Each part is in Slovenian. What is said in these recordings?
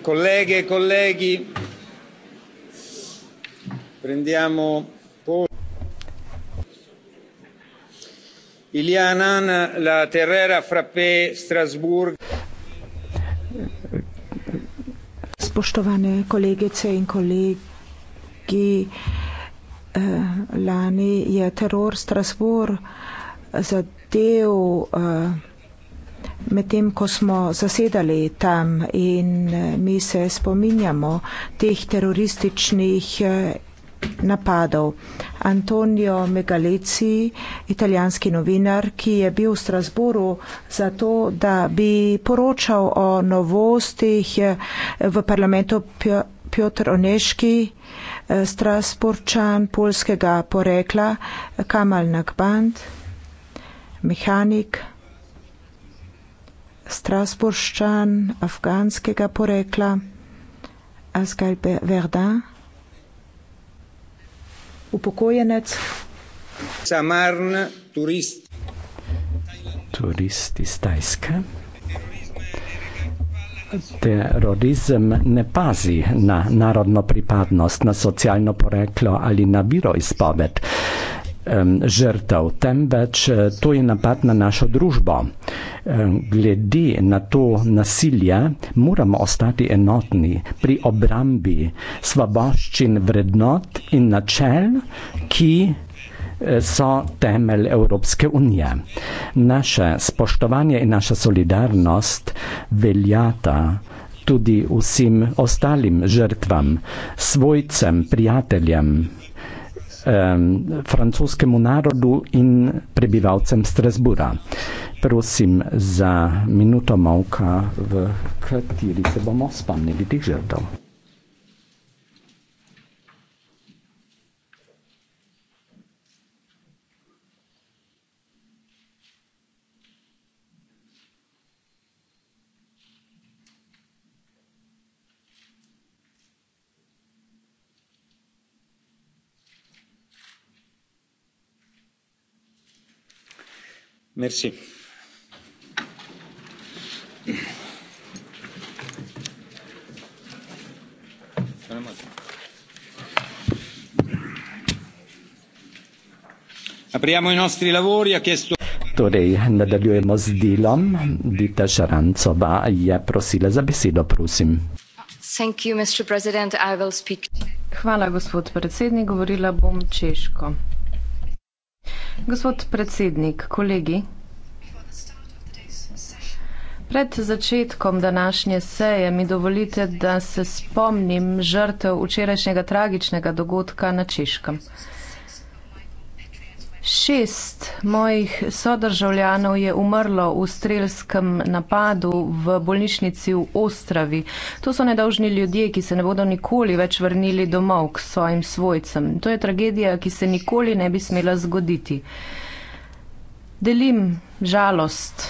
Colleghe e colleghi, prendiamo posto. Ilia Anan, la Terrera Frappé, Strasburgo. Spoštovane kolegice in kolegi ki eh, lani je teror Strasbourg zadev, eh, medtem ko smo zasedali tam in eh, mi se spominjamo teh terorističnih. Eh, napadov. Antonio Megaleci, italijanski novinar, ki je bil v Strasburu zato, da bi poročal o novostih eh, v parlamentu Piotr Oneški, Eh, Strasburčan polskega porekla Kamal Nagband, mehanik, Strasburščan afganskega porekla Asgal Verdun, upokojenec. Samarn, turist. Turist iz Tajske. Terorizem ne pazi na narodno pripadnost, na socialno poreklo ali na biro izpoved žrtev, temveč eh, to je napad na našo družbo. Glede na to nasilje moramo ostati enotni pri obrambi svoboščin vrednot in načel, ki Eh, so temelj Evropske unije. Naše spoštovanje in naša solidarnost veljata tudi vsem ostalim žrtvam, svojcem, prijateljem, eh, francoskemu narodu in prebivalcem Strasbura. Prosim za minuto molka, v kateri se bomo spomnili teh žrtev. Merci. Torej, nadaljujemo z delom. Dita Šarancova je prosila za besedo, prosim. Hvala, gospod predsednik, govorila bom češko. Gospod predsednik, kolegi, pred začetkom današnje seje mi dovolite, da se spomnim žrtev včerajšnjega tragičnega dogodka na Češkem. Šest mojih sodržavljanov je umrlo v strelskem napadu v bolnišnici v Ostravi. To so nedolžni ljudje, ki se ne bodo nikoli več vrnili domov k svojim svojcem. To je tragedija, ki se nikoli ne bi smela zgoditi. Delim žalost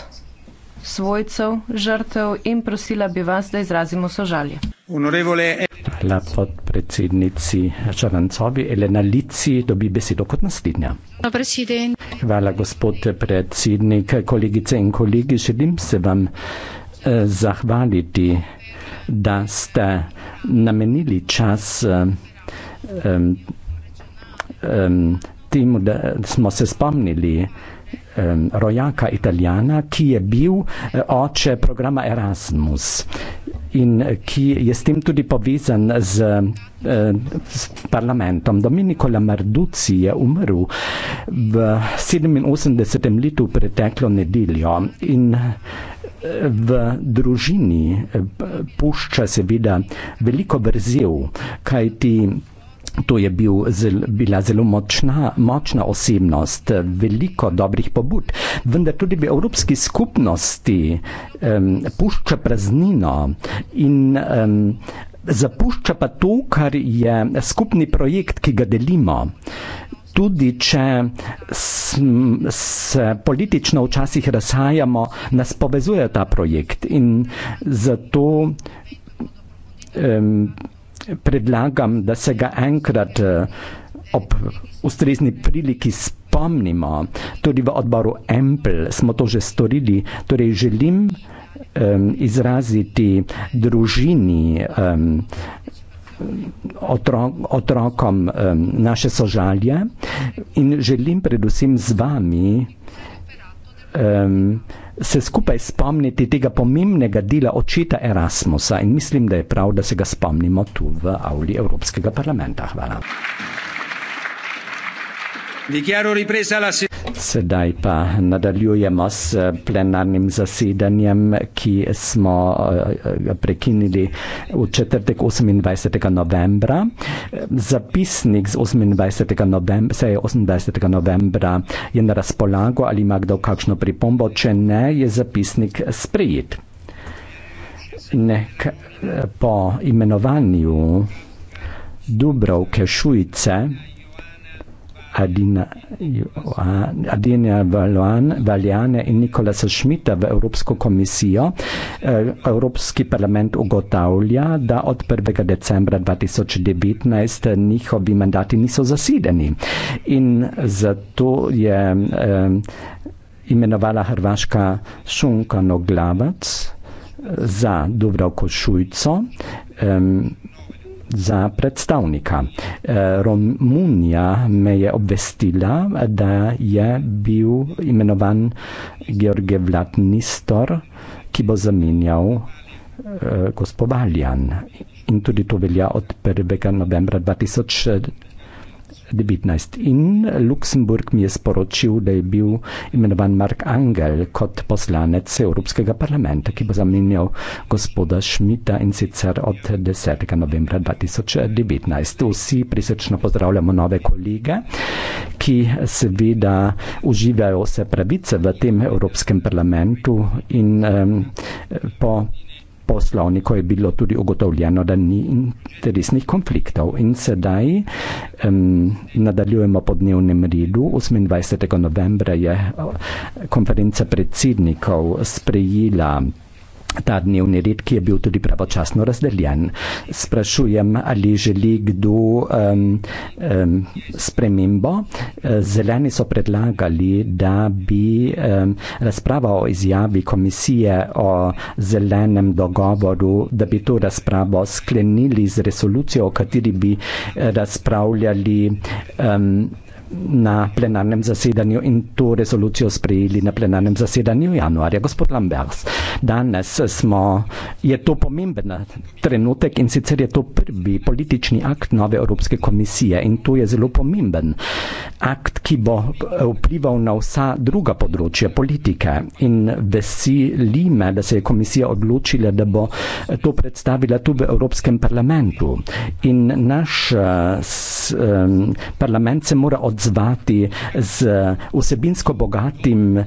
svojcev žrtev in prosila bi vas, da izrazimo sožalje. Hvala podpredsednici Črncovi Elena Lici, dobi besedo kot naslednja. Hvala, gospod predsednik, kolegice in kolegi, želim se vam eh, zahvaliti, da ste namenili čas eh, eh, temu, da smo se spomnili um, rojaka italijana, ki je bil eh, oče programa Erasmus in eh, ki je s tem tudi povezan z, z eh, parlamentom. Dominiko Lamarduci je umrl v 87. letu preteklo nedeljo in v družini pušča seveda veliko vrzel, kajti to je bil, zel, bila zelo močna, močna osebnost, veliko dobrih pobud, vendar tudi v Evropski skupnosti um, pušča praznino in um, zapušča pa to, kar je skupni projekt, ki ga delimo. Tudi če se politično včasih razhajamo, nas povezuje ta projekt in zato. Um, predlagam, da se ga enkrat eh, ob ustrezni priliki spomnimo. Tudi v odboru Empel smo to že storili. Torej želim um, izraziti družini, um, otro, otrokom um, naše sožalje in želim predvsem z vami um, se skupaj spomniti tega pomembnega dela očeta Erasmusa in mislim, da je prav, da se ga spomnimo tu v avli Evropskega parlamenta. Hvala. Dichiaro ripresa la Sedaj pa nadaljujemo s eh, plenarnim zasedanjem, ki smo eh, prekinili v četrtek 28. novembra. Zapisnik z 28. novembra, se je 28. novembra je na razpolago ali ima kdo kakšno pripombo, če ne, je zapisnik sprejet. Nek eh, po imenovanju Dubrovke Šujce. Adina, Adina Valjane in Nikolasa Šmita v Evropsko komisijo. Eh, Evropski parlament ugotavlja, da od 1. decembra 2019 njihovi mandati niso zasedeni. In zato je eh, imenovala Hrvaška Šunka Noglavac za Dubravko Šujco. Eh, za predstavnika. Eh, Romunija me je obvestila, da je bil imenovan George Vladnistor, ki bo zamenjal eh, gospod Valjan. In tudi to velja od 1. novembra 2020. 19. In Luksemburg mi je sporočil, da je bil imenovan Mark Angel kot poslanec Evropskega parlamenta, ki bo zamenjal gospoda Šmita in sicer od 10. novembra 2019. Vsi prisrčno pozdravljamo nove kolege, ki seveda uživajo vse pravice v tem Evropskem parlamentu in um, po poslovniku je bilo tudi ugotovljeno, da ni interesnih konfliktov. In sedaj um, nadaljujemo po dnevnem redu. 28. novembra je eh, konferenca predsednikov sprejela ta dnevni red, ki je bil tudi pravočasno razdeljen. Sprašujem, ali želi kdo um, um, spremembo. Zeleni so predlagali, da bi um, razprava o izjavi komisije o zelenem dogovoru, da bi to razpravo sklenili z resolucijo, o kateri bi eh, razpravljali. Um, na plenarnem zasedanju in to rezolucijo sprejeli na plenarnem zasedanju januarja. Gospod Lambers, danes smo, je to pomemben trenutek in sicer je to prvi politični akt nove Evropske komisije in to je zelo pomemben akt, ki bo vplival na vsa druga področja politike in veseli me, da se je komisija odločila, da bo to predstavila tudi v Evropskem parlamentu in naš um, parlament se mora odločiti, odzvati z eh, vsebinsko bogatim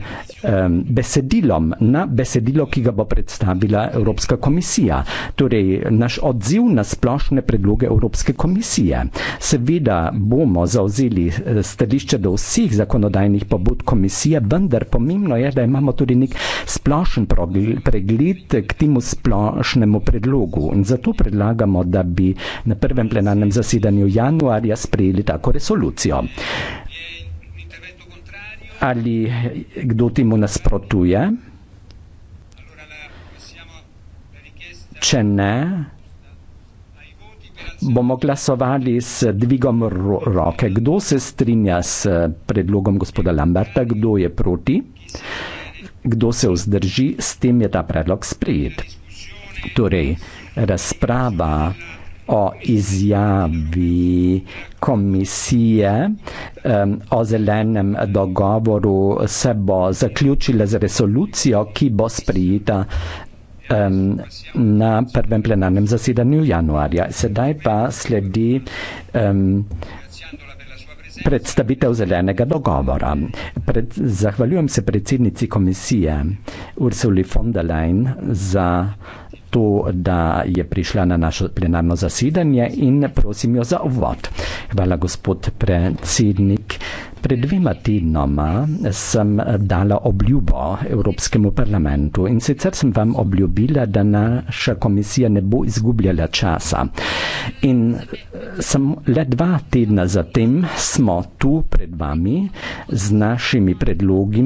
besedilom na besedilo, ki ga bo predstavila Evropska komisija. Torej, naš odziv na splošne predloge Evropske komisije. Seveda bomo zauzeli eh, stališče do vseh zakonodajnih pobud komisije, vendar pomembno je, da imamo tudi nek splošen pregled k temu splošnemu predlogu. In zato predlagamo, da bi na prvem plenarnem zasedanju januarja sprejeli tako resolucijo ali kdo temu nasprotuje? Če ne, bomo glasovali s dvigom roke. Kdo se strinja s predlogom gospoda Lamberta, kdo je proti, kdo se vzdrži, s tem je ta predlog sprejet. Torej, razprava o izjavi komisije um, o zelenem dogovoru se bo zaključila z resolucijo, ki bo sprijeta um, na prvem plenarnem zasedanju januarja. Sedaj pa sledi um, predstavitev zelenega dogovora. Pred, zahvaljujem se predsednici komisije Ursuli von der Leyen za to, da je prišla na naše plenarno zasedanje in prosim jo za uvod. Hvala, gospod predsednik. Pred dvema tednoma sem dala obljubo Evropskemu parlamentu in sicer sem vam obljubila, da naša komisija ne bo izgubljala časa. In samo le dva tedna zatem smo tu pred vami z našimi predlogi,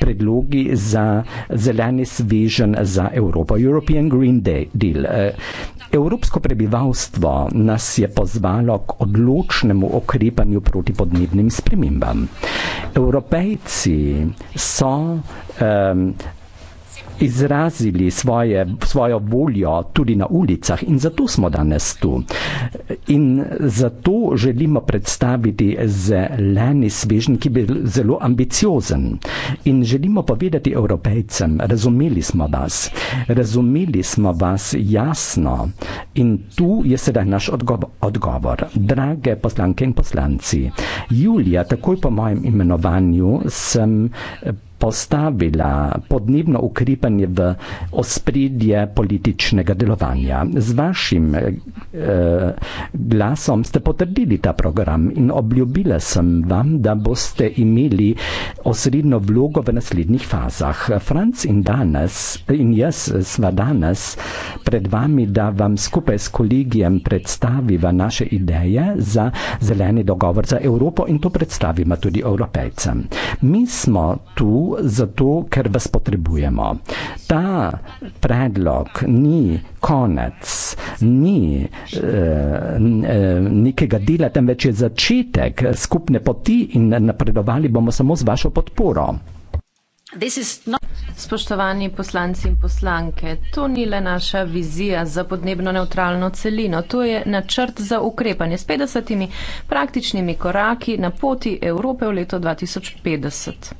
predlogi za zeleni svežen za Evropo, European Green. Green Deal. Eh, evropsko prebivalstvo nas je pozvalo k odločnemu okrepanju proti podnebnim spremembam. Evropejci so um, izrazili svoje, svojo voljo tudi na ulicah in zato smo danes tu. In zato želimo predstaviti zeleni svežen, ki bi zelo ambiciozen. In želimo povedati evropejcem, razumeli smo vas, razumeli smo vas jasno. In tu je sedaj naš odgovor. Drage poslanke in poslanci, Julija, takoj po mojem imenovanju sem postavila podnebno ukrepanje v ospredje političnega delovanja. Z vašim eh, glasom ste potrdili ta program in obljubila sem vam, da boste imeli osrednjo vlogo v naslednjih fazah. Franc in danes in jaz sva danes pred vami, da vam skupaj s kolegijem predstaviva naše ideje za zeleni dogovor za Evropo in to predstavima tudi evropejcem. Mi smo tu, zato, ker vas potrebujemo. Ta predlog ni konec, ni e, nekega dela, temveč je začetek skupne poti in napredovali bomo samo z vašo podporo. Not... Spoštovani poslanci in poslanke, to ni le naša vizija za podnebno neutralno celino, to je načrt za ukrepanje s 50 praktičnimi koraki na poti Evrope v leto 2050.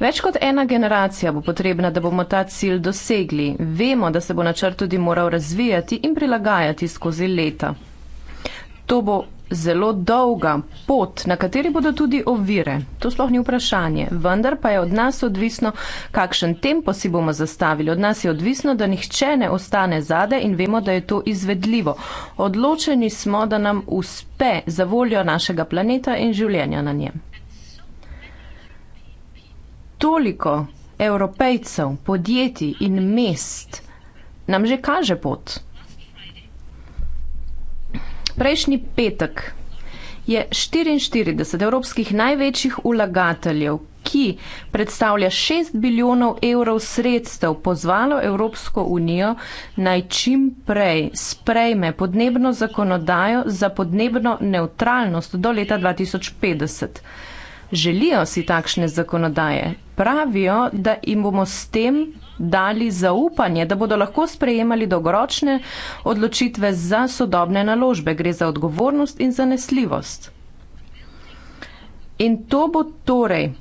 Več kot ena generacija bo potrebna, da bomo ta cilj dosegli. Vemo, da se bo načrt tudi moral razvijati in prilagajati skozi leta. To bo zelo dolga pot, na kateri bodo tudi ovire. To sploh ni vprašanje. Vendar pa je od nas odvisno, kakšen tempo si bomo zastavili. Od nas je odvisno, da nihče ne ostane zade in vemo, da je to izvedljivo. Odločeni smo, da nam uspe za voljo našega planeta in življenja na njem toliko evropejcev, podjetij in mest, nam že kaže pot. Prejšnji petek je 44 evropskih največjih ulagateljev, ki predstavlja 6 biljonov evrov sredstev, pozvalo Evropsko unijo naj čim prej sprejme podnebno zakonodajo za podnebno neutralnost do leta 2050 želijo si takšne zakonodaje. Pravijo, da jim bomo s tem dali zaupanje, da bodo lahko sprejemali dolgoročne odločitve za sodobne naložbe. Gre za odgovornost in zanesljivost. In to bo torej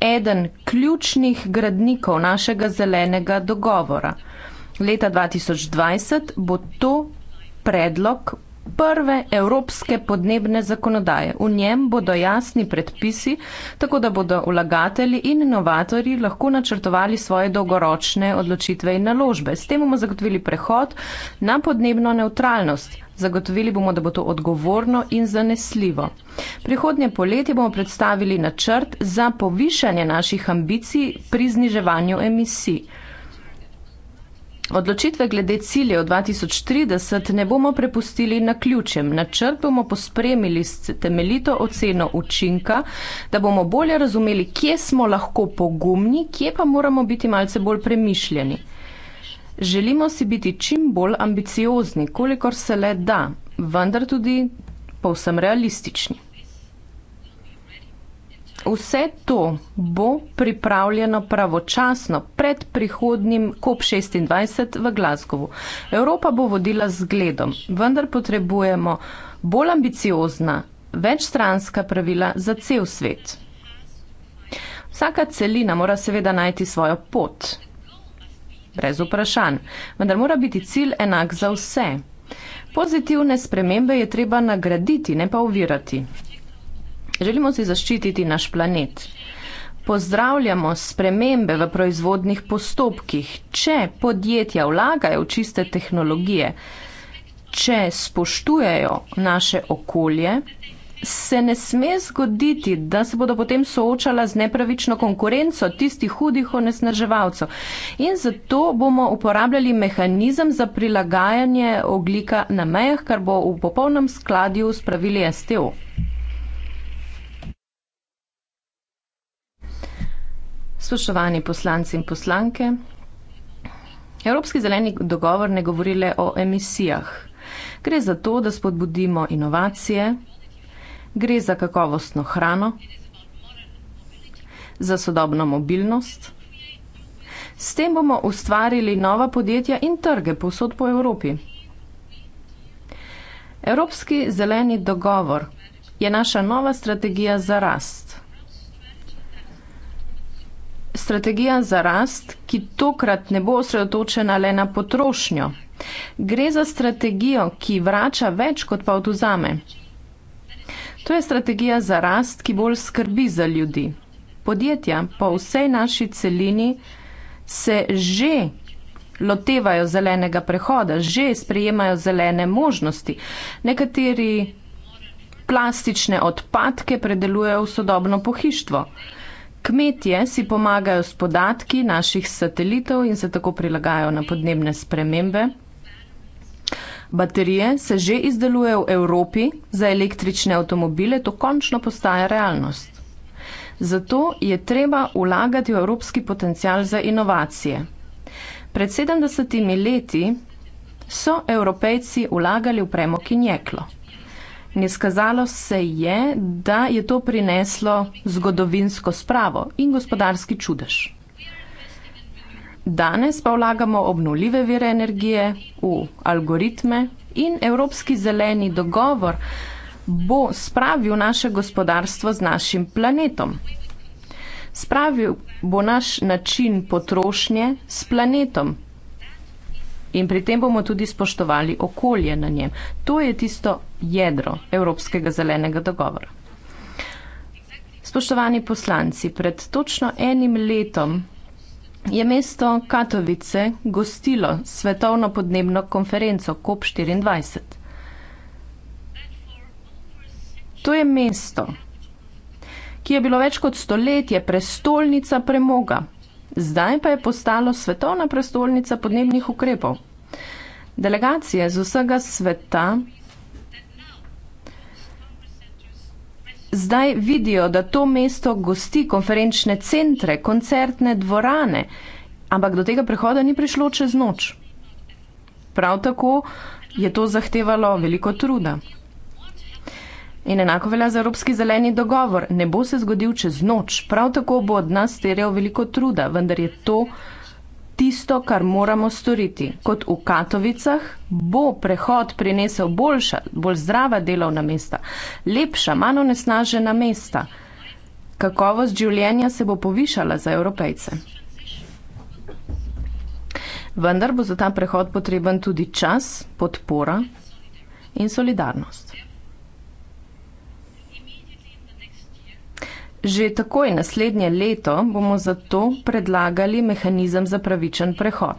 eden ključnih gradnikov našega zelenega dogovora. Leta 2020 bo to predlog prve evropske podnebne zakonodaje. V njem bodo jasni predpisi, tako da bodo vlagatelji in inovatori lahko načrtovali svoje dolgoročne odločitve in naložbe. S tem bomo zagotovili prehod na podnebno neutralnost. Zagotovili bomo, da bo to odgovorno in zanesljivo. Prihodnje poletje bomo predstavili načrt za povišanje naših ambicij pri zniževanju emisij. Odločitve glede ciljev 2030 ne bomo prepustili na ključem. Načrt bomo pospremili s temeljito oceno učinka, da bomo bolje razumeli, kje smo lahko pogumni, kje pa moramo biti malce bolj premišljeni. Želimo si biti čim bolj ambiciozni, kolikor se le da, vendar tudi povsem realistični. Vse to bo pripravljeno pravočasno pred prihodnim COP26 v Glasgowu. Evropa bo vodila zgledom, vendar potrebujemo bolj ambiciozna, večstranska pravila za cel svet. Vsaka celina mora seveda najti svojo pot, brez vprašanj, vendar mora biti cilj enak za vse. Pozitivne spremembe je treba nagraditi, ne pa ovirati. Želimo si zaščititi naš planet. Pozdravljamo spremembe v proizvodnih postopkih, če podjetja vlagajo v čiste tehnologije, če spoštujejo naše okolje, se ne sme zgoditi, da se bodo potem soočala z nepravično konkurenco tistih hudih onesnaževalcev. In zato bomo uporabljali mehanizem za prilagajanje oglika na mejah, kar bo v popolnem skladju s pravili STO. Spoštovani poslanci in poslanke, Evropski zeleni dogovor ne govori le o emisijah. Gre za to, da spodbudimo inovacije, gre za kakovostno hrano, za sodobno mobilnost. S tem bomo ustvarili nova podjetja in trge povsod po Evropi. Evropski zeleni dogovor je naša nova strategija za rast strategija za rast, ki tokrat ne bo osredotočena le na potrošnjo. Gre za strategijo, ki vrača več, kot pa oduzame. To je strategija za rast, ki bolj skrbi za ljudi. Podjetja po vsej naši celini se že lotevajo zelenega prehoda, že sprejemajo zelene možnosti. Nekateri plastične odpadke predelujejo v sodobno pohištvo. Kmetje si pomagajo s podatki naših satelitov in se tako prilagajajo na podnebne spremembe. Baterije se že izdelujejo v Evropi za električne avtomobile, to končno postaja realnost. Zato je treba vlagati v evropski potencial za inovacije. Pred 70 leti so evropejci vlagali v premok in jeklo. In izkazalo se je, da je to prineslo zgodovinsko spravo in gospodarski čudež. Danes pa vlagamo obnuljive vire energije v algoritme in Evropski zeleni dogovor bo spravil naše gospodarstvo z našim planetom. Spravil bo naš način potrošnje s planetom in pri tem bomo tudi spoštovali okolje na njem. To je tisto jedro Evropskega zelenega dogovora. Spoštovani poslanci, pred točno enim letom je mesto Katovice gostilo svetovno podnebno konferenco COP24. To je mesto, ki je bilo več kot stoletje prestolnica premoga, zdaj pa je postalo svetovna prestolnica podnebnih ukrepov. Delegacije z vsega sveta zdaj vidijo, da to mesto gosti konferenčne centre, koncertne dvorane, ampak do tega prehoda ni prišlo čez noč. Prav tako je to zahtevalo veliko truda. In enako velja za Evropski zeleni dogovor. Ne bo se zgodil čez noč. Prav tako bo od nas terjal veliko truda, vendar je to tisto, kar moramo storiti. Kot v Katovicah bo prehod prinesel boljša, bolj zdrava delovna mesta, lepša, manj onesnažena mesta. Kakovost življenja se bo povišala za evropejce. Vendar bo za ta prehod potreben tudi čas, podpora in solidarnost. Že takoj naslednje leto bomo zato predlagali mehanizem za pravičen prehod.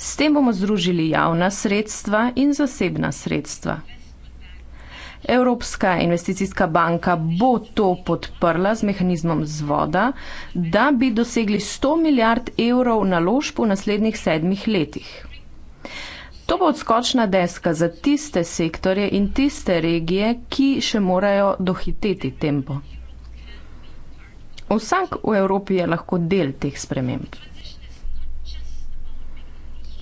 S tem bomo združili javna sredstva in zasebna sredstva. Evropska investicijska banka bo to podprla z mehanizmom zvoda, da bi dosegli 100 milijard evrov naložb v naslednjih sedmih letih. To bo odskočna deska za tiste sektorje in tiste regije, ki še morajo dohiteti tempo. Vsak v Evropi je lahko del teh sprememb.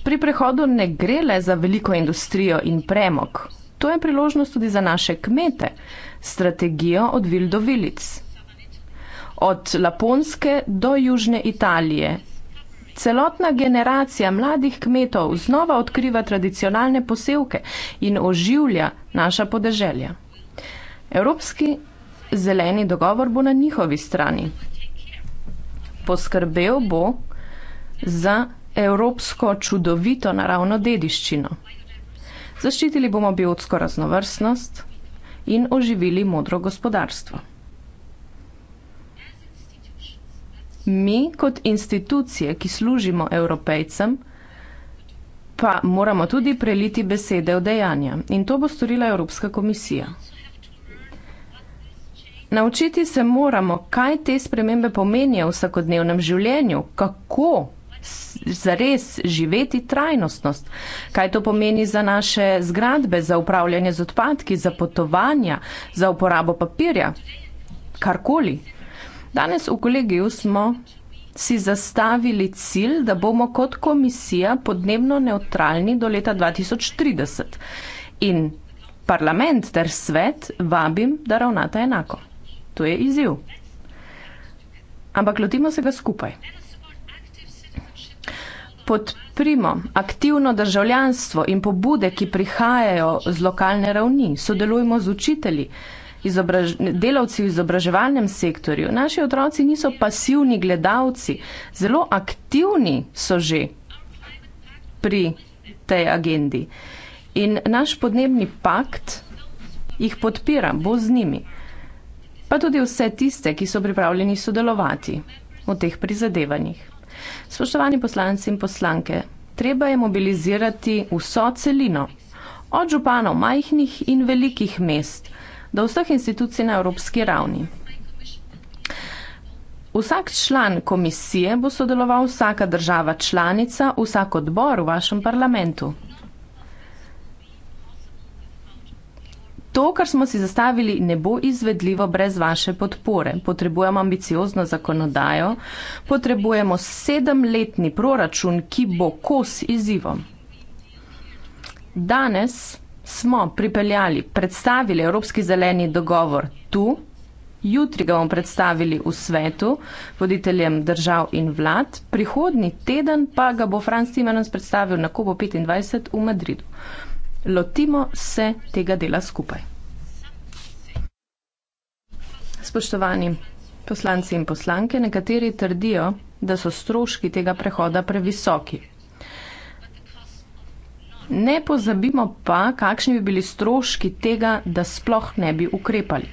Pri prehodu ne gre le za veliko industrijo in premog. To je priložnost tudi za naše kmete, strategijo od vil do vilic. Od Laponske do Južne Italije. Celotna generacija mladih kmetov znova odkriva tradicionalne posevke in oživlja naša podeželja. Evropski zeleni dogovor bo na njihovi strani. Poskrbel bo za evropsko čudovito naravno dediščino. Zaščitili bomo biotsko raznovrstnost in oživili modro gospodarstvo. Mi kot institucije, ki služimo evropejcem, pa moramo tudi preliti besede v dejanja. In to bo storila Evropska komisija. Naučiti se moramo, kaj te spremembe pomenijo v vsakodnevnem življenju, kako zares živeti trajnostnost, kaj to pomeni za naše zgradbe, za upravljanje z odpadki, za potovanja, za uporabo papirja, karkoli. Danes v kolegiju smo si zastavili cilj, da bomo kot komisija podnebno neutralni do leta 2030. In parlament ter svet vabim, da ravnata enako. To je izziv. Ampak lotimo se ga skupaj. Podprimo aktivno državljanstvo in pobude, ki prihajajo z lokalne ravni. Sodelujmo z učitelji, izobraž, delavci v izobraževalnem sektorju. Naši otroci niso pasivni gledalci, zelo aktivni so že pri tej agendi. In naš podnebni pakt jih podpira, bo z njimi pa tudi vse tiste, ki so pripravljeni sodelovati v teh prizadevanjih. Spoštovani poslanci in poslanke, treba je mobilizirati vso celino, od županov majhnih in velikih mest do vseh institucij na evropski ravni. Vsak član komisije bo sodeloval, vsaka država članica, vsak odbor v vašem parlamentu. To, kar smo si zastavili, ne bo izvedljivo brez vaše podpore. Potrebujemo ambiciozno zakonodajo, potrebujemo sedemletni proračun, ki bo kos izzivom. Danes smo pripeljali, predstavili Evropski zeleni dogovor tu, jutri ga bomo predstavili v svetu, voditeljem držav in vlad, prihodni teden pa ga bo Franz Timmermans predstavil na Kobo 25 v Madridu lotimo se tega dela skupaj. Spoštovani poslanci in poslanke, nekateri trdijo, da so stroški tega prehoda previsoki. Ne pozabimo pa, kakšni bi bili stroški tega, da sploh ne bi ukrepali.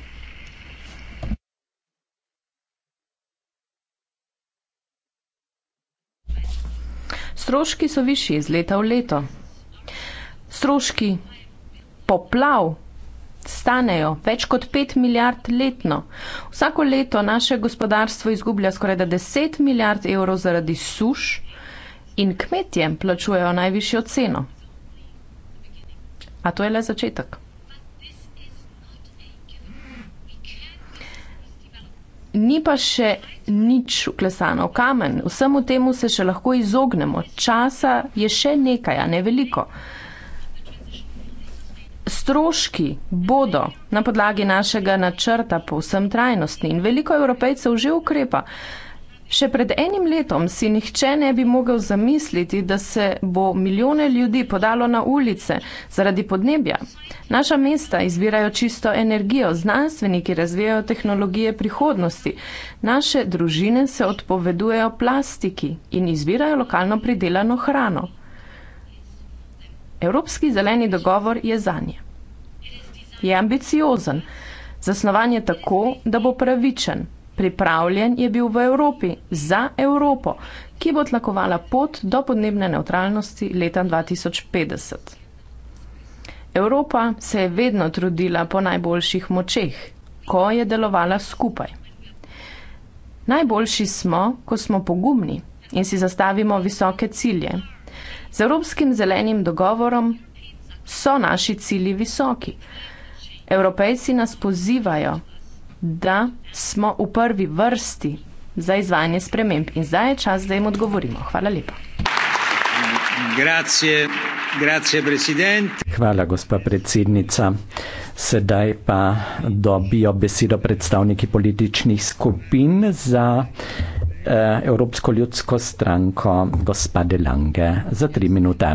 Stroški so višji iz leta v leto stroški poplav stanejo več kot 5 milijard letno. Vsako leto naše gospodarstvo izgublja skoraj 10 milijard evrov zaradi suš in kmetjem plačujejo najvišjo ceno. A to je le začetek. Ni pa še nič uklesano v kamen. Vsemu temu se še lahko izognemo. Časa je še nekaj, a ne veliko stroški bodo na podlagi našega načrta povsem trajnostni in veliko evropejcev že ukrepa. Še pred enim letom si nihče ne bi mogel zamisliti, da se bo milijone ljudi podalo na ulice zaradi podnebja. Naša mesta izbirajo čisto energijo, znanstveniki razvijajo tehnologije prihodnosti, naše družine se odpovedujejo plastiki in izbirajo lokalno pridelano hrano. Evropski zeleni dogovor je zanje. Je ambiciozen, zasnovan je tako, da bo pravičen. Pripravljen je bil v Evropi, za Evropo, ki bo tlakovala pot do podnebne neutralnosti leta 2050. Evropa se je vedno trudila po najboljših močeh, ko je delovala skupaj. Najboljši smo, ko smo pogumni in si zastavimo visoke cilje, Z evropskim zelenim dogovorom so naši cilji visoki. Evropejci nas pozivajo, da smo v prvi vrsti za izvajanje sprememb in zdaj je čas, da jim odgovorimo. Hvala lepa. Grazie. Grazie, Hvala, gospa predsednica. Sedaj pa dobijo besedo predstavniki političnih skupin za Eh, Evropsko ljudsko stranko gospode Lange za tri minute.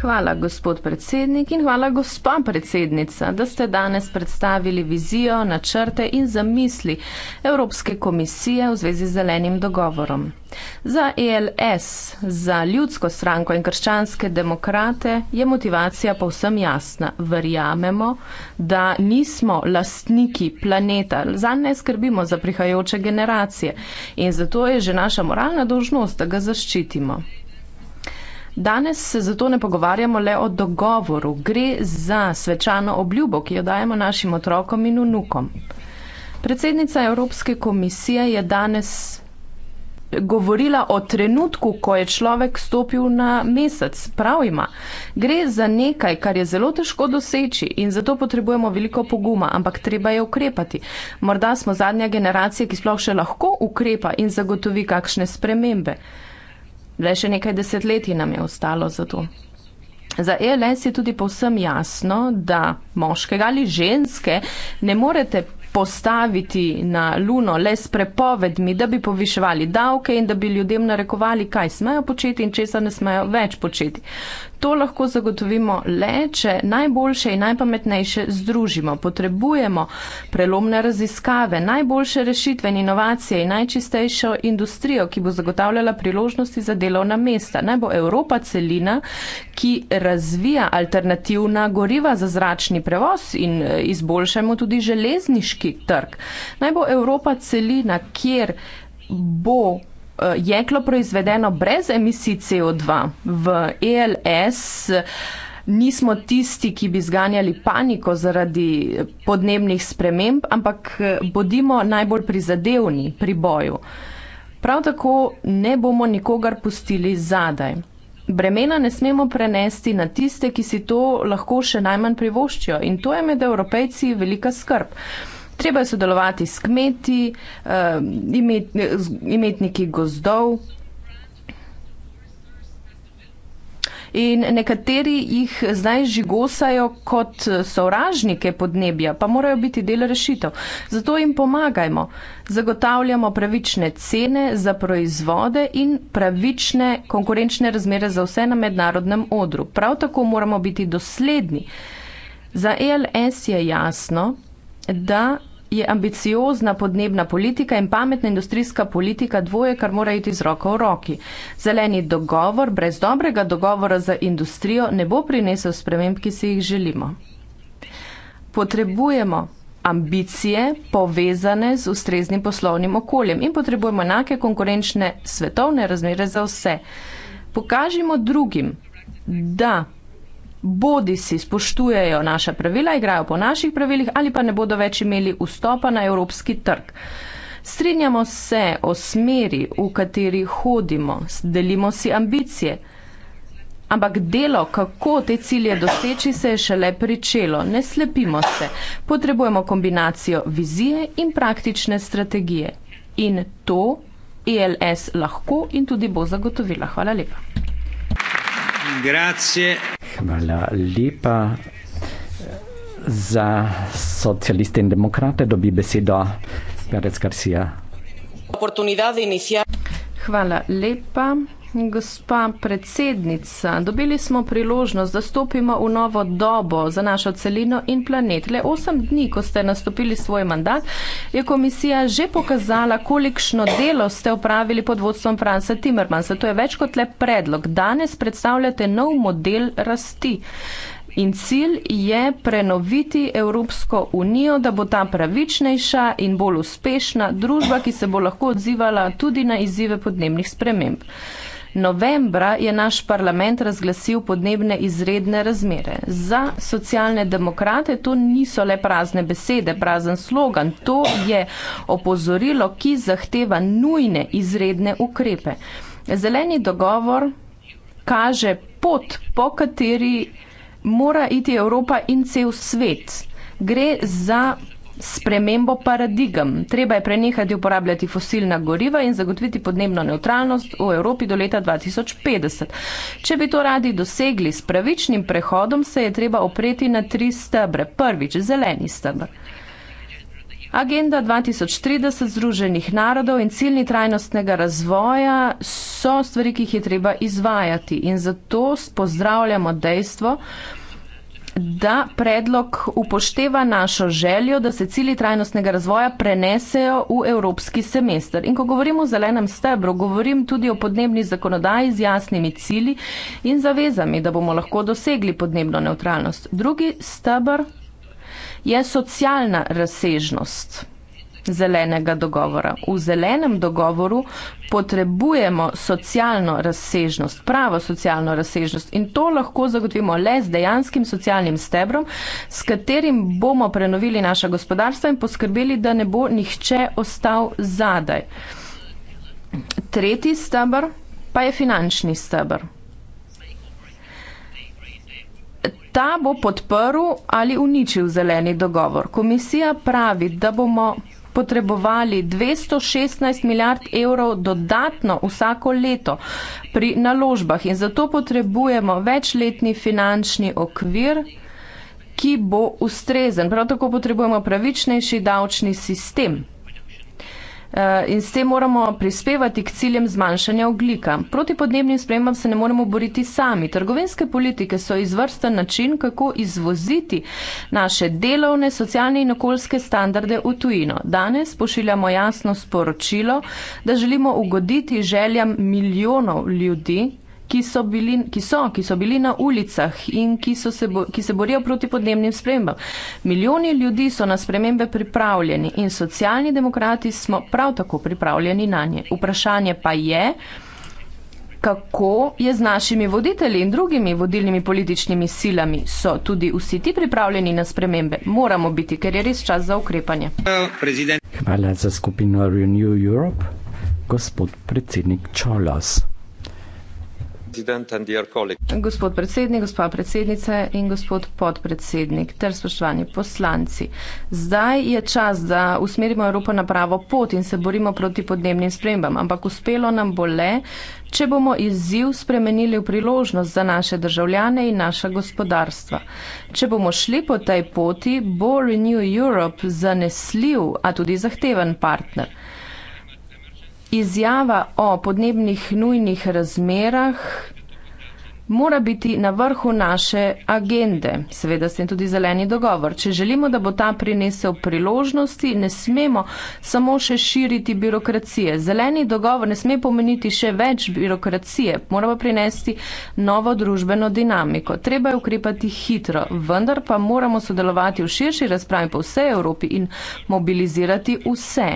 Hvala, gospod predsednik in hvala, gospa predsednica, da ste danes predstavili vizijo, načrte in zamisli Evropske komisije v zvezi z zelenim dogovorom. Za ELS, za ljudsko stranko in krščanske demokrate je motivacija povsem jasna. Verjamemo, da nismo lastniki planeta, zanj ne skrbimo za prihajajoče generacije in zato je že naša moralna dožnost, da ga zaščitimo. Danes se zato ne pogovarjamo le o dogovoru, gre za svečano obljubo, ki jo dajemo našim otrokom in unukom. Predsednica Evropske komisije je danes govorila o trenutku, ko je človek stopil na mesec. Prav ima. Gre za nekaj, kar je zelo težko doseči in zato potrebujemo veliko poguma, ampak treba je ukrepati. Morda smo zadnja generacija, ki sploh še lahko ukrepa in zagotovi kakšne spremembe. Le še nekaj desetletij nam je ostalo za to. Za ELS je tudi povsem jasno, da moškega ali ženske ne morete postaviti na luno le s prepovedmi, da bi poviševali davke in da bi ljudem narekovali, kaj smejo početi in česa ne smejo več početi. To lahko zagotovimo le, če najboljše in najpametnejše združimo. Potrebujemo prelomne raziskave, najboljše rešitve in inovacije in najčistejšo industrijo, ki bo zagotavljala priložnosti za delovna mesta. Naj bo Evropa celina, ki razvija alternativna goriva za zračni prevoz in eh, izboljšajmo tudi železniški trg. Naj bo Evropa celina, kjer bo Eh, jeklo proizvedeno brez emisij CO2 v ELS. Eh, nismo tisti, ki bi zganjali paniko zaradi podnebnih sprememb, ampak eh, bodimo najbolj prizadevni pri boju. Prav tako ne bomo nikogar pustili zadaj. Bremena ne smemo prenesti na tiste, ki si to lahko še najmanj privoščijo in to je med evropejci velika skrb. Uh, treba je sodelovati s kmeti, eh, imetniki gozdov. In nekateri jih zdaj žigosajo kot sovražnike podnebja, pa morajo biti del rešitev. Zato jim pomagajmo. Zagotavljamo pravične cene za proizvode in pravične konkurenčne razmere za vse na mednarodnem odru. Prav tako moramo biti dosledni. Za ELS je jasno, da je ambiciozna podnebna politika in pametna industrijska politika dvoje, kar mora iti z roko v roki. Zeleni dogovor brez dobrega dogovora za industrijo ne bo prinesel sprememb, ki si jih želimo. Potrebujemo ambicije povezane z ustreznim poslovnim okoljem in potrebujemo enake konkurenčne svetovne razmere za vse. Pokažimo drugim, da bodi si spoštujejo naša pravila, igrajo po naših pravilih ali pa ne bodo več imeli vstopa na evropski trg. Strinjamo se o smeri, v kateri hodimo, delimo si ambicije, ampak delo, kako te cilje doseči, se je šele pričelo. Ne slepimo se. Potrebujemo kombinacijo vizije in praktične strategije. In to ELS lahko in tudi bo zagotovila. Hvala lepa. Grazie. Hvala lepa za socialiste in demokrate, dobi besedo Perez Garcia. Hvala lepa. Gospa predsednica, dobili smo priložnost, da stopimo v novo dobo za našo celino in planet. Le osem dni, ko ste nastopili svoj mandat, je komisija že pokazala, kolikšno delo ste upravili pod vodstvom Franca Timmermansa. To je več kot le predlog. Danes predstavljate nov model rasti. In cilj je prenoviti Evropsko unijo, da bo ta pravičnejša in bolj uspešna družba, ki se bo lahko odzivala tudi na izzive podnebnih sprememb. Novembra je naš parlament razglasil podnebne izredne razmere. Za socialne demokrate to niso le prazne besede, prazen slogan, to je opozorilo, ki zahteva nujne izredne ukrepe. Zeleni dogovor kaže pot, po kateri mora iti Evropa in cel svet. Gre za spremembo paradigem. Treba je prenehati uporabljati fosilna goriva in zagotoviti podnebno neutralnost v Evropi do leta 2050. Če bi to radi dosegli s pravičnim prehodom, se je treba opreti na tri stebre. Prvič, zeleni stebr. Agenda 2030 Združenih narodov in ciljni trajnostnega razvoja so stvari, ki jih je treba izvajati in zato pozdravljamo dejstvo, da predlog upošteva našo željo, da se cilji trajnostnega razvoja prenesejo v evropski semester. In ko govorim o zelenem stebru, govorim tudi o podnebni zakonodaji z jasnimi cilji in zavezami, da bomo lahko dosegli podnebno neutralnost. Drugi stebr je socialna razsežnost zelenega dogovora. V zelenem dogovoru potrebujemo socialno razsežnost, pravo socialno razsežnost in to lahko zagotovimo le z dejanskim socialnim stebrom, s katerim bomo prenovili naša gospodarstva in poskrbeli, da ne bo nihče ostal zadaj. Tretji stebr pa je finančni stebr. Ta bo podprl ali uničil zeleni dogovor. Komisija pravi, da bomo potrebovali 216 milijard evrov dodatno vsako leto pri naložbah in zato potrebujemo večletni finančni okvir, ki bo ustrezen. Prav tako potrebujemo pravičnejši davčni sistem. Eh, in s tem moramo prispevati k ciljem zmanjšanja oglika. Proti podnebnim spremembam se ne moremo boriti sami. Trgovinske politike so izvrsten način, kako izvoziti naše delovne, socialne in okoljske standarde v tujino. Danes pošiljamo jasno sporočilo, da želimo ugoditi željam milijonov ljudi ki so bili, ki so, ki so bili na ulicah in ki, so se bo, ki se borijo proti podnebnim spremembam. Milijoni ljudi so na spremembe pripravljeni in socialni demokrati smo prav tako pripravljeni na nje. Vprašanje pa je, kako je z našimi voditelji in drugimi vodilnimi političnimi silami. So tudi vsi ti pripravljeni na spremembe? Moramo biti, ker je res čas za ukrepanje. Hvala za skupino Renew Europe. Gospod predsednik Charles. Gospod predsednik, gospa predsednica in gospod podpredsednik ter spoštovani poslanci. Zdaj je čas, da usmerimo Evropo na pravo pot in se borimo proti podnebnim spremembam, ampak uspelo nam bo le, če bomo izziv spremenili v priložnost za naše državljane in naša gospodarstva. Če bomo šli po tej poti, bo Renew Europe zanesljiv, a tudi zahteven partner. Izjava o podnebnih nujnih razmerah mora biti na vrhu naše agende. Seveda se je tudi zeleni dogovor. Če želimo, da bo ta prinesel priložnosti, ne smemo samo še širiti birokracije. Zeleni dogovor ne sme pomeniti še več birokracije, mora pa prinesti novo družbeno dinamiko. Treba je ukrepati hitro, vendar pa moramo sodelovati v širši razpravi po vsej Evropi in mobilizirati vse.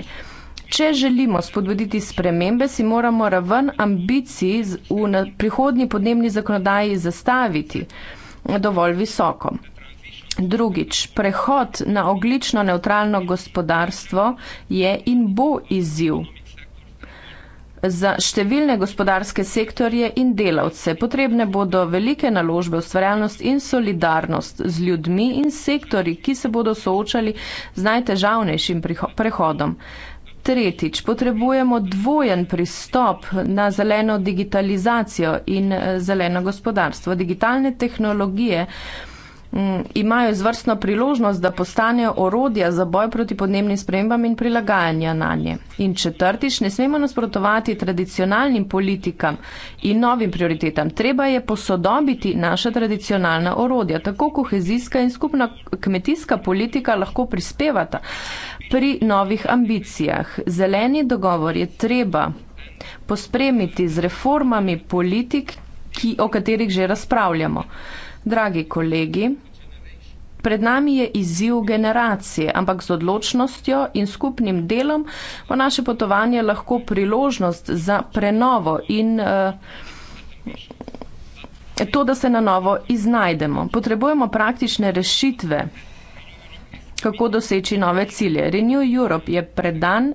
Če želimo spodbuditi spremembe, si moramo raven ambicij v prihodnji podnebni zakonodaji zastaviti dovolj visoko. Drugič, prehod na oglično neutralno gospodarstvo je in bo izziv za številne gospodarske sektorje in delavce. Potrebne bodo velike naložbe, ustvarjalnost in solidarnost z ljudmi in sektori, ki se bodo soočali z najtežavnejšim prehodom. Tretjič, potrebujemo dvojen pristop na zeleno digitalizacijo in eh, zeleno gospodarstvo. Digitalne tehnologije mm, imajo izvrstno priložnost, da postanejo orodja za boj proti podnebnim spremembam in prilagajanja na nje. In četrtič, ne smemo nasprotovati tradicionalnim politikam in novim prioritetam. Treba je posodobiti naša tradicionalna orodja. Tako kohezijska in skupna kmetijska politika lahko prispevata pri novih ambicijah. Zeleni dogovor je treba pospremiti z reformami politik, ki, o katerih že razpravljamo. Dragi kolegi, pred nami je izziv generacije, ampak z odločnostjo in skupnim delom bo naše potovanje lahko priložnost za prenovo in uh, to, da se na novo iznajdemo. Potrebujemo praktične rešitve kako doseči nove cilje. Renew Europe je predan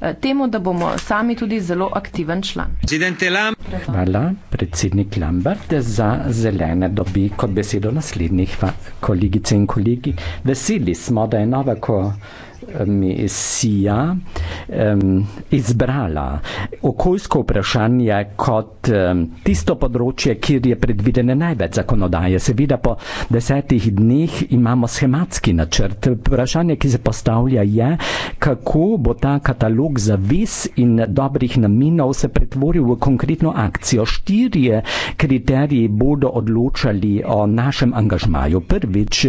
eh, temu, da bomo sami tudi zelo aktiven član. Hvala, predsednik Lambert, za zelene dobi kot besedo naslednjih kolegice in kolegi. Veseli smo, da je nova koalicija misija um, izbrala okoljsko vprašanje kot um, tisto področje, kjer je predvidene največ zakonodaje. Seveda po desetih dneh imamo schematski načrt. Vprašanje, ki se postavlja, je, kako bo ta katalog zavis in dobrih namenov se pretvoril v konkretno akcijo. Štirje kriteriji bodo odločali o našem angažmaju. Prvič,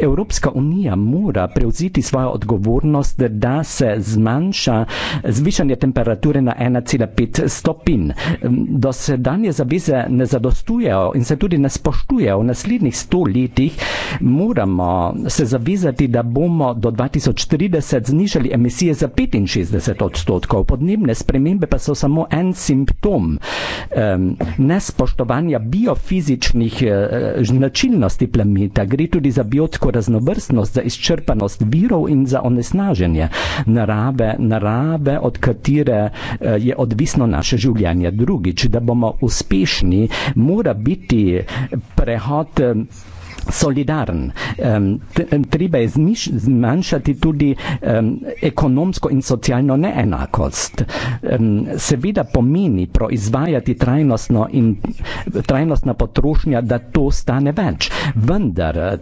Evropska unija mora prevziti svojo odgovornost, vrnost, da se zmanjša zvišanje temperature na 1,5 stopin. Do sedanje zaveze ne zadostujejo in se tudi ne spoštujejo. V naslednjih sto letih moramo se zavezati, da bomo do 2030 znižali emisije za 65 odstotkov. Podnebne spremembe pa so samo en simptom um, nespoštovanja biofizičnih uh, značilnosti planeta. Gre tudi za biotsko raznovrstnost, za izčrpanost virov in za onesnaženje onesnaženje, narave, narave od katere eh, je odvisno naše življenje. Drugič, da bomo uspešni, mora biti eh, prehod. Eh, solidaren. Um, treba je zmanjšati tudi um, ekonomsko in socialno neenakost. Um, seveda pomeni proizvajati trajnostna potrošnja, da to stane več. Vendar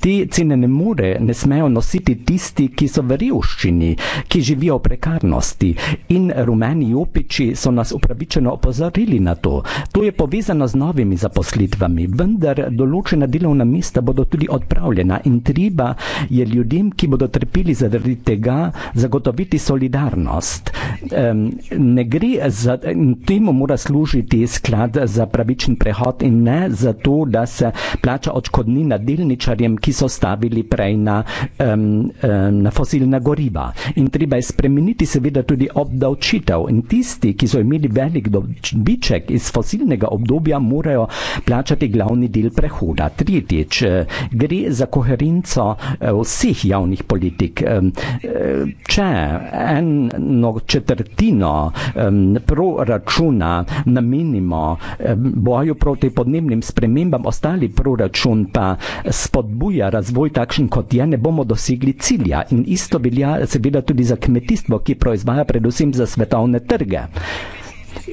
te cene ne more, ne smejo nositi tisti, ki so v revščini, ki živijo v prekarnosti. In rumeni opiči so nas upravičeno opozorili na to. To je povezano z novimi zaposlitvami, vendar določena delovna mesta mesta bodo tudi odpravljena in treba je ljudem, ki bodo trpeli zaradi tega, zagotoviti solidarnost. Um, ne gre za, temu mora služiti sklad za pravičen prehod in ne za to, da se plača očkodnina delničarjem, ki so stavili prej na, um, um, na fosilna goriva. In treba je spremeniti seveda tudi obdavčitev in tisti, ki so imeli velik dobiček iz fosilnega obdobja, morajo plačati glavni del prehoda. Tretjič, Nič. Eh, gre za koherenco eh, vseh javnih politik. Eh, če eno četrtino proračuna namenimo boju proti podnebnim spremembam, ostali proračun pa spodbuja razvoj takšen, kot je, ne bomo dosegli cilja. In isto velja seveda tudi za kmetijstvo, ki proizvaja predvsem za svetovne trge.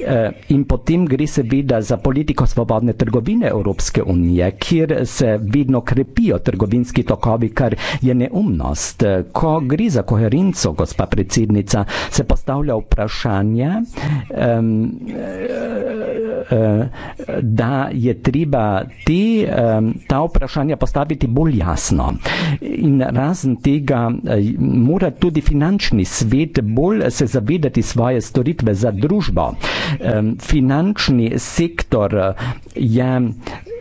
Eh, in potem gre seveda za politiko svobodne trgovine Evropske unije, kjer se vedno krepijo trgovinski tokovi, kar je neumnost. Ko gre za koherenco, gospa predsednica, se postavlja vprašanje, eh, eh, da je treba te, ta vprašanja postaviti bolj jasno. In razen tega mora tudi finančni svet bolj se zavedati svoje storitve za družbo. Ehm, finančni sektor je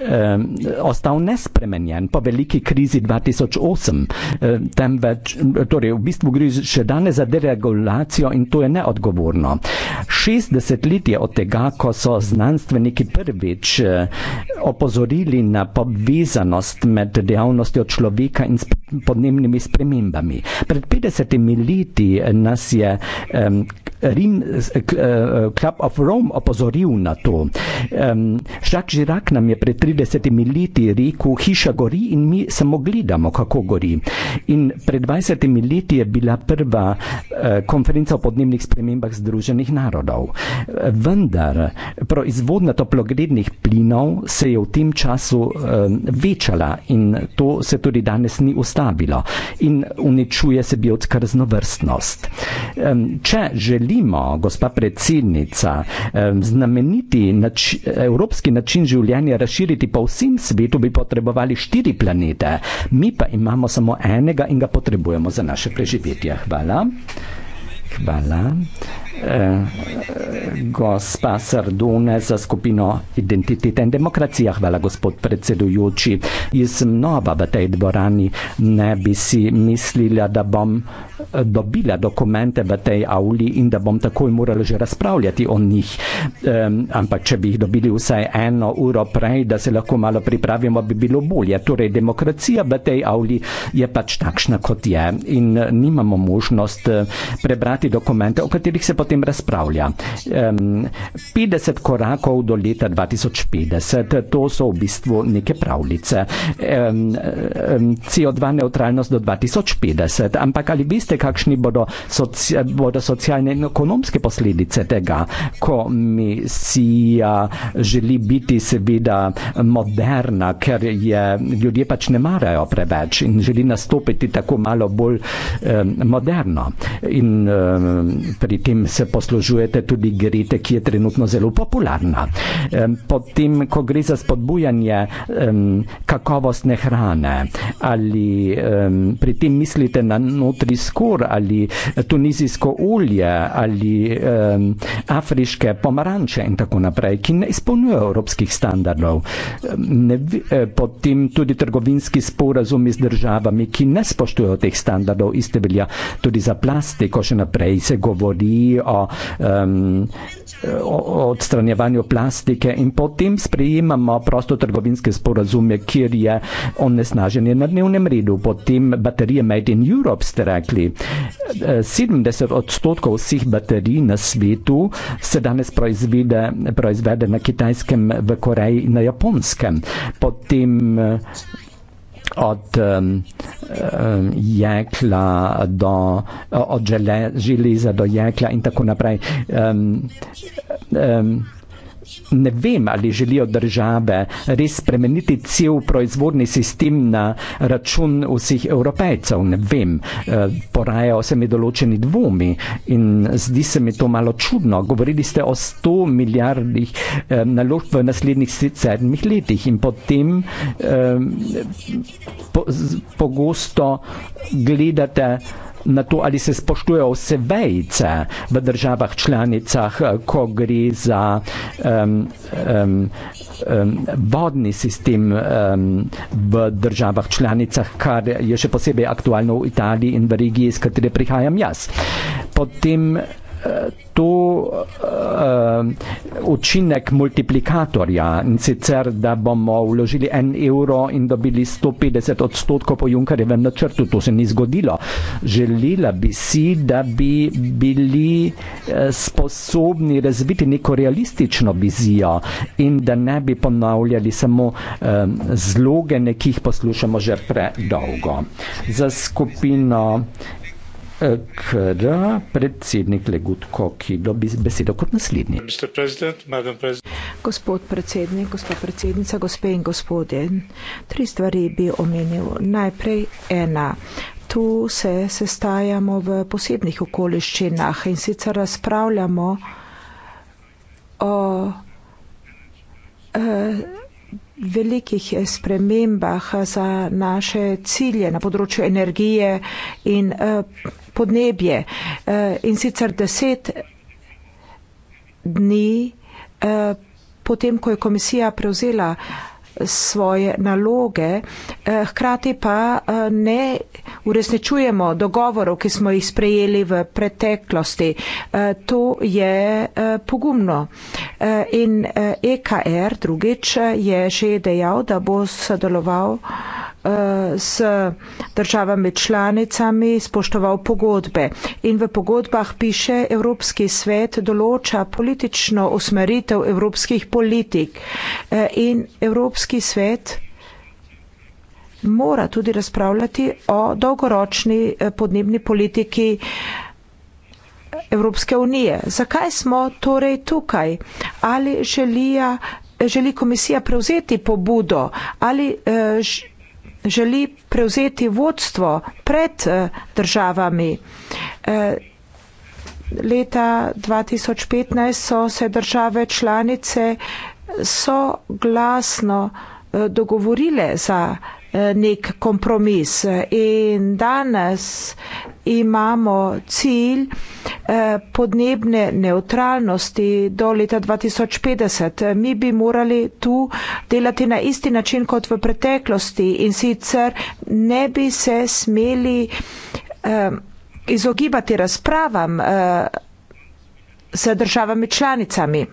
eh, ostal nespremenjen po veliki krizi 2008, eh, temveč torej, v bistvu gre še danes za deregulacijo in to je neodgovorno. 60 let je od tega, ko so znanstveniki prvič eh, opozorili na povezanost med dejavnostjo človeka in sp podnebnimi spremembami. Pred 50 leti eh, nas je eh, Rim, eh, Club of Rome opozoril na to. Eh, Žak Žirak nam je pred 30 30 litri, ko hiša gori in mi samo gledamo, kako gori. In pred 20 leti je bila prva eh, konferenca o podnebnih spremembah Združenih narodov. Vendar proizvodnja toplogrednih plinov se je v tem času eh, večala in to se tudi danes ni ustabilo in uničuje se biotska raznovrstnost. Eh, če želimo, gospa predsednica, eh, znameniti nači, evropski način življenja razširiti, živeti po vsem svetu, bi potrebovali štiri planete, mi pa imamo samo enega in ga potrebujemo za naše preživetje. Hvala. Hvala eh, gospa Sardone za skupino Identitete in demokracija. Hvala, gospod predsedujoči. Jaz sem nova v tej dvorani, ne bi si mislila, da bom eh, dobila dokumente v tej avli in da bom takoj morala že razpravljati o njih. Eh, ampak, če bi jih dobili vsaj eno uro prej, da se lahko malo pripravimo, bi bilo bolje. Torej, demokracija v tej avli je pač takšna, kot je in eh, nimamo možnost eh, prebrati dokumente, o katerih se potem tem razpravlja. 50 korakov do leta 2050, to so v bistvu neke pravljice. CO2 neutralnost do 2050, ampak ali veste, kakšni bodo, soci, bodo socialne in ekonomske posledice tega, ko mi si želi biti seveda moderna, ker je ljudje pač ne marajo preveč in želi nastopiti tako malo bolj eh, moderno. In eh, pri tem se se poslužujete tudi grite, ki je trenutno zelo popularna. Potem, ko gre za spodbujanje kakovostne hrane, ali pri tem mislite na notri skor ali tunizijsko olje ali afriške pomaranče in tako naprej, ki ne izpolnjujejo evropskih standardov. E, potem tudi trgovinski sporazumi z državami, ki ne spoštujejo teh standardov, iste velja tudi za plastiko, še naprej se govori o, um, o odstranjevanju plastike in potem sprejemamo prostotrgovinske sporazume, kjer je onesnaženje na dnevnem redu. Potem baterije Made in Europe ste rekli. 70 e, odstotkov vseh baterij na svetu se danes proizvede, proizvede na Kitajskem, v Koreji in na Japonskem. Potem od um, um, jekla do od žele, železa do jekla in tako naprej. Um, um, Ne vem, ali želijo države res spremeniti cel proizvodni sistem na račun vseh evropejcev. Ne vem, e, porajajo se mi določeni dvomi in zdi se mi to malo čudno. Govorili ste o 100 milijardih e, naložb v naslednjih sedmih letih in potem eh, pogosto po gledate na to, ali se spoštujejo vse vejce v državah članicah, eh, ko gre za um, um, um, vodni sistem um, v državah članicah, kar je še posebej aktualno v Italiji in v regiji, iz katere prihajam jaz. Potem uh, to uh, učinek multiplikatorja in sicer, da bomo vložili en evro in dobili 150 odstotkov po Junkarjevem načrtu. To se ni zgodilo. Želela bi si, da bi bili eh, sposobni razviti neko realistično vizijo in da ne bi ponavljali samo um, zloge, ki jih poslušamo že predolgo. Za skupino Kdaj predsednik Legut Koki dobi besedo kot naslednji? President, gospod predsednik, gospod predsednica, gospe in gospodje, tri stvari bi omenil. Najprej ena. Tu se sestajamo v posebnih okoliščinah in sicer razpravljamo o. Eh, velikih eh, spremembah eh, za naše cilje na področju energije in eh, podnebje. In sicer deset dni potem, ko je komisija prevzela svoje naloge, eh, hkrati pa eh, ne uresničujemo dogovorov, ki smo jih sprejeli v preteklosti. Eh, to je pogumno. In EKR e drugič je že dejal, da bo sodeloval s državami članicami, spoštoval pogodbe. In v pogodbah piše, Evropski svet določa politično usmeritev evropskih politik. In Evropski Evropski svet mora tudi razpravljati o dolgoročni eh, podnebni politiki Evropske unije. Zakaj smo torej tukaj? Ali želija, želi komisija prevzeti pobudo? Ali eh, želi prevzeti vodstvo pred eh, državami? Leta 2015 so se države članice so glasno eh, dogovorile za eh, nek kompromis in danes imamo cilj eh, podnebne neutralnosti do leta 2050. Mi bi morali tu delati na isti način kot v preteklosti in sicer ne bi se smeli izogibati razpravam z državami članicami.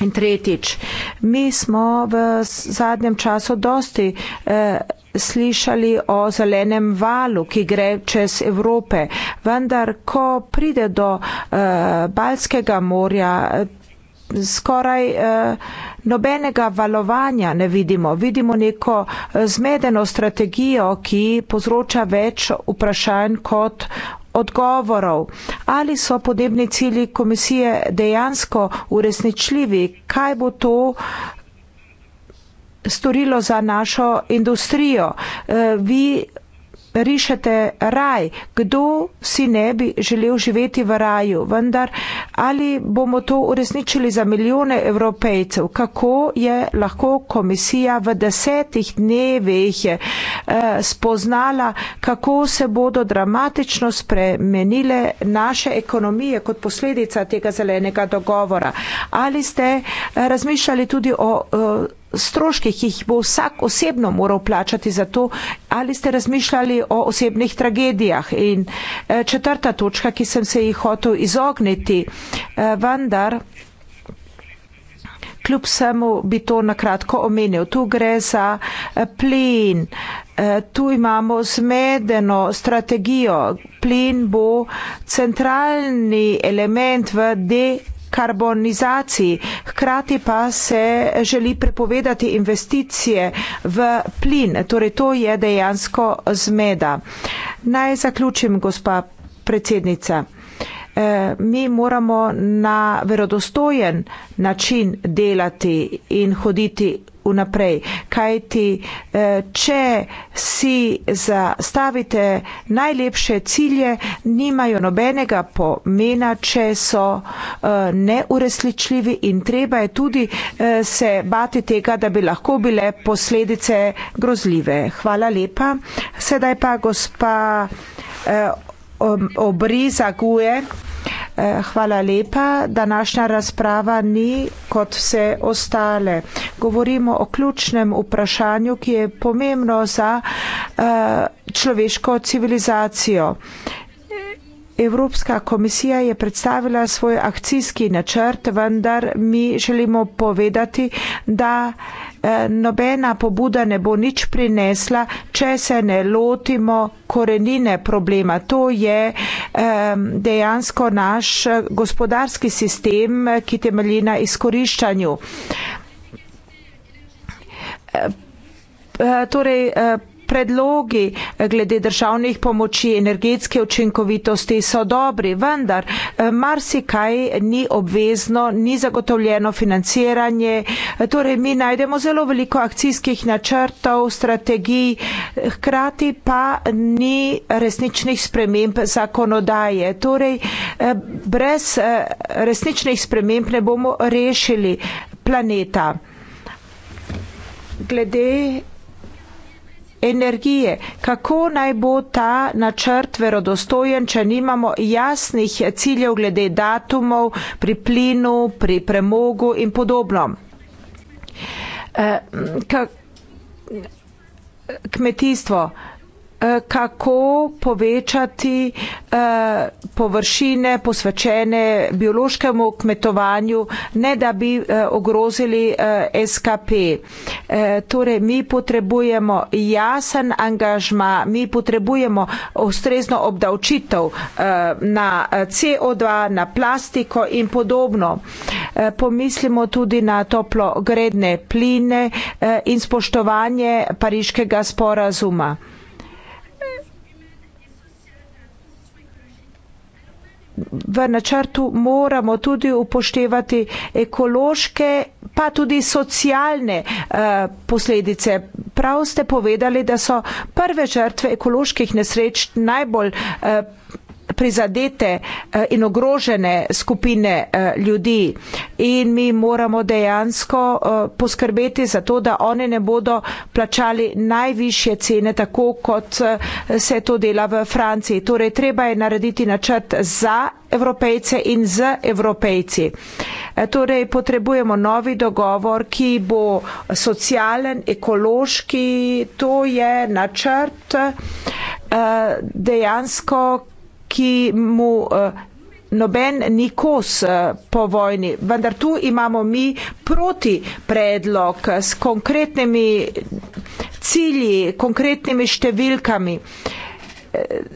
In tretjič, mi smo v zadnjem času dosti eh, slišali o zelenem valu, ki gre čez Evrope, vendar ko pride do eh, Balskega morja, eh, skoraj eh, nobenega valovanja ne vidimo. Vidimo neko eh, zmedeno strategijo, ki povzroča več vprašanj kot odgovorov, ali so podobni cilji komisije dejansko uresničljivi, kaj bo to storilo za našo industrijo. Eh, vi rišete raj, kdo si ne bi želel živeti v raju, vendar ali bomo to uresničili za milijone evropejcev, kako je lahko komisija v desetih dnevih eh, spoznala, kako se bodo dramatično spremenile naše ekonomije kot posledica tega zelenega dogovora. Ali ste eh, razmišljali tudi o, o eh, stroške, ki jih bo vsak osebno moral plačati za to, ali ste razmišljali o osebnih tragedijah. In eh, četrta točka, ki sem se jih hotel izogniti, eh, vendar. Kljub vsemu bi to nakratko omenil. Tu gre za eh, plin. Tu imamo zmedeno strategijo. Plin bo centralni element v D. De karbonizaciji. Hkrati pa se želi prepovedati investicije v plin. Torej to je dejansko zmeda. Naj zaključim, gospa predsednica. Eh, mi moramo na verodostojen način delati in hoditi vnaprej. Kaj ti, eh, če si zastavite najlepše cilje, nimajo nobenega pomena, če so eh, neuresličljivi in treba je tudi se bati tega, da bi lahko bile posledice grozljive. Hvala lepa. Sedaj pa gospa obrizakuje. Eh, hvala lepa. Današnja razprava ni kot vse ostale. Govorimo o ključnem vprašanju, ki je pomembno za eh, človeško civilizacijo. Evropska komisija je predstavila svoj akcijski načrt, vendar mi želimo povedati, da Eh, nobena pobuda ne bo nič prinesla, če se ne lotimo korenine problema. To je dejansko naš gospodarski sistem, ki temelji na izkoriščanju. Eh, eh, torej, predlogi eh, glede državnih pomoči energetske učinkovitosti so dobri, vendar eh, marsikaj ni obvezno, ni zagotovljeno financiranje. Eh, torej, mi najdemo zelo veliko akcijskih načrtov, strategij, hkrati pa ni resničnih sprememb zakonodaje. Torej, brez resničnih sprememb ne bomo rešili planeta. Glede energije. Kako naj bo ta načrt verodostojen, če nimamo jasnih ciljev glede datumov, pri plinu, pri premogu in podobno? Eh, kmetijstvo. Eh, kako povečati eh, površine posvečene biološkemu kmetovanju, ne da bi eh, ogrozili SKP. Torej, mi potrebujemo jasen angažma, mi potrebujemo ustrezno obdavčitev na CO2, na plastiko in podobno. Pomislimo tudi na toplogredne pline in spoštovanje pariškega sporazuma. v načrtu moramo tudi upoštevati ekološke, pa tudi socialne eh, posledice. Prav ste povedali, da so prve žrtve ekoloških nesreč najbolj eh, prizadete eh, in ogrožene skupine eh, ljudi in mi moramo dejansko eh, poskrbeti za to, da one ne bodo plačali najvišje cene, tako kot se to dela v Franciji. Torej, treba je narediti načrt za evropejce in z evropejci. Torej, potrebujemo novi dogovor, ki bo socialen, ekološki, to je načrt dejansko, ki mu eh, noben ni kos eh, po vojni. Vendar tu imamo mi proti predlog s konkretnimi cilji, konkretnimi številkami. Eh,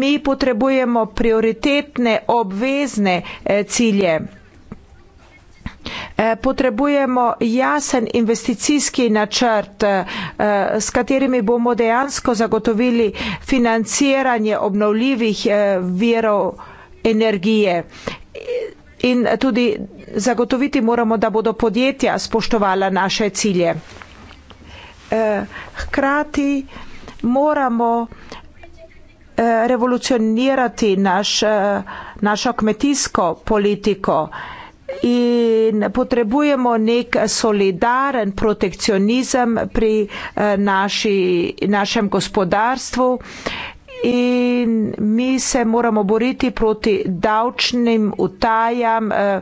mi potrebujemo prioritetne, obvezne cilje. Eh, potrebujemo jasen investicijski načrt, eh, s katerimi bomo dejansko zagotovili financiranje obnovljivih eh, virov energije. In tudi zagotoviti moramo, da bodo podjetja spoštovala naše cilje. Hkrati moramo revolucionirati naš, našo kmetijsko politiko in potrebujemo nek solidaren protekcionizem pri eh, naši, našem gospodarstvu in mi se moramo boriti proti davčnim utajam eh,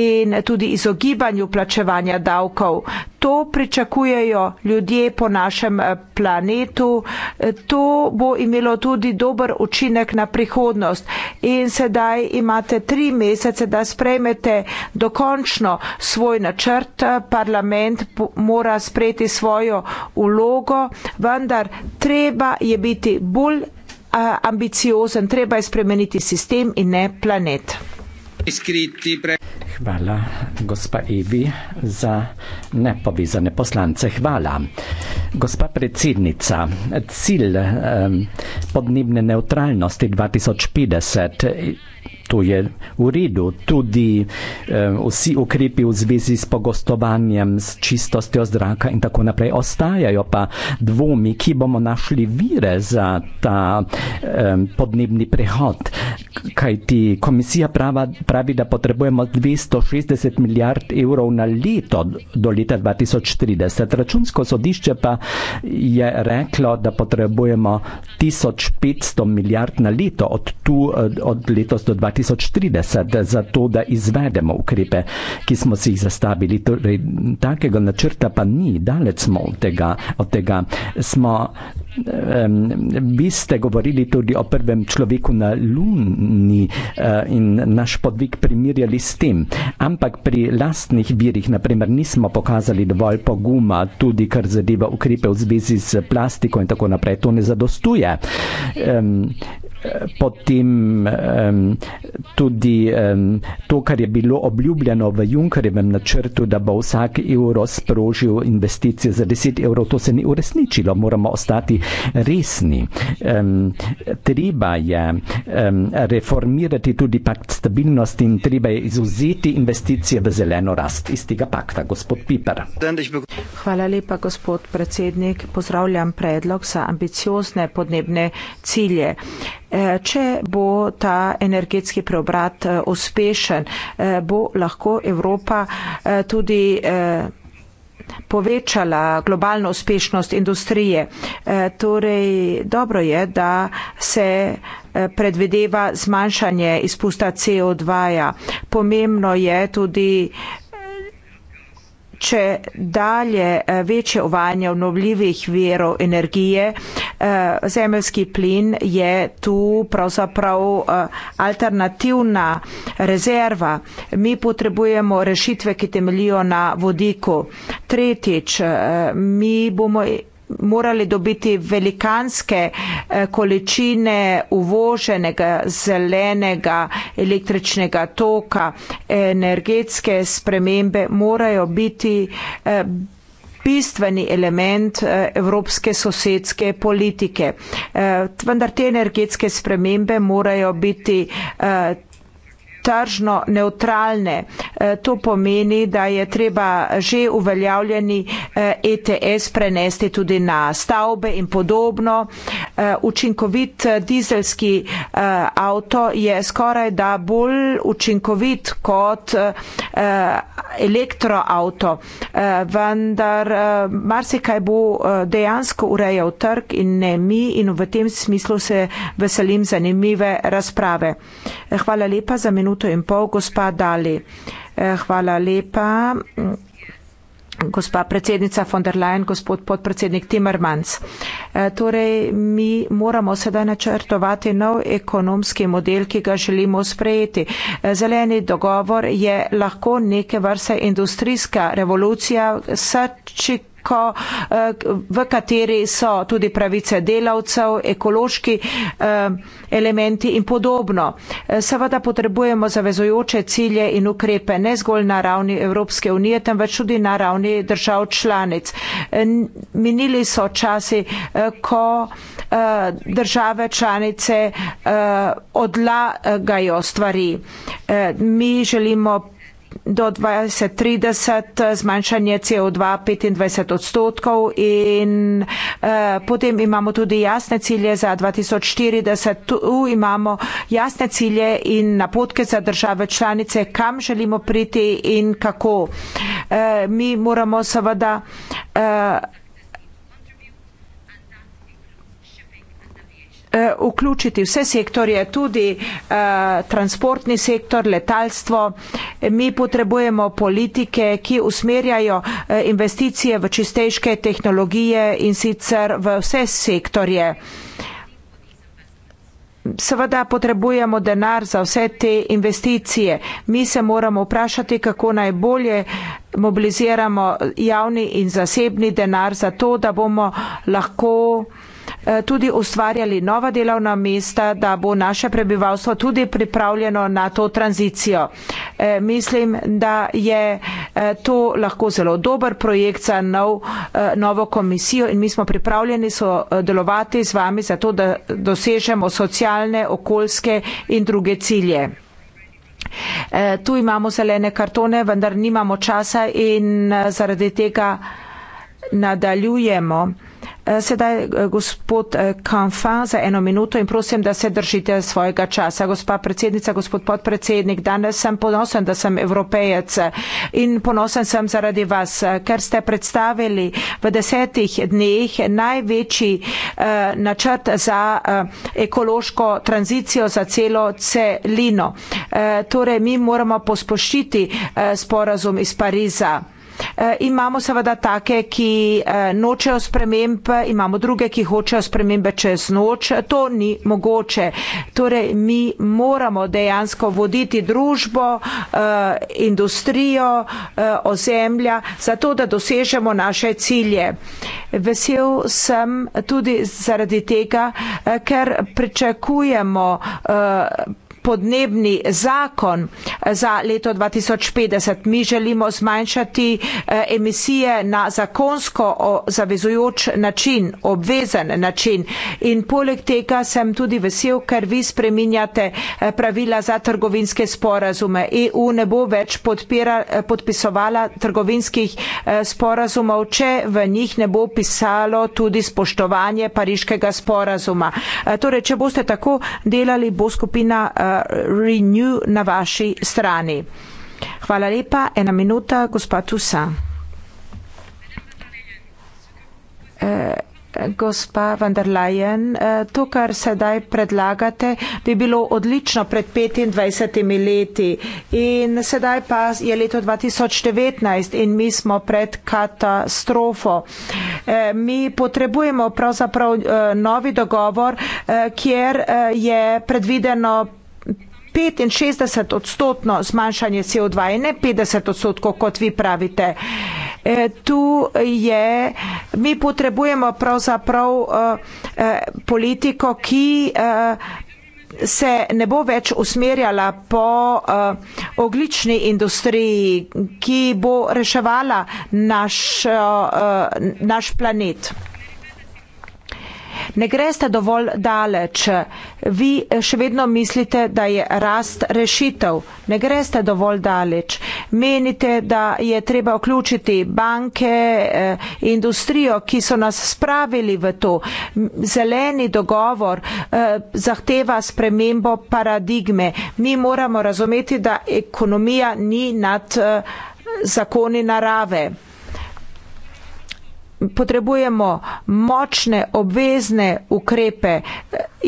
in tudi izogibanju plačevanja davkov. To pričakujejo ljudje po našem eh, planetu. Eh, to bo imelo tudi dober učinek na prihodnost. In sedaj imate tri mesece, da sprejmete dokončno svoj načrt. Parlament mora sprejeti svojo ulogo, vendar treba je biti bolj ambiciozen, treba je spremeniti sistem in ne planet. Hvala, gospa Ibi, za nepovizane poslance. Hvala. Gospa predsednica, cilj um, podnebne neutralnosti 2050 to je v redu. Tudi um, vsi ukrepi v zvezi s pogostovanjem, s čistostjo zraka in tako naprej ostajajo, pa dvomi, ki bomo našli vire za ta um, podnebni prehod. Kaj ti komisija prava, pravi, da potrebujemo 260 milijard evrov na leto do leta 2030. Računsko sodišče pa je reklo, da potrebujemo 1500 milijard na leto od, tu, eh, od letos do 2030. 2030, za to, da izvedemo ukrepe, ki smo si jih zastavili. Torej, takega načrta pa ni, daleč smo od tega, od tega. Smo Um, vi ste govorili tudi o prvem človeku na Luni uh, in naš podvig primerjali s tem, ampak pri lastnih virih, naprimer, nismo pokazali dovolj poguma, tudi kar zadeva ukrepe v zvezi z plastiko in tako naprej. To ne zadostuje. Um, Potem um, tudi um, to, kar je bilo obljubljeno v Junkerjevem načrtu, da bo vsak evro sprožil investicije za 10 evrov, to se ni uresničilo. Moramo ostati resni. Um, treba je um, reformirati tudi pakt stabilnosti in treba je izuzeti investicije v zeleno rast iz tega pakta, gospod Piper. Hvala lepa, gospod predsednik. Pozdravljam predlog za ambiciozne podnebne cilje. E, če bo ta energetski preobrat e, uspešen, e, bo lahko Evropa tudi povečala globalno uspešnost industrije. E, torej, dobro je, da se e, predvideva zmanjšanje izpusta CO2. -ja. Pomembno je tudi če dalje eh, večje uvajanje obnovljivih verov energije, eh, zemeljski plin je tu pravzaprav eh, alternativna rezerva. Mi potrebujemo rešitve, ki temelijo na vodiku. Tretjič, mi bomo morali dobiti velikanske eh, količine uvoženega zelenega električnega toka, energetske spremembe morajo biti eh, bistveni element eh, evropske sosedske politike. Vendar te energetske spremembe morajo biti tržno neutralne. E, to pomeni, da je treba že uveljavljeni ETS e prenesti tudi na stavbe in podobno. E, učinkovit dizelski avto je skoraj da bolj učinkovit kot elektroavto, vendar marsikaj bo dejansko urejal trg in ne mi in v tem smislu se veselim zanimive razprave. Hvala lepa za minuto minuto in pol. Gospa Dali, eh, hvala lepa. Gospa predsednica von der Leyen, gospod podpredsednik Timmermans. Eh, torej, mi moramo sedaj načrtovati nov ekonomski model, ki ga želimo sprejeti. Eh, zeleni dogovor je lahko neke vrste industrijska revolucija, srčik ko, eh, v kateri so tudi pravice delavcev, ekološki eh, elementi in podobno. Eh, seveda potrebujemo zavezojoče cilje in ukrepe ne zgolj na ravni Evropske unije, temveč tudi na ravni držav članic. Minili so časi, ko države članice odlagajo stvari. Mi želimo do 2030 zmanjšanje CO2 25 odstotkov in eh, potem imamo tudi jasne cilje za 2040. Tu imamo jasne cilje in napotke za države članice, kam želimo priti in kako. Eh, mi moramo seveda. Eh, Eh, vključiti vse sektorje, tudi eh, transportni sektor, letalstvo. Mi potrebujemo politike, ki usmerjajo eh, investicije v čistejške tehnologije in sicer v vse sektorje. Seveda potrebujemo denar za vse te investicije. Mi se moramo vprašati, kako najbolje mobiliziramo javni in zasebni denar za to, da bomo lahko Eh, tudi ustvarjali nova delovna mesta, da bo naše prebivalstvo tudi pripravljeno na to tranzicijo. Eh, mislim, da je eh, to lahko zelo dober projekt za nov, novo komisijo in mi smo pripravljeni sodelovati z vami za to, da dosežemo socialne, okoljske in druge cilje. Tu imamo zelene kartone, vendar nimamo časa in zaradi tega nadaljujemo. Eh, sedaj eh, gospod Kanfa eh, za eno minuto in prosim, da se držite svojega časa. Gospa predsednica, gospod podpredsednik, danes sem ponosen, da sem evropejec in ponosen sem zaradi vas, ker ste predstavili v desetih dneh največji načrt za ekološko tranzicijo za celo celino. Torej, mi moramo pospoštiti sporazum iz Pariza. Eh, imamo seveda take, ki eh, nočejo sprememb, imamo druge, ki hočejo spremembe čez noč. To ni mogoče. Torej, mi moramo dejansko voditi družbo, eh, industrijo, ozemlja, zato da dosežemo naše cilje. Vesel sem tudi zaradi tega, ker pričakujemo podnebni zakon za leto 2050. Mi želimo zmanjšati eh, emisije na zakonsko zavezujoč način, obvezen način. In poleg tega sem tudi vesel, ker vi spreminjate eh, pravila za trgovinske sporazume. EU ne bo več podpira, eh, podpisovala trgovinskih sporazumov, če v njih ne bo pisalo tudi spoštovanje pariškega sporazuma. Torej, če boste tako delali, bo skupina Renew na vaši strani. Hvala lepa. Ena minuta, gospa Tusa. Eh, gospa van der Leyen, eh, to, kar sedaj predlagate, bi bilo odlično pred 25 leti. In sedaj pa je leto 2019 in mi smo pred katastrofo. Eh, mi potrebujemo pravzaprav novi dogovor, kjer je predvideno 65 odstotno zmanjšanje CO2 in ne 50 odstotkov, kot vi pravite. E, tu je, mi potrebujemo pravzaprav uh, uh, politiko, ki. Uh, se ne bo več usmerjala po uh, oglični industriji, ki bo reševala naš, uh, naš planet ne greste dovolj daleč. Vi še vedno mislite, da je rast rešitev. Ne greste dovolj daleč. Menite, da je treba vključiti banke, eh, industrijo, ki so nas spravili v to. Zeleni dogovor eh, zahteva spremembo paradigme. Mi moramo razumeti, da ekonomija ni nad eh, zakoni narave potrebujemo močne, obvezne ukrepe eh,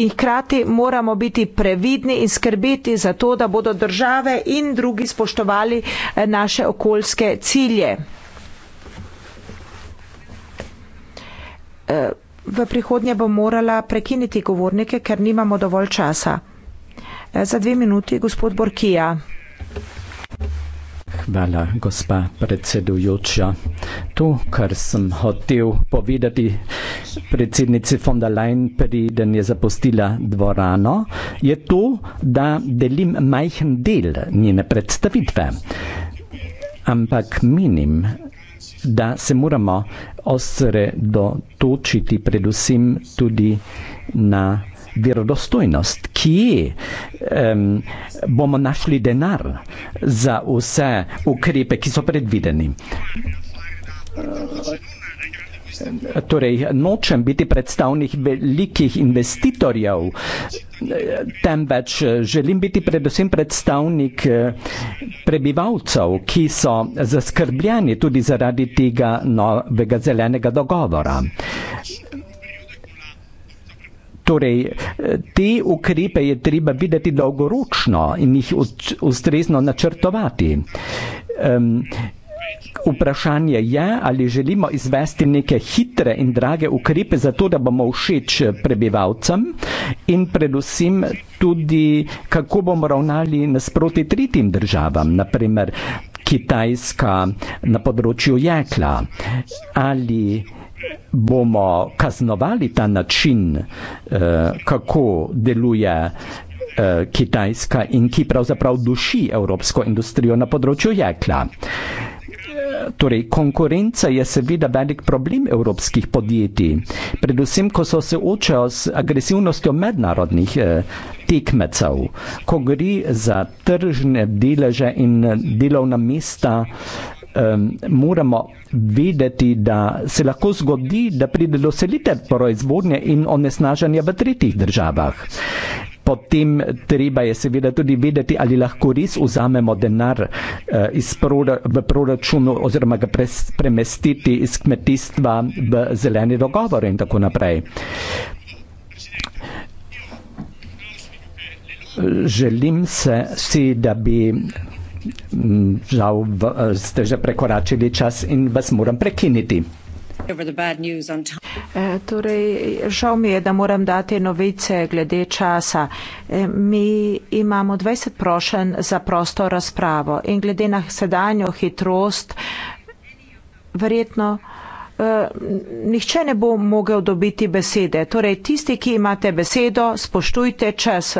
in hkrati moramo biti previdni in skrbiti za to, da bodo države in drugi spoštovali eh, naše okoljske cilje. Eh, v prihodnje bom morala prekiniti govornike, ker nimamo dovolj časa. Za dve minuti, gospod Borkija. Hvala, gospa predsedujoča. To, kar sem hotel povedati predsednici von der Leyen, preden je zapustila dvorano, je to, da delim majhen del njene predstavitve. Ampak menim, da se moramo osredotočiti predvsem tudi na verodostojnost, kje um, bomo našli denar za vse ukrepe, ki so predvideni. Torej, nočem biti predstavnik velikih investitorjev, temveč eh, želim biti predvsem predstavnik eh, prebivalcev, ki so zaskrbljeni tudi zaradi tega novega zelenega dogovora. Torej, eh, te ukrepe je treba videti dolgoročno in jih ustrezno načrtovati. Um, vprašanje je, ali želimo izvesti neke hitre in drage ukrepe za to, da bomo všeč prebivalcem in predvsem tudi, kako bomo ravnali nasproti tretjim državam, naprimer Kitajska na področju jekla ali bomo kaznovali ta način, uh, kako deluje uh, Kitajska in ki pravzaprav duši evropsko industrijo na področju jekla. Eh, torej, konkurenca je seveda velik problem evropskih podjetij, predvsem, ko so se očejo s agresivnostjo mednarodnih eh, tekmecev, ko gre za tržne deleže in delovna mesta um, moramo vedeti, da se lahko zgodi, da pride do selitev proizvodnje in onesnažanja v tretjih državah. Potem treba je seveda tudi vedeti, ali lahko res vzamemo denar uh, eh, prora, v proračunu oziroma ga pres, premestiti iz kmetijstva v zeleni dogovor in tako naprej. Želim se si, da bi žal v, ste že prekoračili čas in vas moram prekiniti. E, torej, žal mi je, da moram dati novice glede časa. E, mi imamo 20 prošen za prosto razpravo in glede na sedanjo hitrost, verjetno e, nihče ne bo mogel dobiti besede. Torej, tisti, ki imate besedo, spoštujte čas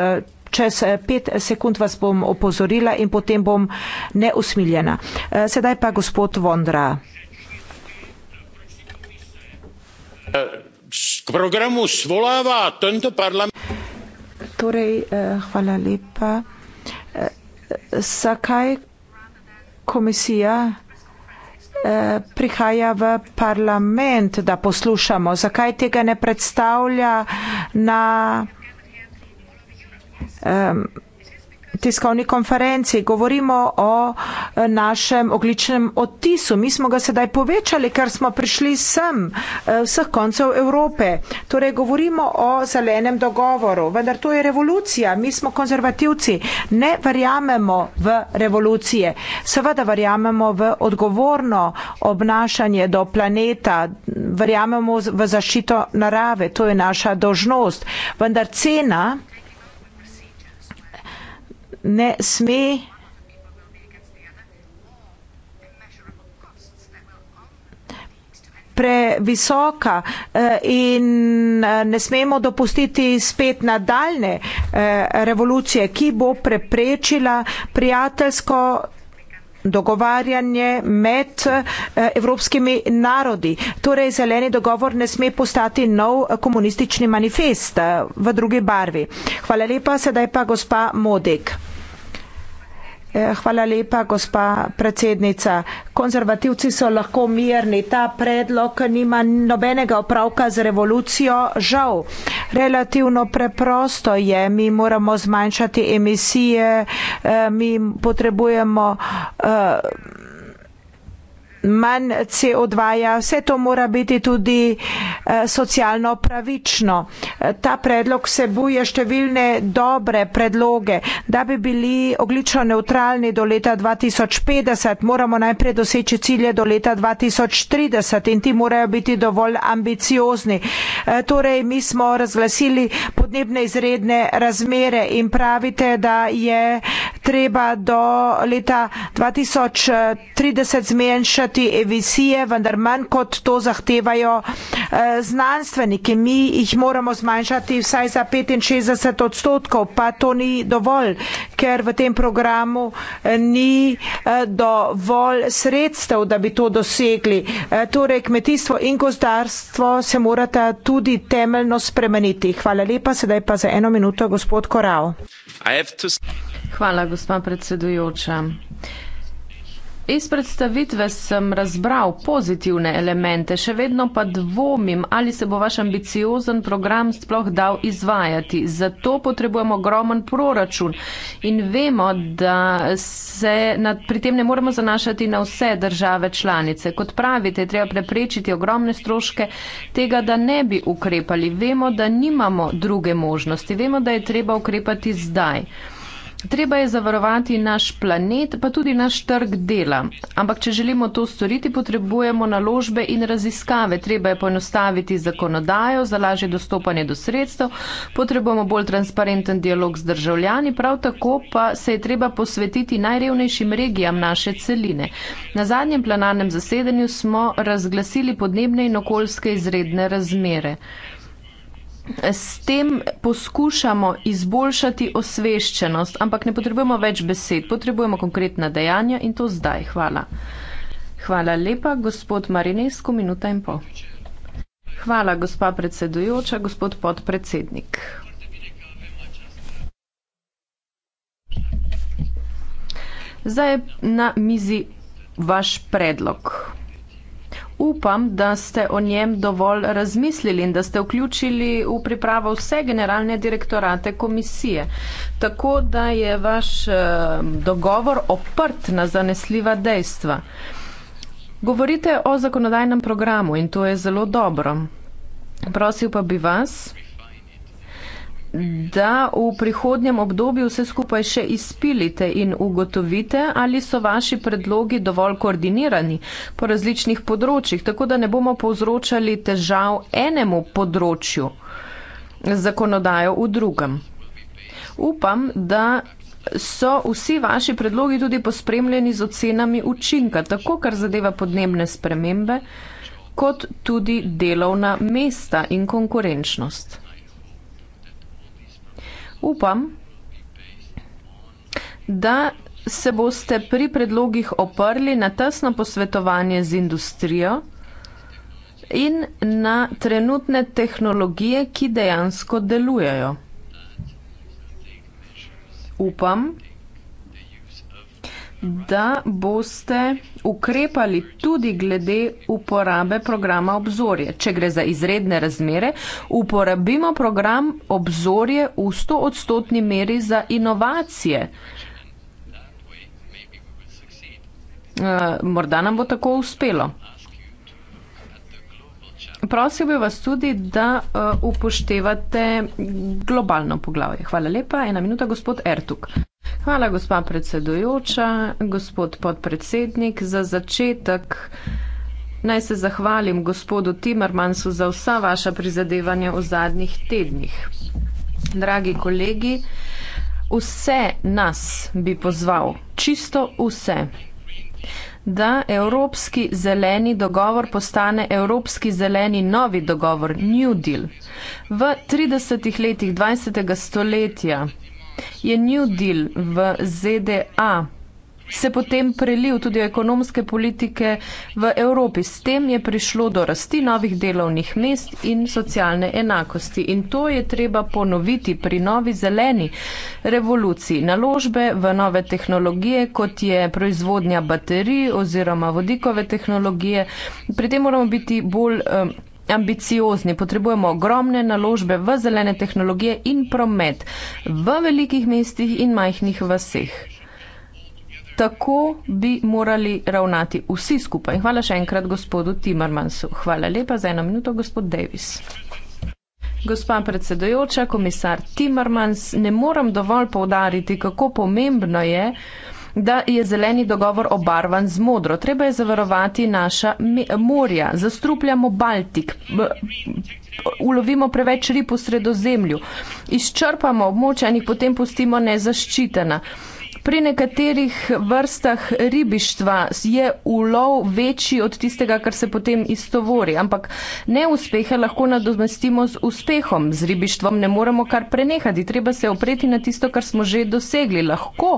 čez eh, pet sekund vas bom opozorila in potem bom neusmiljena. Eh, sedaj pa gospod Vondra. Programu svolava tento parlament. Torej, eh, hvala lepa. Zakaj komisija prihaja v parlament, da poslušamo? Zakaj tega ne predstavlja na um, tiskovni konferenci, govorimo o eh, našem ogličnem odtisu. Mi smo ga sedaj povečali, ker smo prišli sem, eh, vseh koncev Evrope. Torej, govorimo o zelenem dogovoru, vendar to je revolucija. Mi smo konzervativci, ne verjamemo v revolucije. Seveda verjamemo v odgovorno obnašanje do planeta, verjamemo v zaščito narave, to je naša dožnost. Vendar cena, ne sme previsoka eh, in eh, ne smemo dopustiti spet nadaljne eh, revolucije, ki bo preprečila prijateljsko dogovarjanje med evropskimi narodi. Torej, zeleni dogovor ne sme postati nov komunistični manifest v drugi barvi. Hvala lepa, sedaj pa gospa Modik. Eh, hvala lepa, gospa predsednica. Konzervativci so lahko mirni. Ta predlog nima nobenega opravka z revolucijo. Žal, relativno preprosto je. Mi moramo zmanjšati emisije, eh, mi potrebujemo. Uh, manj CO2, -ja. vse to mora biti tudi eh, socialno pravično. Eh, ta predlog sebuje številne dobre predloge, da bi bili oglično neutralni do leta 2050, moramo najprej doseči cilje do leta 2030 in ti morajo biti dovolj ambiciozni. Eh, torej, mi smo razglasili podnebne izredne razmere in pravite, da je treba do leta 2030 zmenšati proti emisije, vendar manj kot to zahtevajo eh, znanstveniki. Mi jih moramo zmanjšati vsaj za 65 odstotkov, pa to ni dovolj, ker v tem programu eh, ni eh, dovolj sredstev, da bi to dosegli. Torej, kmetijstvo in gozdarstvo se morata tudi temeljno spremeniti. Hvala lepa, sedaj pa za eno minuto gospod Korav. Hvala, gospa predsedujoča. Iz predstavitve sem razbral pozitivne elemente, še vedno pa dvomim, ali se bo vaš ambiciozen program sploh dal izvajati. Zato potrebujemo ogromen proračun in vemo, da se nad, pri tem ne moremo zanašati na vse države članice. Kot pravite, treba preprečiti ogromne stroške tega, da ne bi ukrepali. Vemo, da nimamo druge možnosti. Vemo, da je treba ukrepati zdaj. Treba je zavarovati naš planet, pa tudi naš trg dela. Ampak, če želimo to storiti, potrebujemo naložbe in raziskave. Treba je poenostaviti zakonodajo za lažje dostopanje do sredstev, potrebujemo bolj transparenten dialog z državljani, prav tako pa se je treba posvetiti najrevnejšim regijam naše celine. Na zadnjem plenarnem zasedanju smo razglasili podnebne in okoljske izredne razmere. S tem poskušamo izboljšati osveščenost, ampak ne potrebujemo več besed, potrebujemo konkretna dejanja in to zdaj. Hvala. Hvala lepa, gospod Marinesko, minuta in pol. Hvala, gospa predsedujoča, gospod podpredsednik. Zdaj je na mizi vaš predlog. Upam, da ste o njem dovolj razmislili in da ste vključili v pripravo vse generalne direktorate komisije. Tako da je vaš eh, dogovor oprt na zanesljiva dejstva. Govorite o zakonodajnem programu in to je zelo dobro. Prosil pa bi vas, da v prihodnjem obdobju vse skupaj še izpilite in ugotovite, ali so vaši predlogi dovolj koordinirani po različnih področjih, tako da ne bomo povzročali težav enemu področju zakonodajo v drugem. Upam, da so vsi vaši predlogi tudi pospremljeni z ocenami učinka, tako kar zadeva podnebne spremembe, kot tudi delovna mesta in konkurenčnost upam, da se boste pri predlogih oprli na tesno posvetovanje z industrijo in na trenutne tehnologije, ki dejansko delujejo. Upam, da se boste pri predlogih oprli na tesno posvetovanje z industrijo in na trenutne tehnologije, ki dejansko delujejo. Upam, da boste ukrepali tudi glede uporabe programa obzorje. Če gre za izredne razmere, uporabimo program obzorje v 100 odstotni meri za inovacije. Eh, morda nam bo tako uspelo. Prosil bi vas tudi, da uh, upoštevate globalno poglavje. Hvala lepa. Ena minuta, gospod Ertuk. Hvala, gospa predsedujoča, gospod podpredsednik. Za začetek naj se zahvalim gospodu Timmermansu za vsa vaša prizadevanja v zadnjih tednih. Dragi kolegi, vse nas bi pozval, čisto vse da Evropski zeleni dogovor postane Evropski zeleni novi dogovor, New Deal. V 30. letih 20. stoletja je New Deal v ZDA se potem prelil tudi ekonomske politike v Evropi. S tem je prišlo do rasti novih delovnih mest in socialne enakosti. In to je treba ponoviti pri novi zeleni revoluciji. Naložbe v nove tehnologije, kot je proizvodnja baterij oziroma vodikove tehnologije, pri tem moramo biti bolj. Um, Ambiciozni potrebujemo ogromne naložbe v zelene tehnologije in promet v velikih mestih in majhnih vseh. Tako bi morali ravnati vsi skupaj. Hvala še enkrat gospodu Timmermansu. Hvala lepa za eno minuto, gospod Davis. Gospa predsedojoča, komisar Timmermans, ne moram dovolj povdariti, kako pomembno je, da je zeleni dogovor obarvan z modro. Treba je zavarovati naša morja. Zastrupljamo Baltik. Ulovimo preveč rib v sredozemlju, izčrpamo območja in jih potem pustimo nezaščitena. Pri nekaterih vrstah ribištva je ulov večji od tistega, kar se potem istovori, ampak neuspehe lahko nadomestimo z uspehom. Z ribištvom ne moremo kar prenehati, treba se opreti na tisto, kar smo že dosegli. Lahko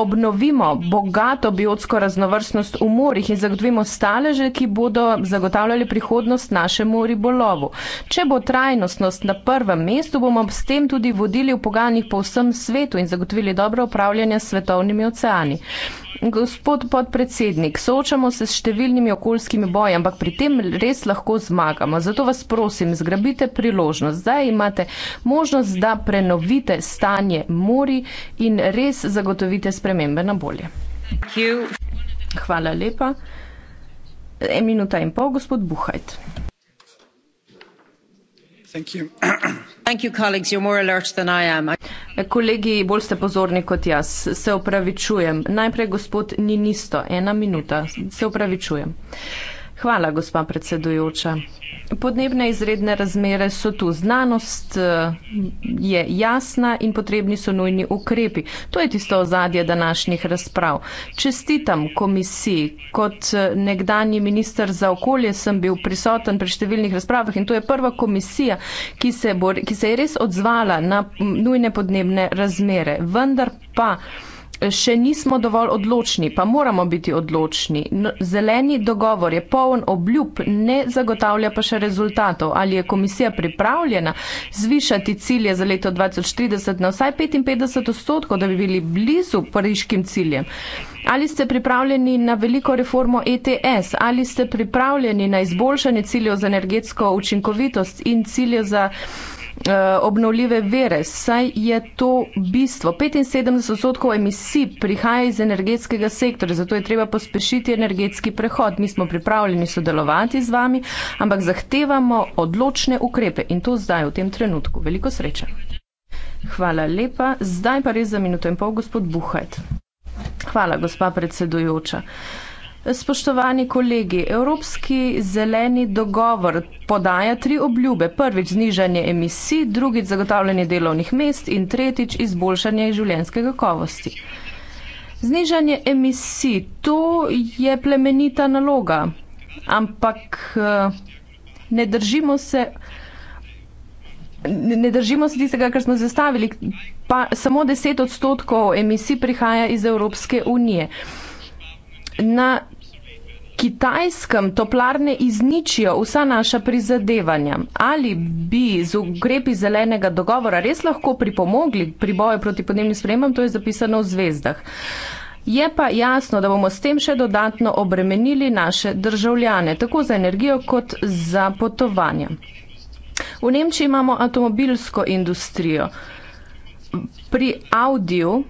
obnovimo bogato biotsko raznovrstnost v morjih in zagotovimo staleže, ki bodo zagotavljali prihodnost našemu ribolovu. Če bo trajnostnost na prvem mestu, bomo s tem tudi vodili v pogajanjih po vsem svetu in zagotovili dobro upravljanje svetovnimi oceani. Gospod podpredsednik, soočamo se s številnimi okoljskimi boji, ampak pri tem res lahko zmagamo. Zato vas prosim, zgrabite priložnost. Zdaj imate možnost, da prenovite stanje mori in res zagotovite spremembe na bolje. Hvala lepa. E minuta in pol, gospod Buhajt. Kolegi, bolj ste pozorni kot jaz. Se upravičujem. Najprej gospod Ninisto, ena minuta. Se upravičujem. Uh, Hvala, gospa predsedujoča. Podnebne izredne razmere so tu. Znanost eh, je jasna in potrebni so nujni ukrepi. To je tisto ozadje današnjih razprav. Čestitam komisiji. Kot eh, nekdani minister za okolje sem bil prisoten pri številnih razpravah in to je prva komisija, ki se, bo, ki se je res odzvala na nujne podnebne razmere. Vendar pa še nismo dovolj odločni, pa moramo biti odločni. Zeleni dogovor je poln obljub, ne zagotavlja pa še rezultatov. Ali je komisija pripravljena zvišati cilje za leto 2040 na vsaj 55 odstotkov, da bi bili blizu pariškim ciljem? Ali ste pripravljeni na veliko reformo ETS? Ali ste pripravljeni na izboljšanje ciljev za energetsko učinkovitost in ciljev za Eh, obnovljive vere, saj je to bistvo. 75 odstotkov emisij prihaja iz energetskega sektorja, zato je treba pospešiti energetski prehod. Mi smo pripravljeni sodelovati z vami, ampak zahtevamo odločne ukrepe in to zdaj, v tem trenutku. Veliko sreče. Hvala lepa. Zdaj pa res za minuto in pol, gospod Buhajt. Hvala, gospa predsedujoča. Uh, Spoštovani kolegi, Evropski zeleni dogovor podaja tri obljube. Prvič znižanje emisij, drugič zagotavljanje delovnih mest in tretjič izboljšanje življenjske kakovosti. Znižanje emisij, to je plemenita naloga, ampak eh, ne držimo se. Ne držimo se tistega, kar smo zastavili, pa samo 10 odstotkov emisij prihaja iz Evropske unije. Na kitajskem toplarne izničijo vsa naša prizadevanja? Ali bi z ukrepi zelenega dogovora res lahko pripomogli pri boju proti podnebnim spremembam? To je zapisano v zvezdah. Je pa jasno, da bomo s tem še dodatno obremenili naše državljane, tako za energijo kot za potovanje. V Nemčiji imamo avtomobilsko industrijo. Pri Audiju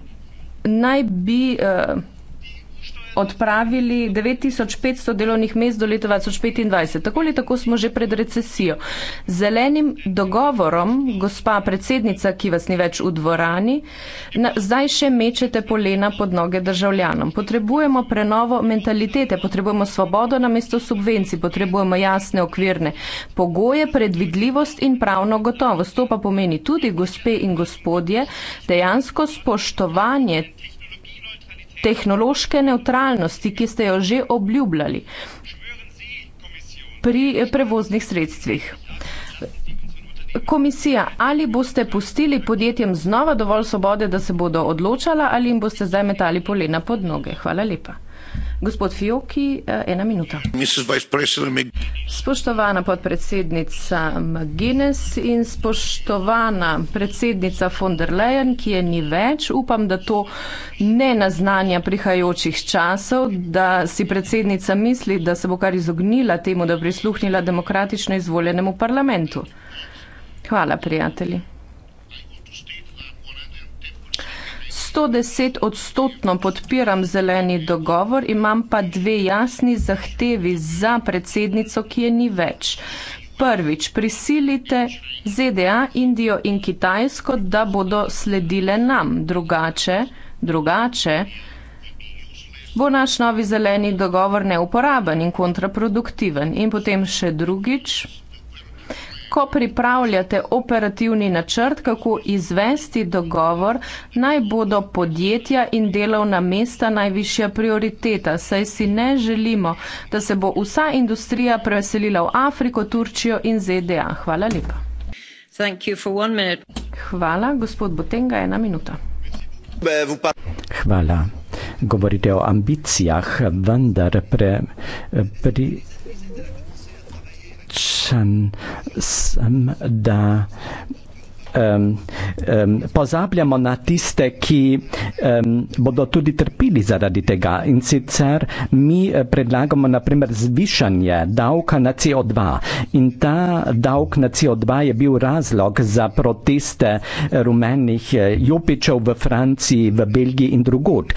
naj bi. Uh, odpravili 9500 delovnih mest do leta 2025. Tako ali tako smo že pred recesijo. Zelenim dogovorom, gospa predsednica, ki vas ni več v dvorani, na, zdaj še mečete polena pod noge državljanom. Potrebujemo prenovo mentalitete, potrebujemo svobodo na mesto subvencij, potrebujemo jasne okvirne pogoje, predvidljivost in pravno gotovost. To pa pomeni tudi, gospe in gospodje, dejansko spoštovanje tehnološke neutralnosti, ki ste jo že obljubljali pri prevoznih sredstvih komisija, ali boste pustili podjetjem znova dovolj svobode, da se bodo odločala, ali jim boste zdaj metali polena pod noge? Hvala lepa. Gospod Fioki, eh, ena minuta. Spoštovana podpredsednica McGuinness in spoštovana predsednica von der Leyen, ki je ni več, upam, da to ne naznanja prihajajočih časov, da si predsednica misli, da se bo kar izognila temu, da prisluhnila demokratično izvoljenemu parlamentu. Hvala, prijatelji. 110 odstotno podpiram zeleni dogovor, imam pa dve jasni zahtevi za predsednico, ki je ni več. Prvič, prisilite ZDA, Indijo in Kitajsko, da bodo sledile nam. Drugače, drugače bo naš novi zeleni dogovor neuporaben in kontraproduktiven. In potem še drugič, ko pripravljate operativni načrt, kako izvesti dogovor, naj bodo podjetja in delovna mesta najvišja prioriteta. Saj si ne želimo, da se bo vsa industrija preselila v Afriko, Turčijo in ZDA. Hvala lepa. Hvala, gospod Botenga, ena minuta. Hvala. Govorite o ambicijah, vendar pre, pri, Krishan Samda um, um, pozabljamo na tiste, ki um, bodo tudi trpili zaradi tega. In sicer mi eh, predlagamo naprimer zvišanje davka na CO2. In ta davk na CO2 je bil razlog za proteste eh, rumenih eh, jupičev v Franciji, v Belgiji in drugod.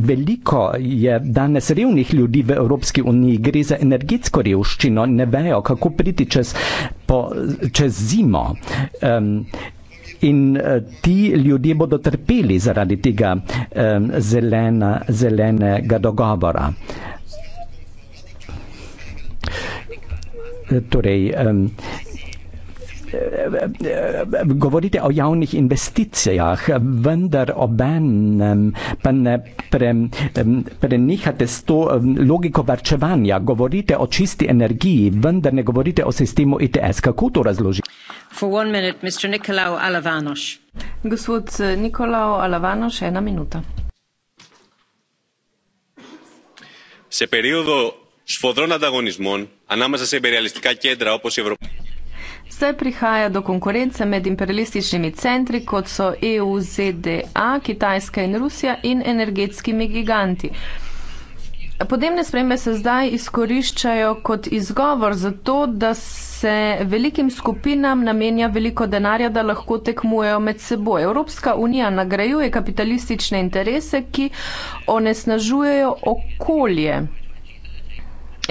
Veliko je danes revnih ljudi v Evropski uniji, gre za energetsko revščino, ne vejo, kako priti čez po, čez zimo. Um, In uh, ti ljudje bodo trpeli zaradi tega um, zelena, zelenega dogovora. Torej, um, govorite o javnih investicijah, vendar obenem pa ne pre, prenehate s to logiko varčevanja. Govorite o čisti energiji, vendar ne govorite o sistemu ITS. Kako to razložite? Gospod eh, Nikolao Alavanoš, ena minuta. Σε περίοδο σφοδρών ανταγωνισμών ανάμεσα σε υπεριαλιστικά κέντρα όπως η Ευρωπαϊκή se prihaja do konkurence med imperialističnimi centri, kot so EU, ZDA, Kitajska in Rusija in energetskimi giganti. Podnebne spremembe se zdaj izkoriščajo kot izgovor za to, da se velikim skupinam namenja veliko denarja, da lahko tekmujejo med seboj. Evropska unija nagrajuje kapitalistične interese, ki onesnažujejo okolje.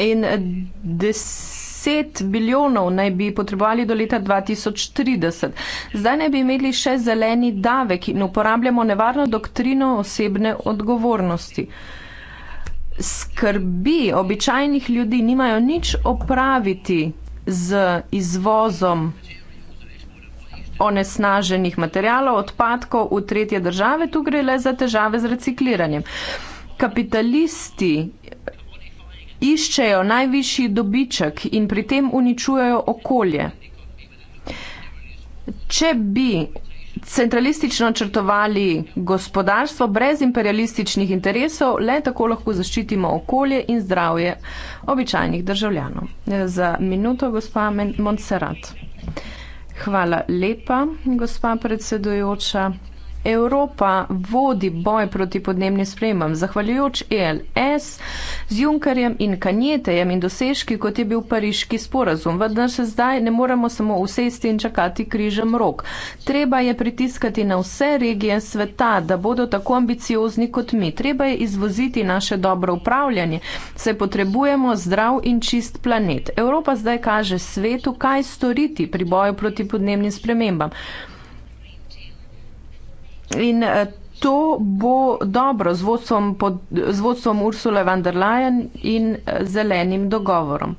In des 10 biljonov naj bi potrebovali do leta 2030. Zdaj naj bi imeli še zeleni davek in uporabljamo nevarno doktrino osebne odgovornosti. Skrbi običajnih ljudi nimajo nič opraviti z izvozom onesnaženih materijalov, odpadkov v tretje države, tu gre le za težave z recikliranjem. Kapitalisti iščejo najvišji dobiček in pri tem uničujejo okolje. Če bi centralistično črtovali gospodarstvo brez imperialističnih interesov, le tako lahko zaščitimo okolje in zdravje običajnih državljanov. Za minuto, gospa Montserrat. Hvala lepa, gospa predsedujoča. Evropa vodi boj proti podnebnim spremem, zahvaljujoč ELS z Junkerjem in Kanjetejem in dosežki, kot je bil pariški sporazum. Vendar še zdaj ne moremo samo usesti in čakati križem rok. Treba je pritiskati na vse regije sveta, da bodo tako ambiciozni kot mi. Treba je izvoziti naše dobro upravljanje. Se potrebujemo zdrav in čist planet. Evropa zdaj kaže svetu, kaj storiti pri boju proti podnebnim spremembam. In eh, to bo dobro z vodstvom, pod, z vodstvom Ursule von der Leyen in eh, zelenim dogovorom.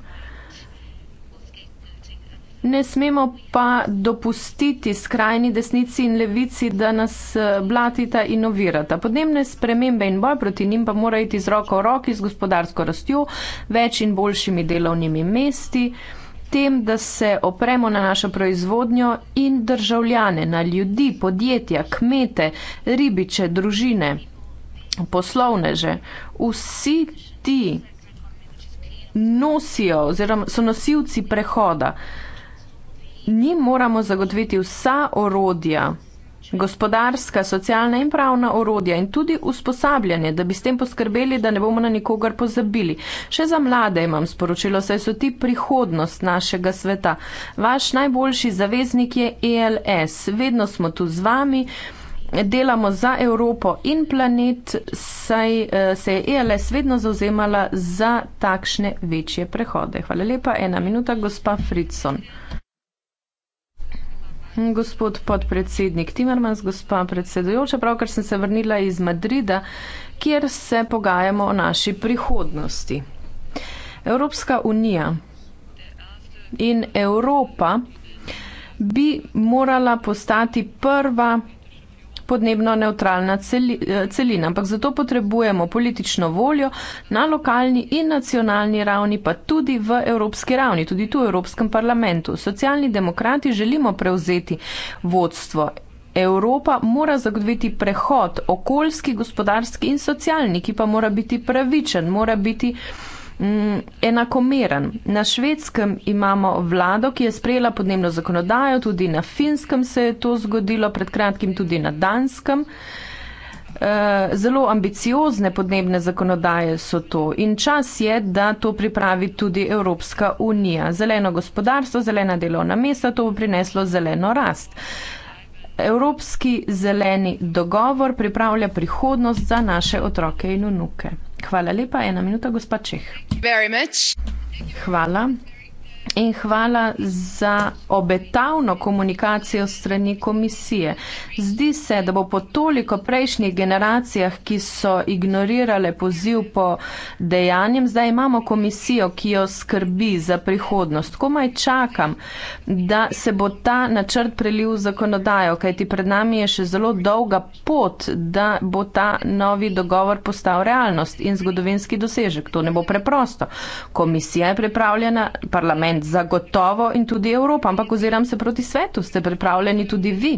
Ne smemo pa dopustiti skrajni desnici in levici, da nas eh, blatita in ovirata. Podnebne spremembe in boj proti njim pa mora iti z roko v roki z gospodarsko rastjo, več in boljšimi delovnimi mesti tem, da se opremo na našo proizvodnjo in državljane, na ljudi, podjetja, kmete, ribiče, družine, poslovneže. Vsi ti nosijo oziroma so nosilci prehoda. Njim moramo zagotoviti vsa orodja, gospodarska, socialna in pravna orodja in tudi usposabljanje, da bi s tem poskrbeli, da ne bomo na nikogar pozabili. Še za mlade imam sporočilo, saj so ti prihodnost našega sveta. Vaš najboljši zaveznik je ELS. Vedno smo tu z vami. Delamo za Evropo in planet, saj eh, se je ELS vedno zauzemala za takšne večje prehode. Hvala lepa, ena minuta, gospa Fritson. Gospod podpredsednik Timermans, gospa predsedujoča, pravkar sem se vrnila iz Madrida, kjer se pogajamo o naši prihodnosti. Evropska unija in Evropa bi morala postati prva podnebno neutralna eh, celina, ampak zato potrebujemo politično voljo na lokalni in nacionalni ravni, pa tudi v evropski ravni, tudi tu v Evropskem parlamentu. Socialni demokrati želimo prevzeti vodstvo. Evropa mora zagotoviti prehod okoljski, gospodarski in socialni, ki pa mora biti pravičen, mora biti. Mm, enakomeren. Na švedskem imamo vlado, ki je sprejela podnebno zakonodajo, tudi na finskem se je to zgodilo, pred kratkim tudi na danskem. Eh, zelo ambiciozne podnebne zakonodaje so to in čas je, da to pripravi tudi Evropska unija. Zeleno gospodarstvo, zelena delovna mesta, to bo prineslo zeleno rast. Evropski zeleni dogovor pripravlja prihodnost za naše otroke in unuke. Hvala lepa, ena minuta, gospa Čeh. Hvala in hvala za obetavno komunikacijo strani komisije. Zdi se, da bo po toliko prejšnjih generacijah, ki so ignorirale poziv po dejanjem, zdaj imamo komisijo, ki jo skrbi za prihodnost. Komaj čakam, da se bo ta načrt prelil v zakonodajo, kajti pred nami je še zelo dolga pot, da bo ta novi dogovor postal realnost in zgodovinski dosežek. To ne bo preprosto. Komisija je pripravljena, parlament parlament, zagotovo in tudi Evropa, ampak oziram se proti svetu, ste pripravljeni tudi vi.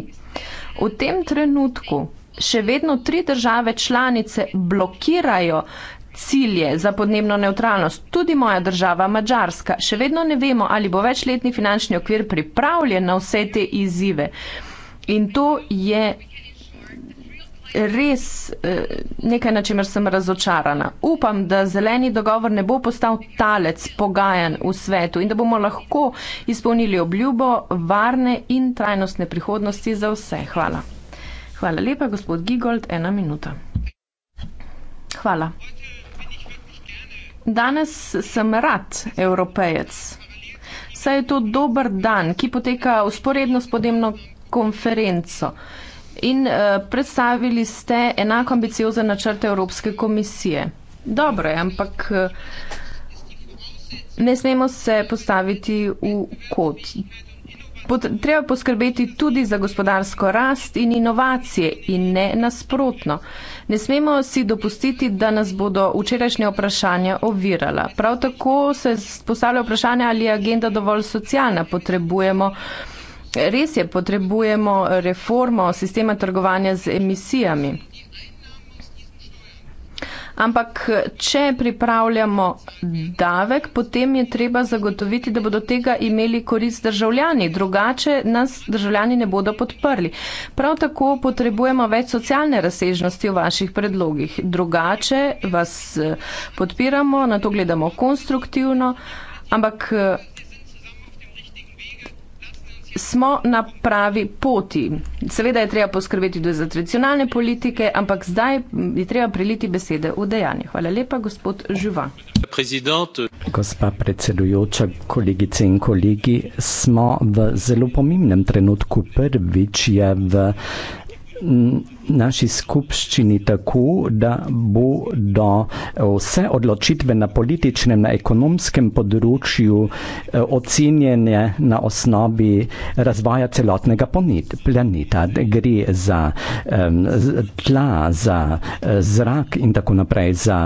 V tem trenutku še vedno tri države članice blokirajo cilje za podnebno neutralnost, tudi moja država Mačarska. Še vedno ne vemo, ali bo večletni finančni okvir pripravljen na vse te izzive. In to je res eh, nekaj, na čemer sem razočarana. Upam, da zeleni dogovor ne bo postal talec pogajan v svetu in da bomo lahko izpolnili obljubo varne in trajnostne prihodnosti za vse. Hvala. Hvala lepa, gospod Gigold, ena minuta. Hvala. Danes sem rad evropejec. Saj je to dober dan, ki poteka usporedno s podnebno konferenco in uh, predstavili ste enako ambiciozne načrte Evropske komisije. Dobro je, ampak eh, ne smemo se postaviti v kot. Pot, treba poskrbeti tudi za gospodarsko rast in inovacije in ne nasprotno. Ne smemo si dopustiti, da nas bodo včerajšnje vprašanja ovirala. Prav tako se postavlja vprašanje, ali je agenda dovolj socialna. Potrebujemo uh, Res je, potrebujemo reformo sistema trgovanja z emisijami. Ampak, če pripravljamo davek, potem je treba zagotoviti, da bodo tega imeli korist državljani, drugače nas državljani ne bodo podprli. Prav tako potrebujemo več socialne razsežnosti v vaših predlogih. Drugače vas eh, podpiramo, na to gledamo konstruktivno, ampak eh, smo na pravi poti. Seveda je treba poskrbeti tudi za tradicionalne politike, ampak zdaj je treba preliti besede v dejanje. Hvala lepa, gospod Živa. Gospa predsedujoča, kolegice in kolegi, smo v zelo pomembnem trenutku. Prvič je v naši skupščini tako, da bodo eh, vse odločitve na političnem, na ekonomskem področju eh, ocenjene na osnovi razvoja celotnega planeta. Gre za um, tla, za eh, zrak in tako naprej, za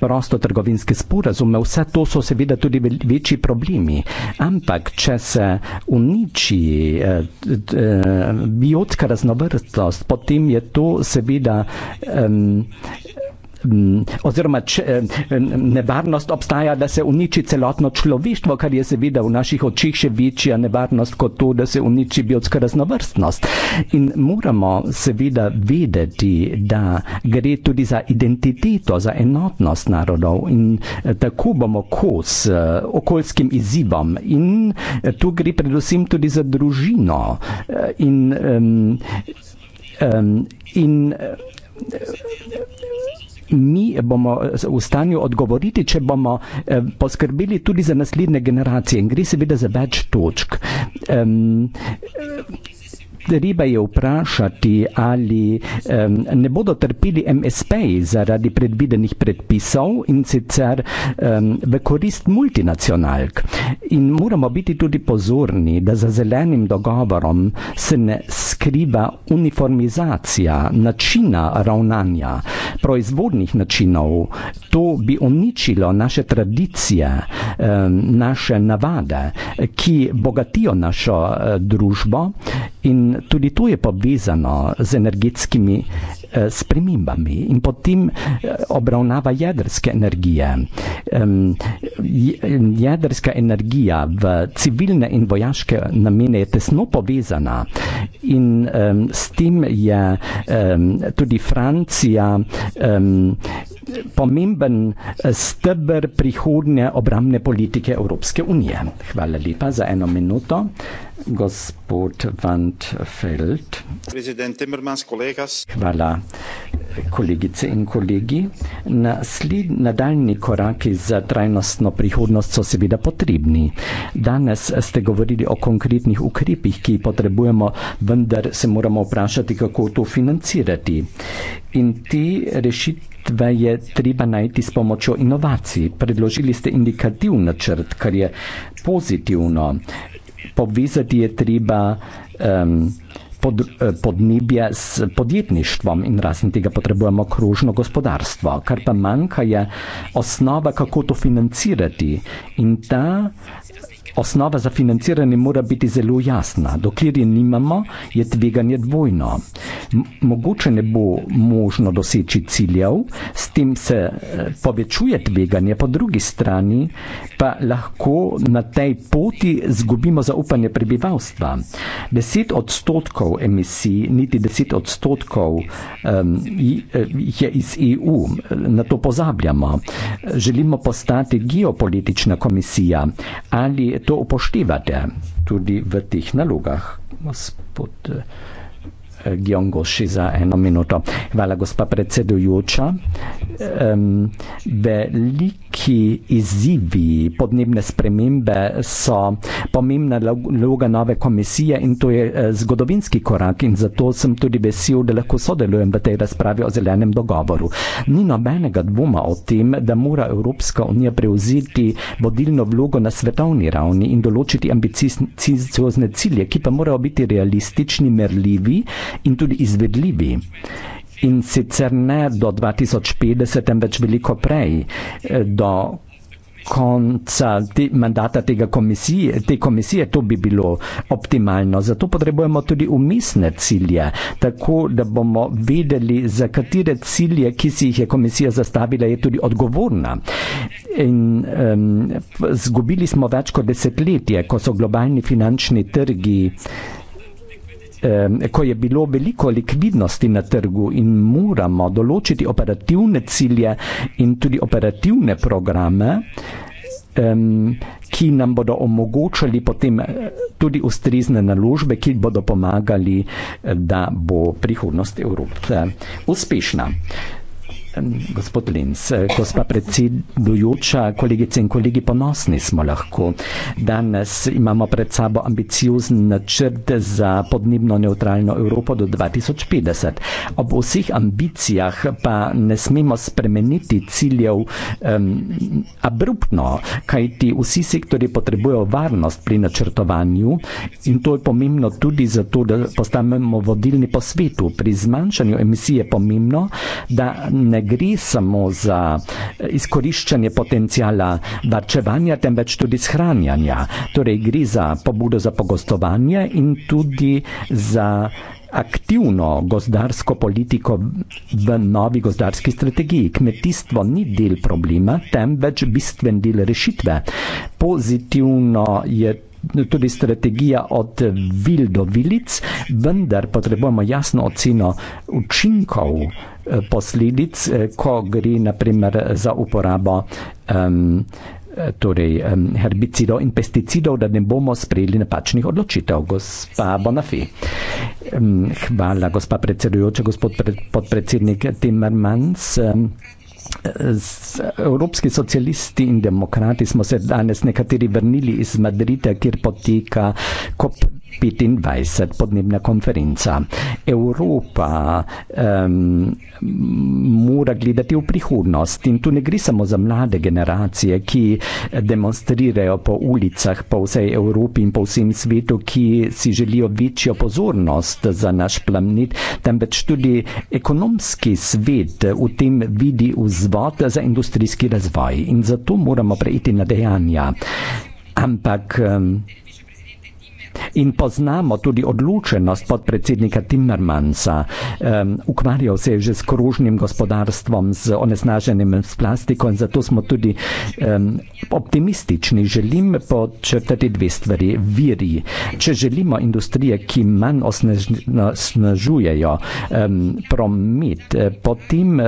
prostotrgovinske sporazume. Vse to so seveda tudi večji problemi. Ampak, če se uniči uh, uh, biotska raznovrstnost, potem je to to seveda um, oziroma če, nevarnost obstaja, da se uniči celotno človeštvo, kar je seveda v naših očih še večja nevarnost kot to, da se uniči biotska raznovrstnost. In moramo seveda vedeti, da gre tudi za identiteto, za enotnost narodov in eh, tako bomo kos eh, okoljskim izzivom. In eh, tu gre predvsem tudi za družino. In, um, Um, in eh, mi bomo v stanju odgovoriti, če bomo eh, poskrbeli tudi za naslednje generacije. In gre seveda za več točk. Um, treba je vprašati, ali um, ne bodo trpili MSP zaradi predvidenih predpisov in sicer um, v korist multinacionalk. In moramo biti tudi pozorni, da za zelenim dogovorom se ne skriva uniformizacija načina ravnanja, proizvodnih načinov. To bi uničilo naše tradicije, um, naše navade, ki bogatijo našo uh, družbo. In tudi tu je povezano z energetskimi eh, spremembami in potem eh, obravnava jedrske energije. Um, jedrska energija v civilne in vojaške namene je tesno povezana in um, s tem je um, tudi Francija um, pomemben eh, stebr prihodnje obramne politike Evropske unije. Hvala lepa za eno minuto. Gospod Van Feld. Hvala, kolegice in kolegi. Naslid, nadaljni koraki za trajnostno prihodnost so seveda potrebni. Danes ste govorili o konkretnih ukrepih, ki jih potrebujemo, vendar se moramo vprašati, kako to financirati. In te rešitve je treba najti s pomočjo inovacij. Predložili ste indikativ načrt, kar je pozitivno povezati je treba um, pod, eh, podnebje s podjetništvom in razen tega potrebujemo krožno gospodarstvo. Kar pa manjka je osnova, kako to financirati. In ta Osnova za financiranje mora biti zelo jasna. Dokler je nimamo, je tveganje dvojno. Mogoče ne bo možno doseči ciljev, s tem se eh, povečuje tveganje, po drugi strani pa lahko na tej poti zgubimo zaupanje prebivalstva. Deset odstotkov emisij, niti deset odstotkov um, je iz EU, na to pozabljamo. Želimo postati geopolitična komisija ali to upoštevate tudi v teh nalogah. Gospod eh, Gjongoši za eno minuto. Hvala, gospa predsedujoča. Um, veliki izzivi podnebne spremembe so pomembna vloga nove komisije in to je eh, zgodovinski korak in zato sem tudi vesel, da lahko sodelujem v tej razpravi o zelenem dogovoru. Ni nobenega dvoma o tem, da mora Evropska unija prevzeti vodilno vlogo na svetovni ravni in določiti ambiciozne cilje, ki pa morajo biti realistični, merljivi, in tudi izvedljivi. In sicer ne do 2050, temveč veliko prej, eh, do konca te, mandata tega komisije, te komisije, to bi bilo optimalno. Zato potrebujemo tudi umisne cilje, tako da bomo vedeli, za katere cilje, ki si jih je komisija zastavila, je tudi odgovorna. In, um, zgubili smo več kot desetletje, ko so globalni finančni trgi. Ehm, ko je bilo veliko likvidnosti na trgu in moramo določiti operativne cilje in tudi operativne programe, ehm, ki nam bodo omogočali potem eh, tudi ustrezne naložbe, ki bodo pomagali, eh, da bo prihodnost Evrope uspešna. Gospod Lins, gospa predsedujoča, kolegice in kolegi, ponosni smo lahko. Danes imamo pred sabo ambiciozen načrt za podnebno neutralno Evropo do 2050. Ob vseh ambicijah pa ne smemo spremeniti ciljev um, abruptno, kajti vsi sektori potrebujo varnost pri načrtovanju in to je pomembno tudi zato, da postanemo vodilni po svetu. Pri zmanjšanju emisije je pomembno, da ne gre gre samo za eh, izkoriščanje potencijala varčevanja, temveč tudi shranjanja. Torej, gre za pobudo za pogostovanje in tudi za aktivno gozdarsko politiko v novi gozdarski strategiji. Kmetijstvo ni del problema, temveč bistven del rešitve. Pozitivno je tudi tudi strategija od vil do vilic, vendar potrebujemo jasno oceno učinkov eh, posledic, eh, ko gre naprimer za uporabo um, torej, um, herbicidov in pesticidov, da ne bomo sprejeli napačnih odločitev. Gospa Bonafi. Um, hvala, gospa predsedujoča, gospod pred, podpredsednik Timmermans. Um, S evropski socialisti in demokrati smo se danes nekateri vrnili iz Madrida, kjer poteka COP 25 podnebna konferenca. Evropa um, mora gledati v prihodnost in tu ne gre samo za mlade generacije, ki demonstrirajo po ulicah po vsej Evropi in po vsem svetu, ki si želijo večjo pozornost za naš planet, temveč tudi ekonomski svet v tem vidi vzvod za industrijski razvoj in zato moramo preiti na dejanja. Ampak um, in poznamo tudi odločenost podpredsednika Timmermansa. Um, ukvarjal se je že s kružnim gospodarstvom, z onesnaženjem s plastiko in zato smo tudi um, optimistični. Želim podčrtati dve stvari. Viri. Če želimo industrije, ki manj osnažujejo um, promet, eh, potem. Uh,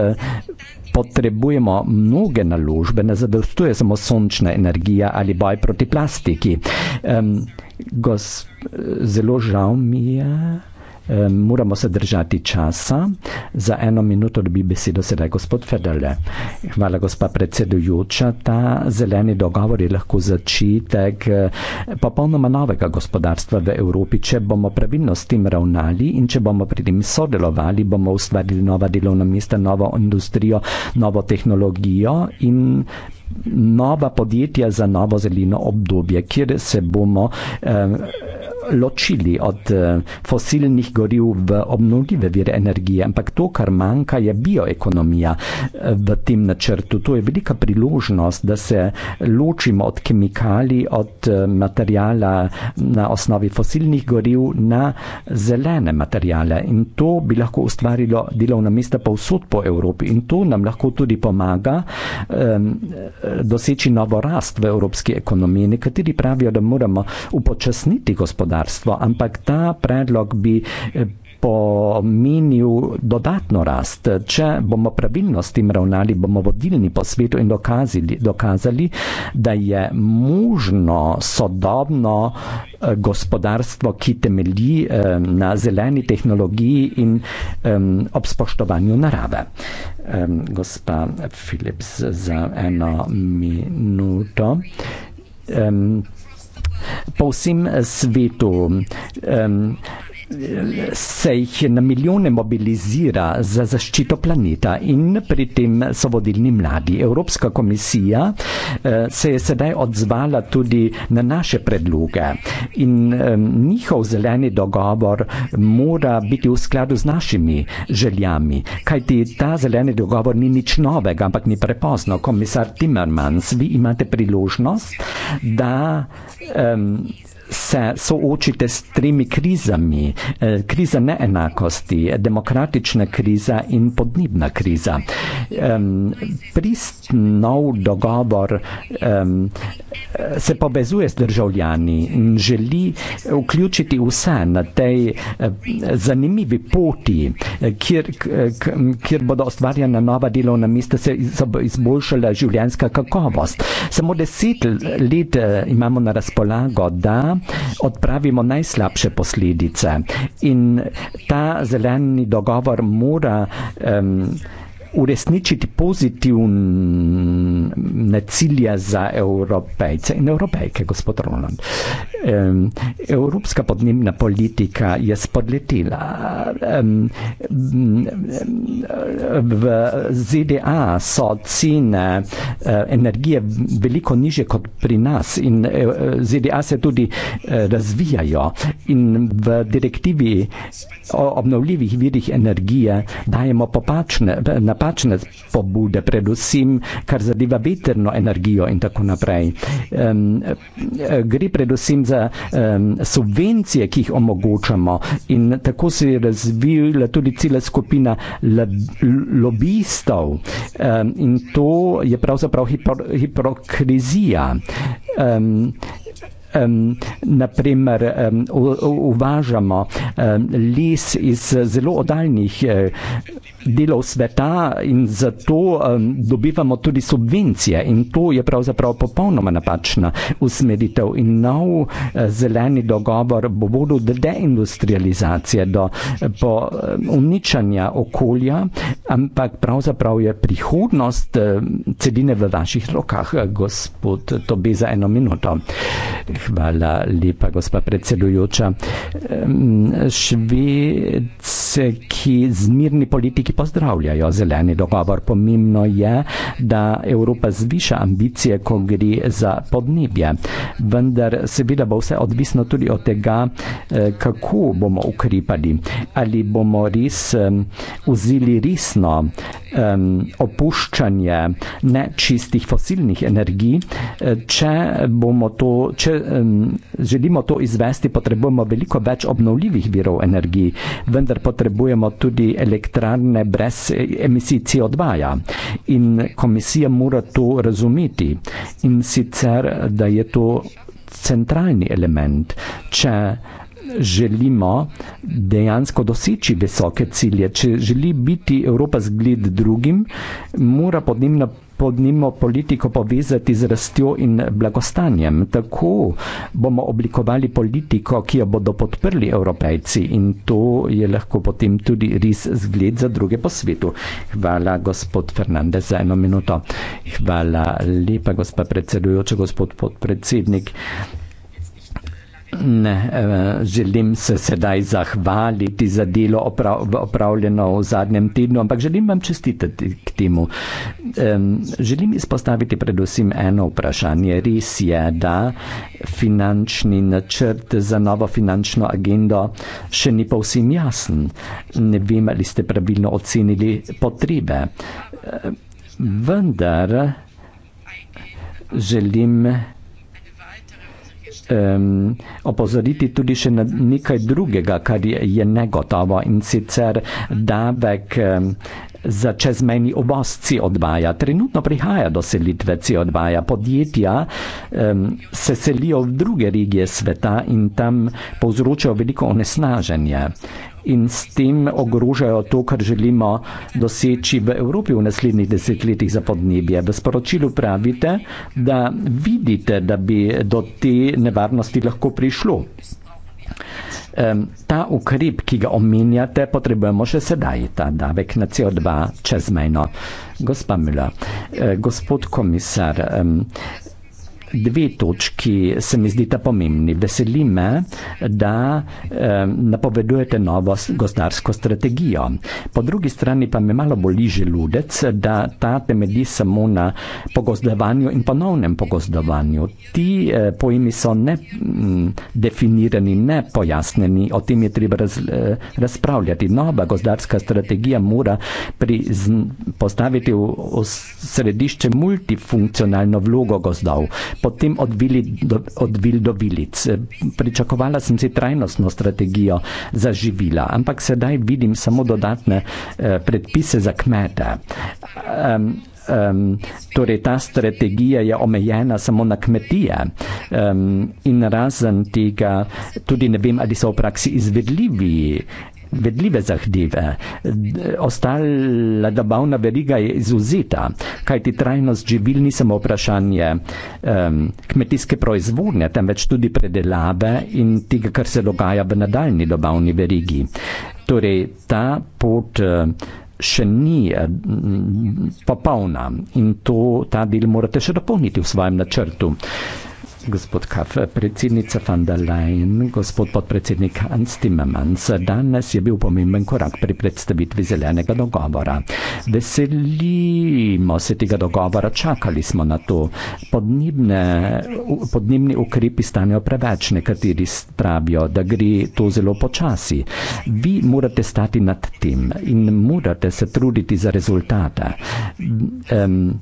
Potrebujemo mnoge naložbe, ne zadostuje samo sončna energija ali boj proti plastiki. Um, gos, zelo žal mi je, moramo se držati časa. Za eno minuto dobi besedo sedaj gospod Federle. Hvala, gospa predsedujoča. Ta zeleni dogovor je lahko začetek eh, popolnoma novega gospodarstva v Evropi. Če bomo pravilno s tem ravnali in če bomo pri tem sodelovali, bomo ustvarili nova delovna mesta, novo industrijo, novo tehnologijo in nova podjetja za novo zeleno obdobje, kjer se bomo eh, ločili od eh, fosilnih goriv v obnovljive vire energije. Ampak to, kar manjka, je bioekonomija eh, v tem načrtu. To je velika priložnost, da se ločimo od kemikalij, od eh, materijala na osnovi fosilnih goriv na zelene materijale. In to bi lahko ustvarilo delovna mesta povsod po Evropi. In to nam lahko tudi pomaga um, doseči novo rast v evropski ekonomiji. Nekateri pravijo, da moramo upočasniti gospodarstvo gospodarstvo, ampak ta predlog bi eh, pomenil dodatno rast. Če bomo pravilno s tem ravnali, bomo vodilni po svetu in dokazali, dokazali da je možno sodobno eh, gospodarstvo, ki temelji eh, na zeleni tehnologiji in ob spoštovanju narave. Gospa Philips, za eno minuto po vsem svetu. Um, se jih na milijone mobilizira za zaščito planeta in pri tem so vodilni mladi. Evropska komisija eh, se je sedaj odzvala tudi na naše predloge in njihov zeleni dogovor mora biti v skladu z našimi željami, kajti ta zeleni dogovor ni nič novega, ampak ni prepozno. Komisar Timmermans, vi imate priložnost, da. Um, se soočite s tremi krizami, eh, kriza neenakosti, demokratična kriza in podnebna kriza. Pristnov dogovor se povezuje s državljani in želi vključiti vse na tej eh, zanimivi poti, eh, kjer, kjer bodo ustvarjena nova delovna mesta, se bo izboljšala življenjska kakovost. Samo deset let imamo na razpolago, da odpravimo najslabše posledice. In ta zeleni dogovor mora. Um, uresničiti pozitivne cilje za evropejce in evropejke, gospod Roland. Evropska podnebna politika je spodletela. V ZDA so cene e, energije veliko niže kot pri nas in e, ZDA se tudi e, razvijajo in v direktivi o obnovljivih virih energije dajemo popačne, napačne pobude, predvsem kar zadeva veterno energijo in tako naprej. Um, gre predvsem za um, subvencije, ki jih omogočamo in tako se je razvila tudi cela skupina lobistov um, in to je pravzaprav hipo hipokrizija. Um, um, naprimer um, uvažamo um, les iz zelo oddaljnih uh, eh, delov sveta in zato um, dobivamo tudi subvencije in to je pravzaprav popolnoma napačna usmeritev in nov uh, zeleni dogovor bo vodil do deindustrializacije, do eh, po, um, uničanja okolja, ampak pravzaprav je prihodnost uh, celine v vaših rokah, gospod Tobi, za eno minuto hvala lepa, gospa predsedujoča. Švedske, ki z mirni politiki pozdravljajo zeleni dogovor, pomembno je, da Evropa zviša ambicije, ko gre za podnebje. Vendar seveda bo vse odvisno tudi od tega, e, kako bomo ukrepali. Ali bomo res vzeli resno opuščanje nečistih fosilnih energij, e, če bomo to, če um, želimo to izvesti, potrebujemo veliko več obnovljivih virov energiji, vendar potrebujemo tudi elektrarne brez e, emisij CO2. -ja. In komisija mora to razumeti in sicer, da je to centralni element. Če želimo dejansko doseči visoke cilje, če želi biti Evropa zgled drugim, mora podnebna podnebno politiko povezati z rastjo in blagostanjem. Tako bomo oblikovali politiko, ki jo bodo podprli evropejci in to je lahko potem tudi res zgled za druge po svetu. Hvala, gospod Fernandez, za eno minuto. Hvala lepa, gospod predsedujoča, gospod podpredsednik. Eh, želim se sedaj zahvaliti za delo opravljeno v zadnjem tednu, ampak želim vam čestitati k temu. Želim izpostaviti predvsem eno vprašanje. Res je, da finančni načrt za novo finančno agendo še ni povsem jasen. Ne vem, ali ste pravilno ocenili potrebe. Vendar želim um, opozoriti tudi še na nekaj drugega, kar je, je negotovo in sicer davek um, za čezmejni obost si odvaja. Trenutno prihaja do selitve si odvaja. Podjetja um, se selijo v druge regije sveta in tam povzročajo veliko onesnaženje in s tem ogrožajo to, kar želimo doseči v Evropi v naslednjih desetletjih za podnebje. V sporočilu pravite, da vidite, da bi do te nevarnosti lahko prišlo. Ta ukrep, ki ga omenjate, potrebujemo še sedaj, ta davek na CO2 čezmejno. Gospa Mila, e, gospod komisar, dve točki se mi zdita pomembni. Veseli me, da eh, napovedujete novo gospodarsko strategijo. Po drugi strani pa me malo boli želudec, da ta temelji samo na pogozdovanju in ponovnem pogozdovanju. Ti eh, pojmi so nedefinirani, nepojasneni, o tem je treba raz, eh, razpravljati. Nova gospodarska strategija mora postaviti v, v središče multifunkcionalno vlogo gozdov potem od, vili do, od vil do vilic. Pričakovala sem si trajnostno strategijo za živila, ampak sedaj vidim samo dodatne eh, predpise za kmete. Um, Um, torej, ta strategija je omejena samo na kmetije um, in razen tega tudi ne vem, ali so v praksi izvedljivi uh, vedljive zahteve. Ostala dobavna veriga je izuzeta, kajti trajnost živil ni samo vprašanje um, kmetijske proizvodnje, temveč tudi predelave in tega, kar se dogaja v nadaljni dobavni verigi. Torej, ta pot eh, še ni popolna in to, ta del morate še dopolniti v svojem načrtu gospod Kaf, predsednica van der Leyen, gospod podpredsednik Hans Timmermans, danes je bil pomemben korak pri predstavitvi zelenega dogovora. Veselimo se tega dogovora, čakali smo na to. Podnebne, podnebni ukrepi stanejo preveč, nekateri pravijo, da gre to zelo počasi. Vi morate stati nad tem in morate se truditi za rezultate. Um,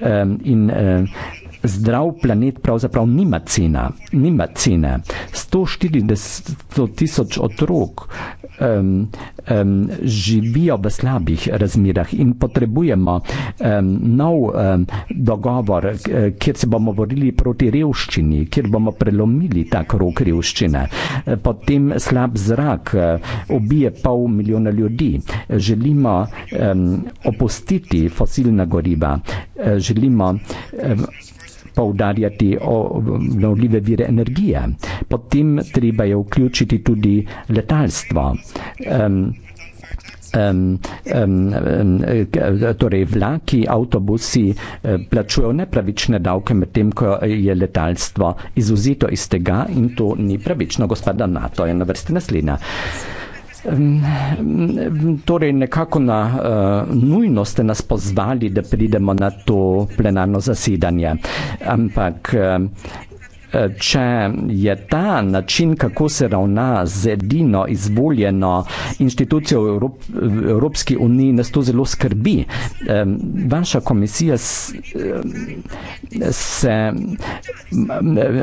um, in, um, zdrav planet pravzaprav nima cena. Nima cene. 140 tisoč otrok um, um, živijo v slabih razmerah in potrebujemo um, nov um, dogovor, kjer se bomo borili proti revščini, kjer bomo prelomili ta krok revščine. Potem slab zrak ubije pol milijona ljudi. Želimo um, opustiti fosilna goriva. Želimo um, poudarjati obnovljive vire energije. Potem treba je vključiti tudi letalstvo. Um, Um, um, torej vlaki, avtobusi eh, plačujejo nepravične davke, medtem ko je letalstvo izuzito iz tega in to ni pravično, gospod Donato je na vrsti naslednja. Torej, nekako na uh, nujno ste nas pozvali, da pridemo na to plenarno zasedanje. Ampak uh, če je ta način, kako se ravna z edino izvoljeno inštitucijo v Evrop Evropski uniji, nas to zelo skrbi. Vaša komisija se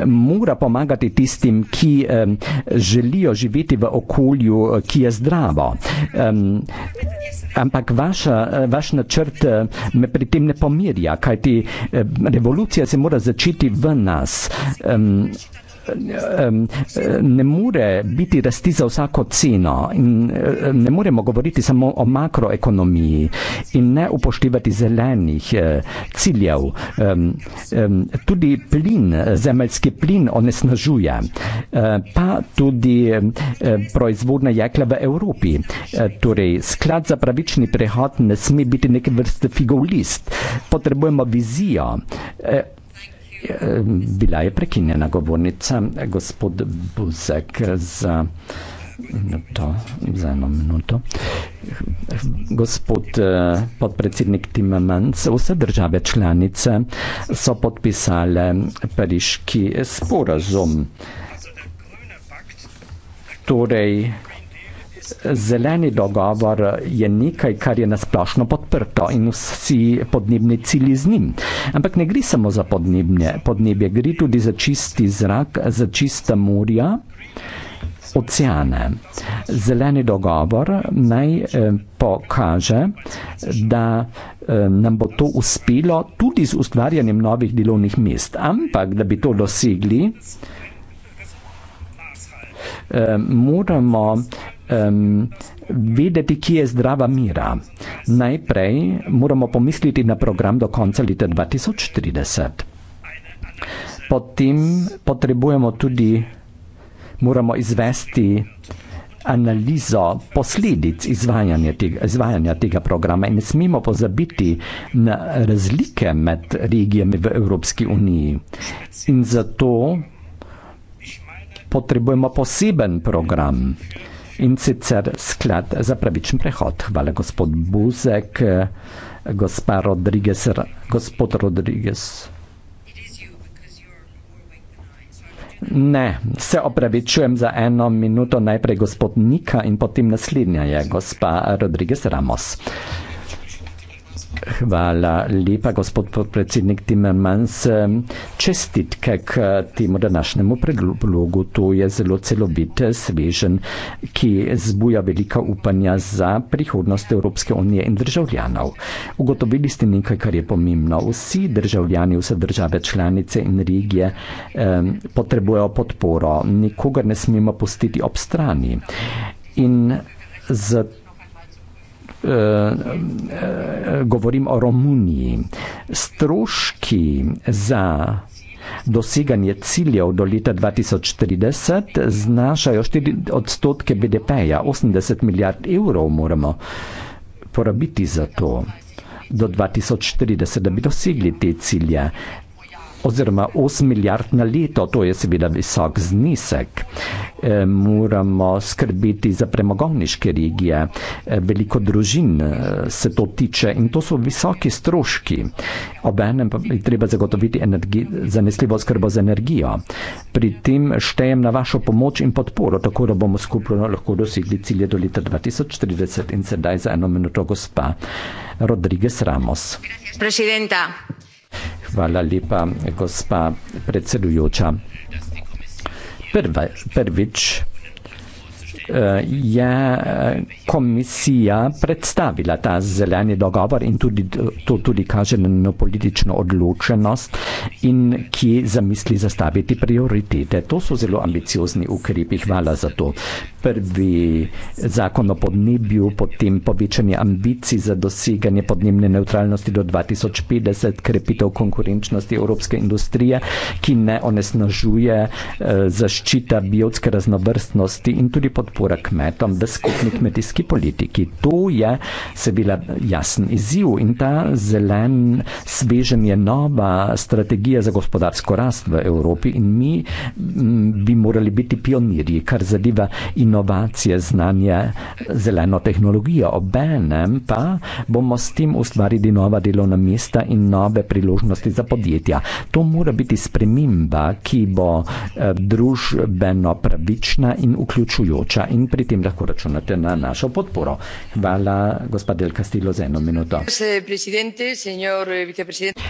mora pomagati tistim, ki želijo živeti v okolju, ki je zdravo. Ampak vaša, vaš načrt me pri tem ne pomirja, kajti revolucija se mora začeti v nas um, um, ne more biti rasti za vsako ceno in ne moremo govoriti samo o makroekonomiji in ne upoštevati zelenih uh, ciljev. Um, um, tudi plin, zemeljski plin onesnažuje, uh, pa tudi uh, proizvodna jekla v Evropi. Uh, torej, sklad za pravični prehod ne sme biti nek vrste figov list. Potrebujemo vizijo. Uh, bila je prekinjena govornica, gospod Buzek, za, minuto, za eno minuto. Gospod eh, podpredsednik Timmermans, vse države članice so podpisale pariški sporazum. Torej, Zeleni dogovor je nekaj, kar je nasplošno podprto in vsi podnebni cilji z njim. Ampak ne gre samo za podnebje. Podnebje gre tudi za čisti zrak, za čista morja, oceane. Zeleni dogovor naj eh, pokaže, da eh, nam bo to uspelo tudi z ustvarjanjem novih delovnih mest. Ampak, da bi to dosegli, eh, moramo eh, vedeti, kje je zdrava mira. Najprej moramo pomisliti na program do konca leta 2030. Potem potrebujemo tudi, moramo izvesti analizo posledic izvajanja tega, izvajanja tega programa in ne smemo pozabiti na razlike med regijami v Evropski uniji. In zato potrebujemo poseben program in sicer sklad za pravičen prehod. Hvala, gospod Buzek, gospa Rodriguez, gospod Rodriguez. Ne, se opravičujem za eno minuto, najprej gospod Nika in potem naslednja je gospa Rodriguez Ramos. Uh, Hvala lepa, gospod podpredsednik Timmermans. Ehm, čestitke k temu današnjemu predlogu. To je zelo celovit, eh, svežen, ki zbuja velika upanja za prihodnost Evropske unije in državljanov. Ugotovili ste nekaj, kar je pomembno. Vsi državljani, vse države članice in regije eh, potrebujejo podporo. Nikogar ne smemo pustiti ob strani. In zato Eh, govorim o Romuniji, stroški za doseganje ciljev do leta 2030 znašajo 4 odstotke BDP-ja, 80 milijard evrov moramo porabiti za to do 2040, da bi dosegli te cilje oziroma 8 milijard na leto, to je seveda visok znesek. E, moramo skrbeti za premogovniške regije, e, veliko družin e, se to tiče in to so visoki stroški. Obenem pa je treba zagotoviti zanesljivo skrbo z energijo. Pri tem štejem na vašo pomoč in podporo, tako da bomo skupno lahko dosegli cilje do leta 2040 in sedaj za eno minuto gospa Rodriguez Ramos. Presidenta. Hvala lepa, gospa predsedujoča. Prva, prvič eh, je eh, komisija predstavila ta zeleni dogovor in tudi, to tudi kaže na politično odločenost in ki zamisli zastaviti prioritete. To so zelo ambiciozni ukrepi. Hvala za to prvi zakon o podnebju, potem povečanje ambicij za doseganje podnebne neutralnosti do 2050, krepitev konkurenčnosti evropske industrije, ki ne onesnažuje eh, zaščita biotske raznovrstnosti in tudi podpora kmetom v skupni kmetijski politiki. To je seveda jasen izziv in ta zelen svežen je nova strategija za gospodarsko rast v Evropi in mi bi morali biti pionirji, kar zadeva in innovacije, znanje, zeleno tehnologijo. Obenem pa bomo s tem ustvarili nova delovna mesta in nove priložnosti za podjetja. To mora biti sprememba, ki bo eh, družbeno pravična in vključujoča in pri tem lahko računate na našo podporo. Hvala, gospod Del Castillo, za eno minuto. Eh,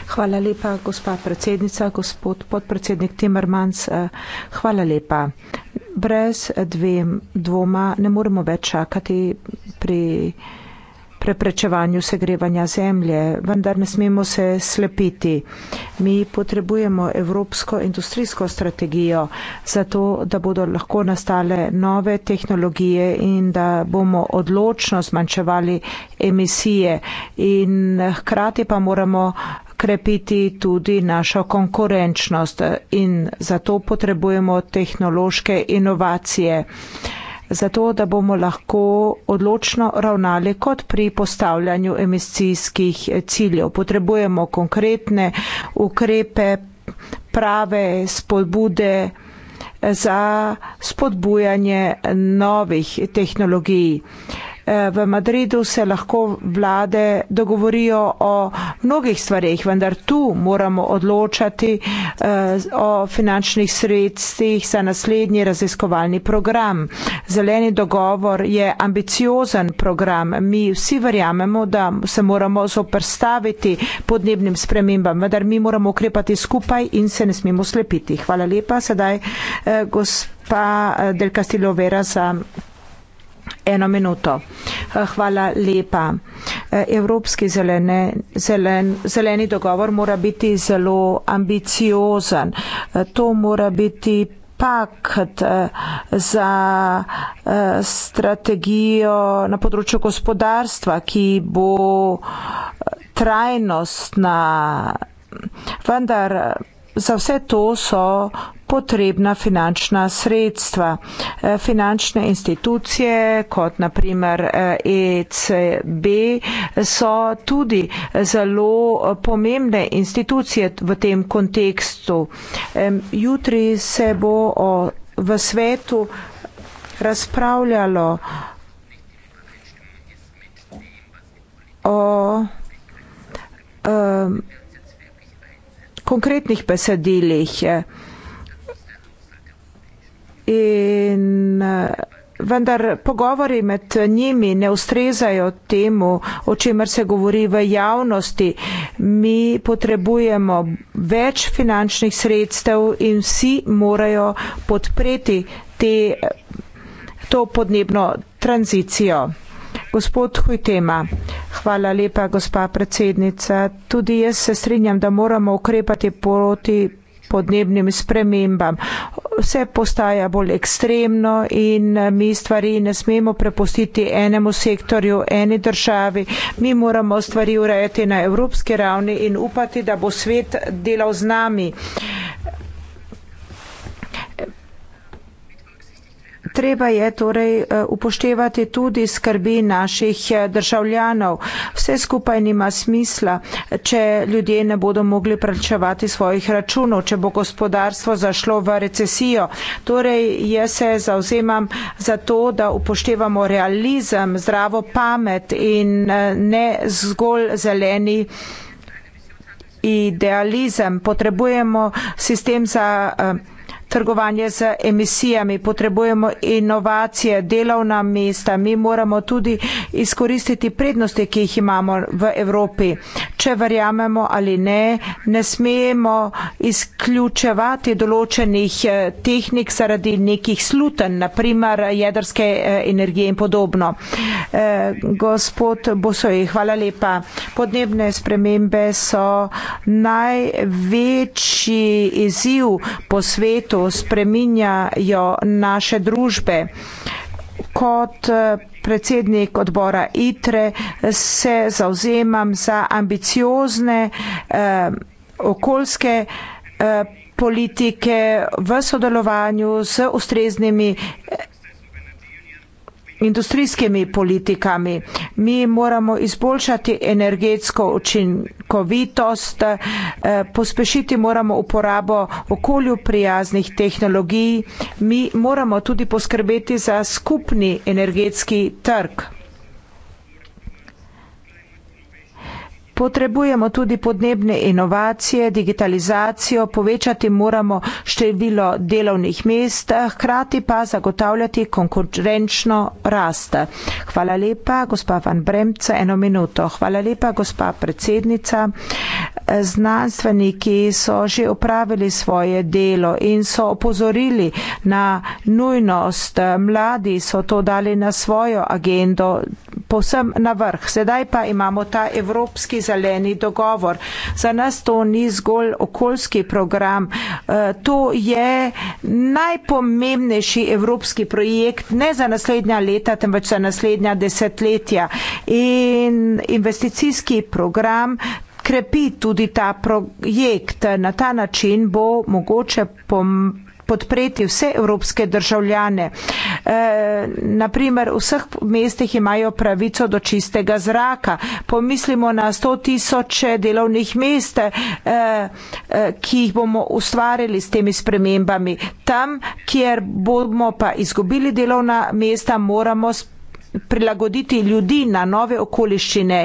hvala lepa, gospa predsednica, gospod podpredsednik Timmermans. Eh, hvala lepa brez dvem, dvoma ne moremo več čakati pri preprečevanju segrevanja zemlje, vendar ne smemo se slepiti. Mi potrebujemo evropsko industrijsko strategijo, zato da bodo lahko nastale nove tehnologije in da bomo odločno zmanjševali emisije. In hkrati pa moramo krepiti tudi našo konkurenčnost in zato potrebujemo tehnološke inovacije. Zato, da bomo lahko odločno ravnali kot pri postavljanju emisijskih ciljev. Potrebujemo konkretne ukrepe, prave spodbude za spodbujanje novih tehnologij v Madridu se lahko vlade dogovorijo o mnogih stvarih, vendar tu moramo odločati eh, o finančnih sredstvih za naslednji raziskovalni program. Zeleni dogovor je ambiciozen program. Mi vsi verjamemo, da se moramo zoprstaviti podnebnim spremembam, vendar mi moramo ukrepati skupaj in se ne smemo slepiti. Hvala lepa. Sedaj, eh, gospa eh, Del Castillo Vera za Eno minuto. Eh, hvala lepa. Eh, evropski zelene, zelen, zeleni dogovor mora biti zelo ambiciozen. Eh, to mora biti pakt za strategijo na področju gospodarstva, ki bo trajnostna. Vendar Za vse to so potrebna finančna sredstva. Eh, finančne institucije, kot naprimer ECB, eh, e so tudi zelo pomembne institucije v tem kontekstu. Jutri se bo o, v svetu razpravljalo o. Um, konkretnih besedilih. Eh, in eh, vendar pogovori med njimi ne ustrezajo temu, o čemer se govori v javnosti. Mi potrebujemo več finančnih sredstev in vsi morajo podpreti te, to podnebno tranzicijo. Gospod Hujtema, hvala lepa, gospa predsednica. Tudi jaz se strinjam, da moramo ukrepati proti podnebnim spremembam. Vse postaja bolj ekstremno in eh, mi stvari ne smemo prepustiti enemu sektorju, eni državi. Mi moramo stvari urejati na evropski ravni in upati, da bo svet delal z nami. treba je torej eh, upoštevati tudi skrbi naših eh, državljanov. Vse skupaj nima smisla, če ljudje ne bodo mogli prečevati svojih računov, če bo gospodarstvo zašlo v recesijo. Torej, jaz se zauzemam za to, da upoštevamo realizem, zdravo pamet in eh, ne zgolj zeleni idealizem. Potrebujemo sistem za uh, trgovanje z emisijami, potrebujemo inovacije, delovna mesta, mi moramo tudi izkoristiti prednosti, ki jih imamo v Evropi. Če verjamemo ali ne, ne smemo izključevati določenih eh, tehnik zaradi nekih sluten, naprimer eh, jedrske eh, energije in podobno. Gospod Bosoji, hvala lepa. Podnebne spremembe so največji izziv po svetu delu spreminjajo naše družbe. Kot eh, predsednik odbora ITRE se zauzemam za ambiciozne eh, okoljske eh, politike v sodelovanju z ustreznimi. Eh, industrijskimi politikami. Mi moramo izboljšati energetsko učinkovitost, eh, pospešiti moramo uporabo okolju prijaznih tehnologij, mi moramo tudi poskrbeti za skupni energetski trg. Potrebujemo tudi podnebne inovacije, digitalizacijo, povečati moramo število delovnih mest, hkrati pa zagotavljati konkurenčno rast. Hvala lepa, gospa Van Bremca, eno minuto. Hvala lepa, gospa predsednica. Znanstveniki so že opravili svoje delo in so opozorili na nujnost. Mladi so to dali na svojo agendo povsem na vrh. Sedaj pa imamo ta evropski zeleni dogovor. Za nas to ni zgolj okoljski program. Eh, to je najpomembnejši evropski projekt, ne za naslednja leta, temveč za naslednja desetletja. In investicijski program krepi tudi ta projekt. Na ta način bo mogoče pomagati podpreti vse evropske državljane. E, eh, naprimer, v vseh mestih imajo pravico do čistega zraka. Pomislimo na 100 tisoč delovnih mest, e, e, ki jih bomo ustvarili s temi spremembami. Tam, kjer bomo pa izgubili delovna mesta, moramo prilagoditi ljudi na nove okoliščine.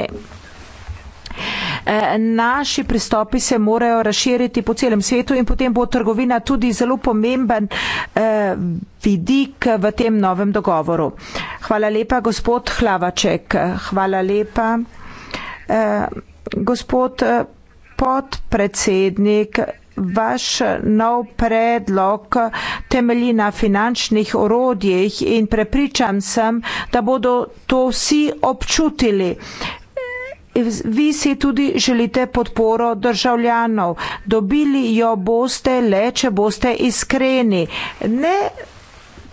Eh, naši pristopi se morajo razširiti po celem svetu in potem bo trgovina tudi zelo pomemben eh, vidik v tem novem dogovoru. Hvala lepa, gospod Hlavaček. Hvala lepa. Eh, gospod podpredsednik, vaš nov predlog temelji na finančnih orodjih in prepričam sem, da bodo to vsi občutili vi si tudi želite podporo državljanov. Dobili jo boste le, če boste iskreni. Ne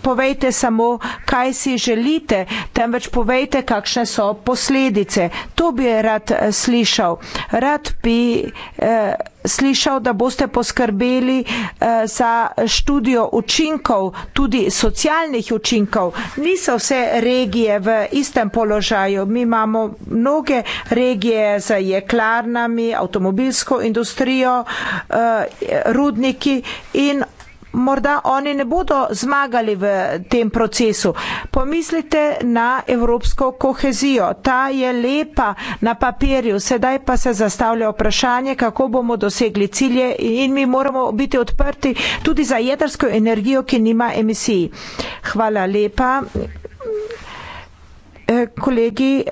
povejte samo, kaj si želite, temveč povejte, kakšne so posledice. To bi rad eh, slišal. Rad bi eh, slišal, da boste poskrbeli eh, za študijo učinkov, tudi socialnih učinkov. Niso vse regije v istem položaju. Mi imamo mnoge regije z jeklarnami, avtomobilsko industrijo, eh, rudniki in morda oni ne bodo zmagali v tem procesu. Pomislite na evropsko kohezijo. Ta je lepa na papirju, sedaj pa se zastavlja vprašanje, kako bomo dosegli cilje in mi moramo biti odprti tudi za jedrsko energijo, ki nima emisij. Hvala lepa. E, kolegi,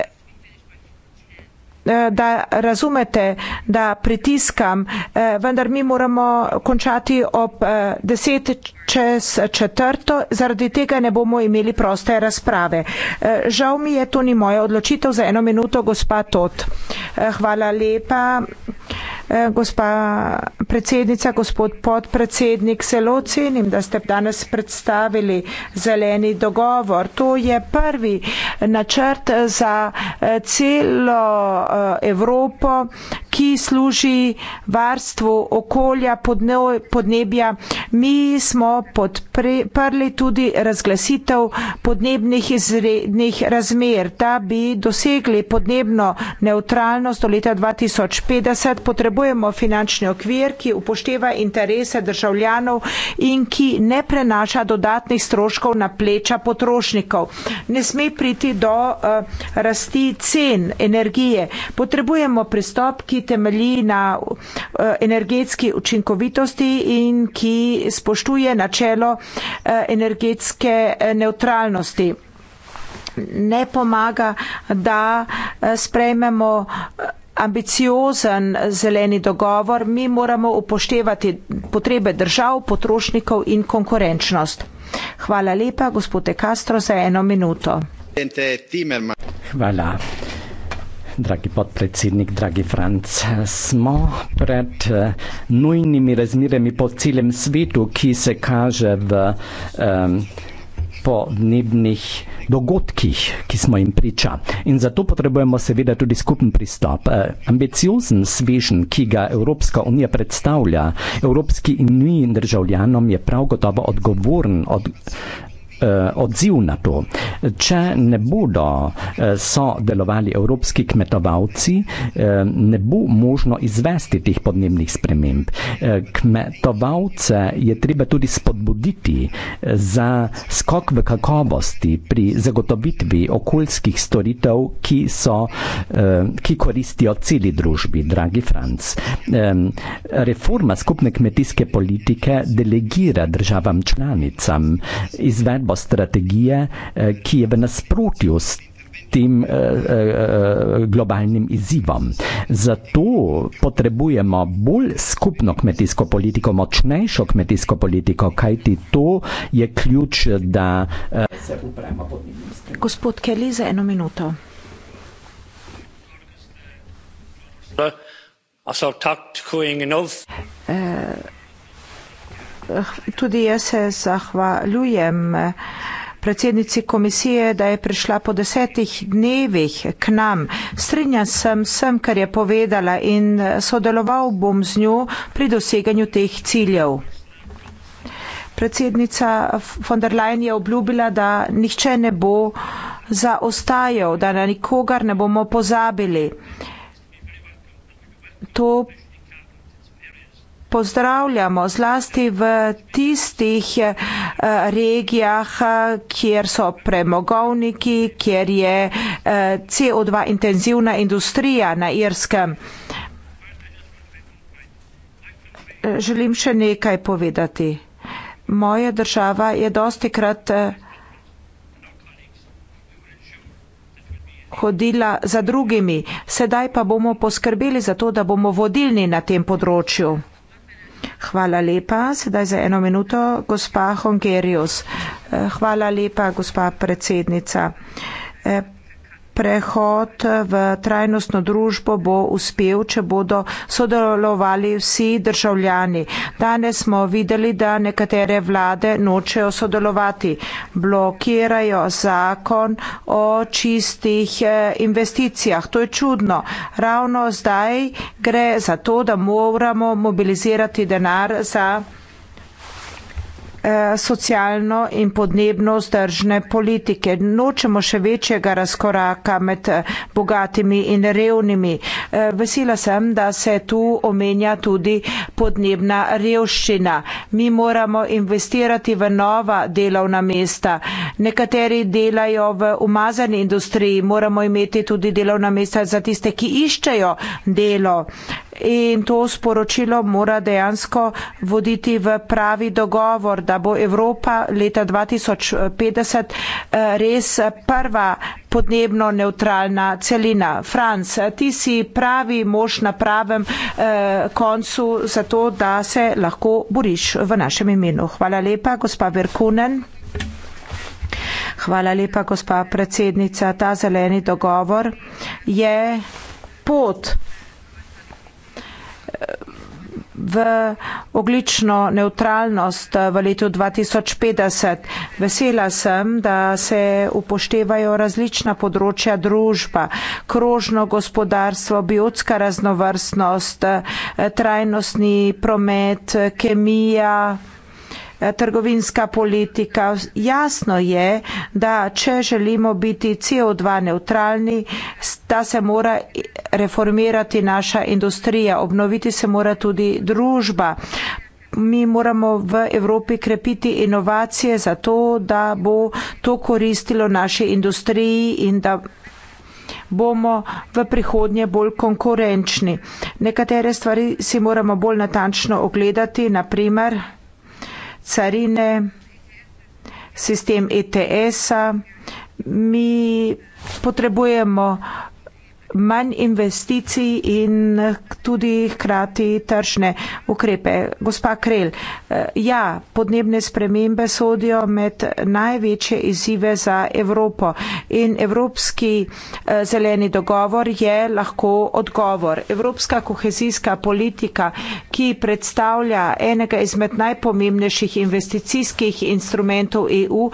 Eh, da razumete, da pritiskam, eh, vendar mi moramo končati ob eh, deset čez četrto, zaradi tega ne bomo imeli proste razprave. Žal mi je, to ni moja odločitev, za eno minuto gospa Tot. Hvala lepa. Eh, gospa predsednica, gospod podpredsednik, zelo cenim, da ste danes predstavili zeleni dogovor. To je prvi načrt za eh, celo eh, Evropo, ki služi varstvu okolja podnebja. Mi smo podprli tudi razglasitev podnebnih izrednih razmer, da bi dosegli podnebno neutralnost do leta 2050 potrebujemo finančni okvir, ki upošteva interese državljanov in ki ne prenaša dodatnih stroškov na pleča potrošnikov. Ne sme priti do uh, rasti cen energije. Potrebujemo pristop, ki temelji na uh, energetski učinkovitosti in ki spoštuje načelo uh, energetske neutralnosti ne pomaga, da sprejmemo ambiciozen zeleni dogovor, mi moramo upoštevati potrebe držav, potrošnikov in konkurenčnost. Hvala lepa, gospod Castro, za eno minuto. Hvala. Dragi podpredsednik, dragi Franc, smo pred eh, nujnimi razmirami po celem svetu, ki se kaže v um, podnebnih dogodkih, ki smo jim priča. In zato potrebujemo seveda tudi skupen pristop. Eh, ambiciozen svežen, ki ga Evropska unija predstavlja, Evropski uniji in državljanom je prav gotovo odgovoren od, Eh, odziv na to. Če ne bodo eh, sodelovali evropski kmetovalci, eh, ne bo možno izvesti teh podnebnih sprememb. Kmetovalce je treba tudi spodbuditi za skok v kakovosti pri zagotovitvi okoljskih storitev, ki, so, ki koristijo celi družbi, dragi Franc. Reforma skupne kmetijske politike delegira državam članicam izvedbo izvedba strategije, eh, ki je v nasprotju s tem eh, eh, globalnim izzivom. Zato potrebujemo bolj skupno kmetijsko politiko, močnejšo kmetijsko politiko, kajti to je ključ, da se upremo podnebnim. Gospod Kelly, za eno minuto. Uh, tudi jaz se zahvaljujem predsednici komisije, da je prišla po desetih dnevih k nam. Strinjam sem sem, kar je povedala in sodeloval bom z njo pri doseganju teh ciljev. Predsednica von der Leyen je obljubila, da nihče ne bo zaostajal, da na nikogar ne bomo pozabili. To pozdravljamo, zlasti v tistih eh, regijah, eh, kjer so premogovniki, kjer je eh, CO2 intenzivna industrija na Irskem. Želim še nekaj povedati. Moja država je dosti krat hodila za drugimi. Sedaj pa bomo poskrbeli za to, da bomo vodilni na tem področju. Hvala lepa. Sedaj za eno minuto, gospa Hongerius. Eh, hvala lepa, gospa predsednica. Eh, prehod v trajnostno družbo bo uspel, če bodo sodelovali vsi državljani. Danes smo videli, da nekatere vlade nočejo sodelovati, blokirajo zakon o čistih eh, investicijah. To je čudno. Ravno zdaj gre za to, da moramo mobilizirati denar za. Eh, socialno in podnebno vzdržne politike. Nočemo še večjega razkoraka med eh, bogatimi in revnimi. Eh, vesela sem, da se tu omenja tudi podnebna revščina. Mi moramo investirati v nova delovna mesta. Nekateri delajo v umazani industriji, moramo imeti tudi delovna mesta za tiste, ki iščejo delo in to sporočilo mora dejansko voditi v pravi dogovor, da bo Evropa leta 2050 eh, res prva podnebno neutralna celina. Franc, ti si pravi mož na pravem eh, koncu za to, da se lahko boriš v našem imenu. Hvala lepa, gospa Verkunen. Hvala lepa, gospa predsednica. Ta zeleni dogovor je pot v oglično neutralnost v letu 2050. Vesela sem, da se upoštevajo različna področja družba, krožno gospodarstvo, biotska raznovrstnost, trajnostni promet, kemija. Eh, trgovinska politika. Jasno je, da če želimo biti CO2 neutralni, da se mora reformirati naša industrija, obnoviti se mora tudi družba. Mi moramo v Evropi krepiti inovacije za to, da bo to koristilo naši industriji in da bomo v prihodnje bolj konkurenčni. Nekatere stvari si moramo bolj natančno ogledati, naprimer, carine, sistem ETS-a. Mi potrebujemo manj investicij in eh, tudi hkrati tržne ukrepe. Gospa Krel, eh, ja, podnebne spremembe sodijo med največje izzive za Evropo in Evropski eh, zeleni dogovor je lahko odgovor. Evropska kohezijska politika, ki predstavlja enega izmed najpomembnejših investicijskih instrumentov EU,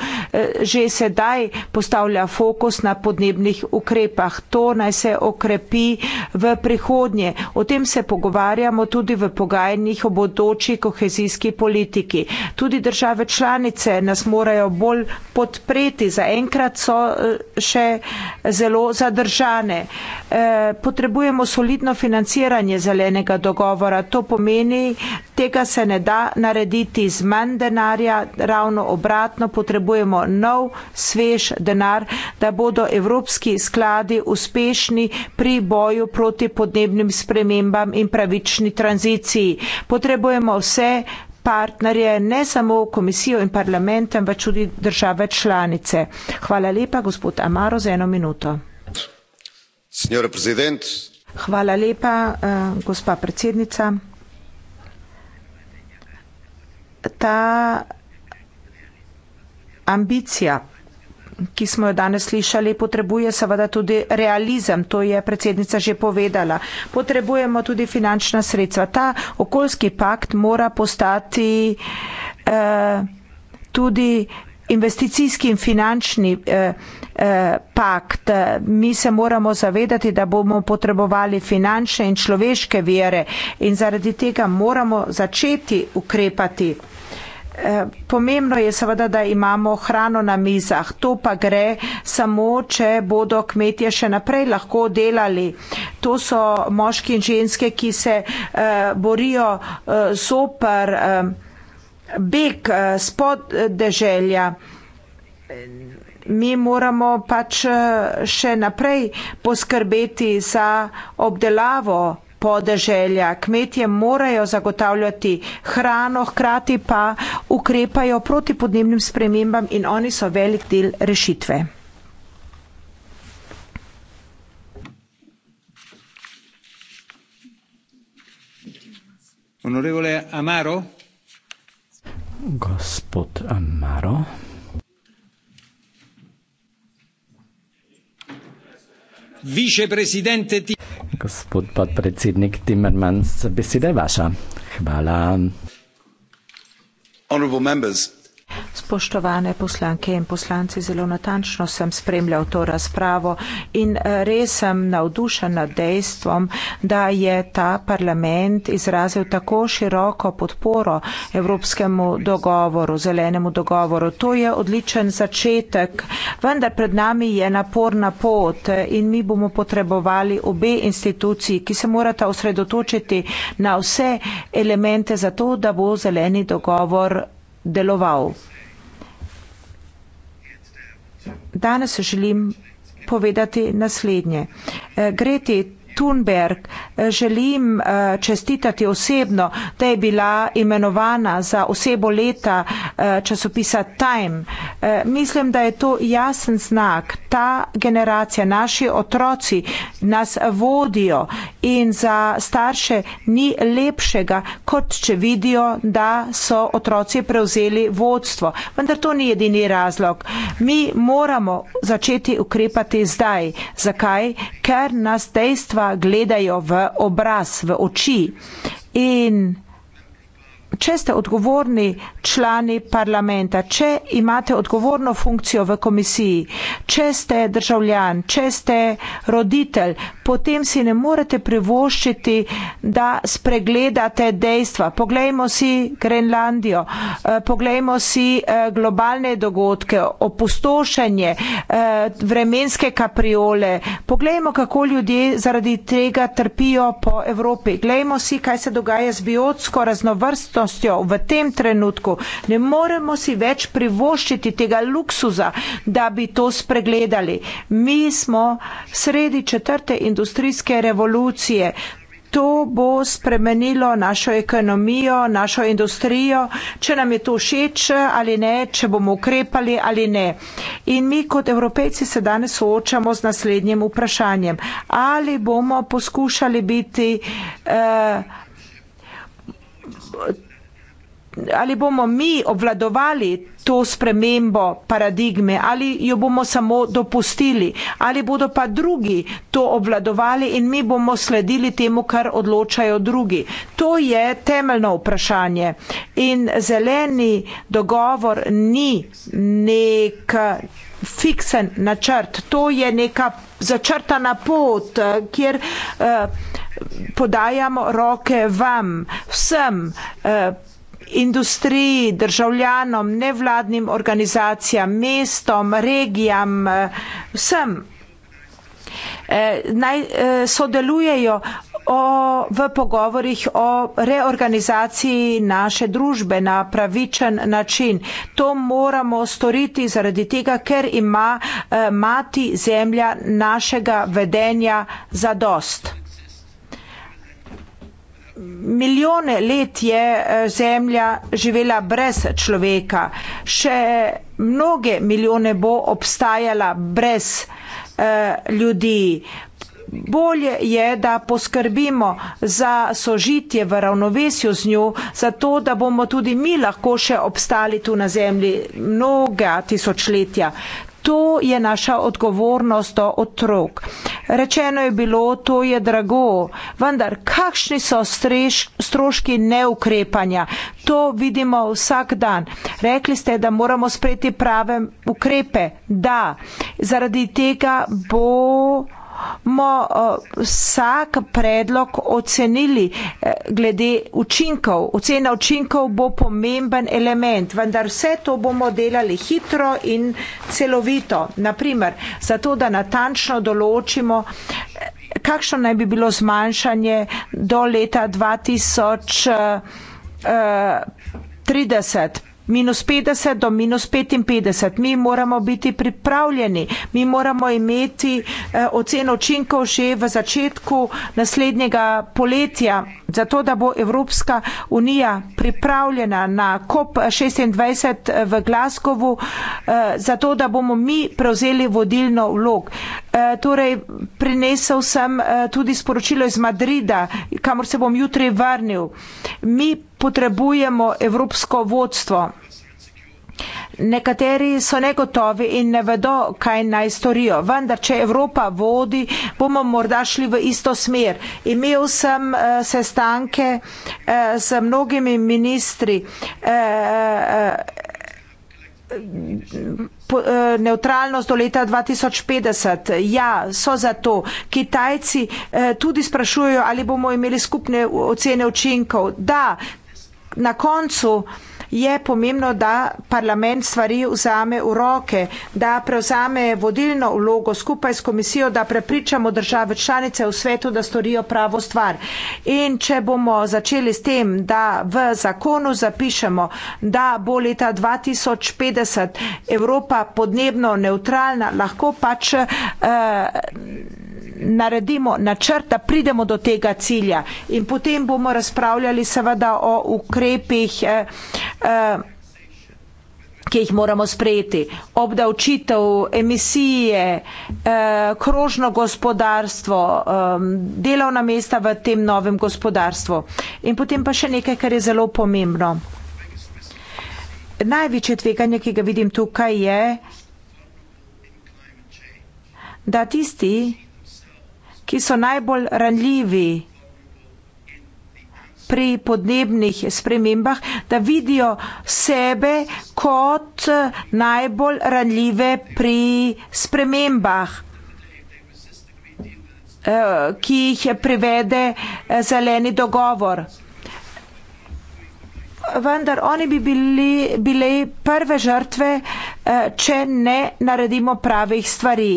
že sedaj postavlja fokus na podnebnih ukrepah. To naj se okrepi v prihodnje. O tem se pogovarjamo tudi v pogajanjih o bodoči kohezijski politiki. Tudi države članice nas morajo bolj podpreti. Zaenkrat so eh, še eh, zelo zadržane. Eh, potrebujemo solidno financiranje zelenega dogovora. To pomeni, tega se ne da narediti z manj denarja, ravno obratno potrebujemo nov, svež denar, da bodo evropski skladi uspešni pri boju proti podnebnim spremembam in pravični tranziciji. Potrebujemo vse partnerje, ne samo komisijo in parlament, ampak tudi države članice. Hvala lepa, gospod Amaro, za eno minuto. Hvala lepa, uh, gospa predsednica. Ta ambicija ki smo jo danes slišali, potrebuje seveda tudi realizem, to je predsednica že povedala. Potrebujemo tudi finančna sredstva. Ta okoljski pakt mora postati eh, tudi investicijski in finančni eh, eh, pakt. Mi se moramo zavedati, da bomo potrebovali finančne in človeške vere in zaradi tega moramo začeti ukrepati. Pomembno je seveda, da imamo hrano na mizah. To pa gre samo, če bodo kmetje še naprej lahko delali. To so moški in ženske, ki se eh, borijo sopr eh, eh, beg spod deželja. Mi moramo pač še naprej poskrbeti za obdelavo podeželja. Kmetje morajo zagotavljati hrano, hkrati pa ukrepajo proti podnebnim spremembam in oni so velik del rešitve. Onorevole Amaro. Gospod Amaro. Viceprezidente Tito gospod podpredsednik Timmermans. Beseda je vaša. Hvala. Honourable members, Spoštovane poslanke in poslanci, zelo natančno sem spremljal to razpravo in eh, res sem navdušen nad dejstvom, da je ta parlament izrazil tako široko podporo evropskemu dogovoru, zelenemu dogovoru. To je odličen začetek, vendar pred nami je naporna pot eh, in mi bomo potrebovali obe instituciji, ki se morata osredotočiti na vse elemente za to, da bo zeleni dogovor deloval. Danes želim povedati naslednje. Eh, Greti Thunberg eh, želim eh, čestitati osebno, da je bila imenovana za osebo leta Eh, časopisa Time. Eh, mislim, da je to jasen znak. Ta generacija, naši otroci nas vodijo in za starše ni lepšega, kot če vidijo, da so otroci prevzeli vodstvo. Vendar to ni edini razlog. Mi moramo začeti ukrepati zdaj. Zakaj? Ker nas dejstva gledajo v obraz, v oči. In če ste odgovorni člani parlamenta, če imate odgovorno funkcijo v komisiji, če ste državljan, če ste roditelj, potem si ne morete privoščiti, da spregledate dejstva. Poglejmo si Grenlandijo, eh, poglejmo si eh, globalne dogodke, opustošenje, eh, vremenske kapriole, poglejmo, kako ljudje zaradi tega trpijo po Evropi. Glejmo si, kaj se dogaja z biotsko raznovrstvo skromnostjo v tem trenutku ne moremo si več privoščiti tega luksuza, da bi to spregledali. Mi smo sredi četrte industrijske revolucije. To bo spremenilo našo ekonomijo, našo industrijo, če nam je to všeč ali ne, če bomo ukrepali ali ne. In mi kot evropejci se danes soočamo z naslednjim vprašanjem. Ali bomo poskušali biti. Uh, ali bomo mi obvladovali to spremembo paradigme, ali jo bomo samo dopustili, ali bodo pa drugi to obvladovali in mi bomo sledili temu, kar odločajo drugi. To je temeljno vprašanje. In zeleni dogovor ni nek fiksen načrt, to je neka začrtana pot, kjer eh, podajamo roke vam, vsem. Eh, industriji, državljanom, nevladnim organizacijam, mestom, regijam, eh, vsem. Eh, naj eh, sodelujejo o, v pogovorjih o reorganizaciji naše družbe na pravičen način. To moramo storiti zaradi tega, ker ima mati zemlja našega vedenja za dost milijone let je eh, Zemlja živela brez človeka, še mnoge milijone bo obstajala brez eh, ljudi. Bolje je, da poskrbimo za sožitje v ravnovesju z njo, zato da bomo tudi mi lahko še obstali tu na Zemlji mnoga tisočletja to je naša odgovornost do otrok. Rečeno je bilo, to je drago, vendar kakšni so streš, stroški neukrepanja? To vidimo vsak dan. Rekli ste, da moramo sprejeti prave ukrepe. Da, zaradi tega bo bomo eh, vsak predlog ocenili eh, glede učinkov. Ocena učinkov bo pomemben element, vendar vse to bomo delali hitro in celovito. Naprimer, zato da natančno določimo, eh, kakšno naj bi bilo zmanjšanje do leta 2030 minus 50 do minus 55. Mi moramo biti pripravljeni, mi moramo imeti eh, oceno učinkov že v začetku naslednjega poletja, zato da bo Evropska unija pripravljena na COP26 v Glasgowu, eh, zato da bomo mi prevzeli vodilno vlog. Eh, torej prinesel sem eh, tudi sporočilo iz Madrida, kamor se bom jutri vrnil. Mi potrebujemo evropsko vodstvo. Nekateri so negotovi in ne vedo, kaj naj storijo. Vendar, če Evropa vodi, bomo morda šli v isto smer. Imel sem eh, sestanke z mnogimi ministri. Eh, neutralnost do leta 2050. Ja, so za to. Kitajci eh, tudi sprašujejo, ali bomo imeli skupne ocene učinkov. Da, na koncu je pomembno, da parlament stvari vzame v roke, da prevzame vodilno vlogo skupaj s komisijo, da prepričamo države članice v svetu, da storijo pravo stvar. In če bomo začeli s tem, da v zakonu zapišemo, da bo leta 2050 Evropa podnebno neutralna, lahko pač. Eh, naredimo načrt, da pridemo do tega cilja. In potem bomo razpravljali seveda o ukrepih, eh, eh, ki jih moramo sprejeti. Obdavčitev, emisije, eh, krožno gospodarstvo, eh, delovna mesta v tem novem gospodarstvu. In potem pa še nekaj, kar je zelo pomembno. Največje tveganje, ki ga vidim tukaj, je, da tisti, ki so najbolj ranljivi pri podnebnih spremembah, da vidijo sebe kot najbolj ranljive pri spremembah, eh, ki jih privede eh, zeleni dogovor. Vendar oni bi bili, bili prve žrtve, eh, če ne naredimo pravih stvari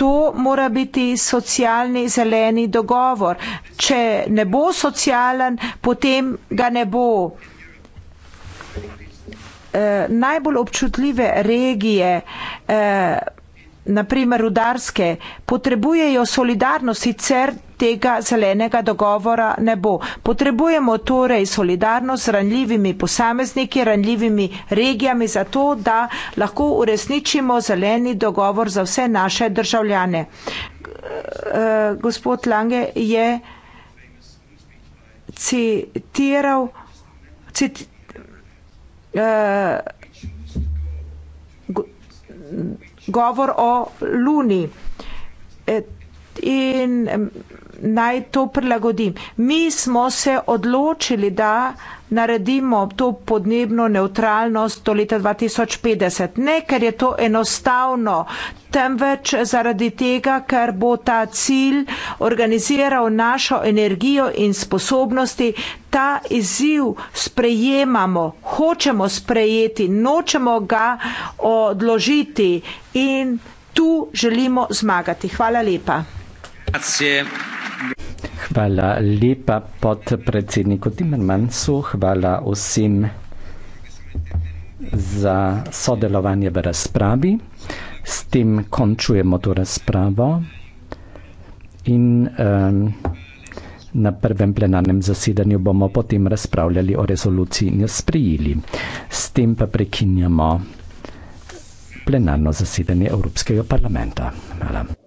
to mora biti socialni zeleni dogovor. Če ne bo socialen, potem ga ne bo. E, najbolj občutljive regije. E, naprimer rudarske, potrebujejo solidarnost, sicer tega zelenega dogovora ne bo. Potrebujemo torej solidarnost z ranljivimi posamezniki, ranljivimi regijami, zato da lahko uresničimo zeleni dogovor za vse naše državljane. Eh, gospod Lange je citiral. Citi, uh, eh, govor o Luni. E, in naj to prilagodim. Mi smo se odločili, da naredimo to podnebno neutralnost do leta 2050. Ne, ker je to enostavno, temveč zaradi tega, ker bo ta cilj organiziral našo energijo in sposobnosti. Ta izziv sprejemamo, hočemo sprejeti, nočemo ga odložiti in tu želimo zmagati. Hvala lepa. Grazie. Hvala lepa podpredsedniku Timmermansu, hvala vsem za sodelovanje v razpravi. S tem končujemo to razpravo in um, na prvem plenarnem zasedanju bomo potem razpravljali o rezoluciji in jo sprijeli. S tem pa prekinjamo plenarno zasedanje Evropskega parlamenta. Hvala.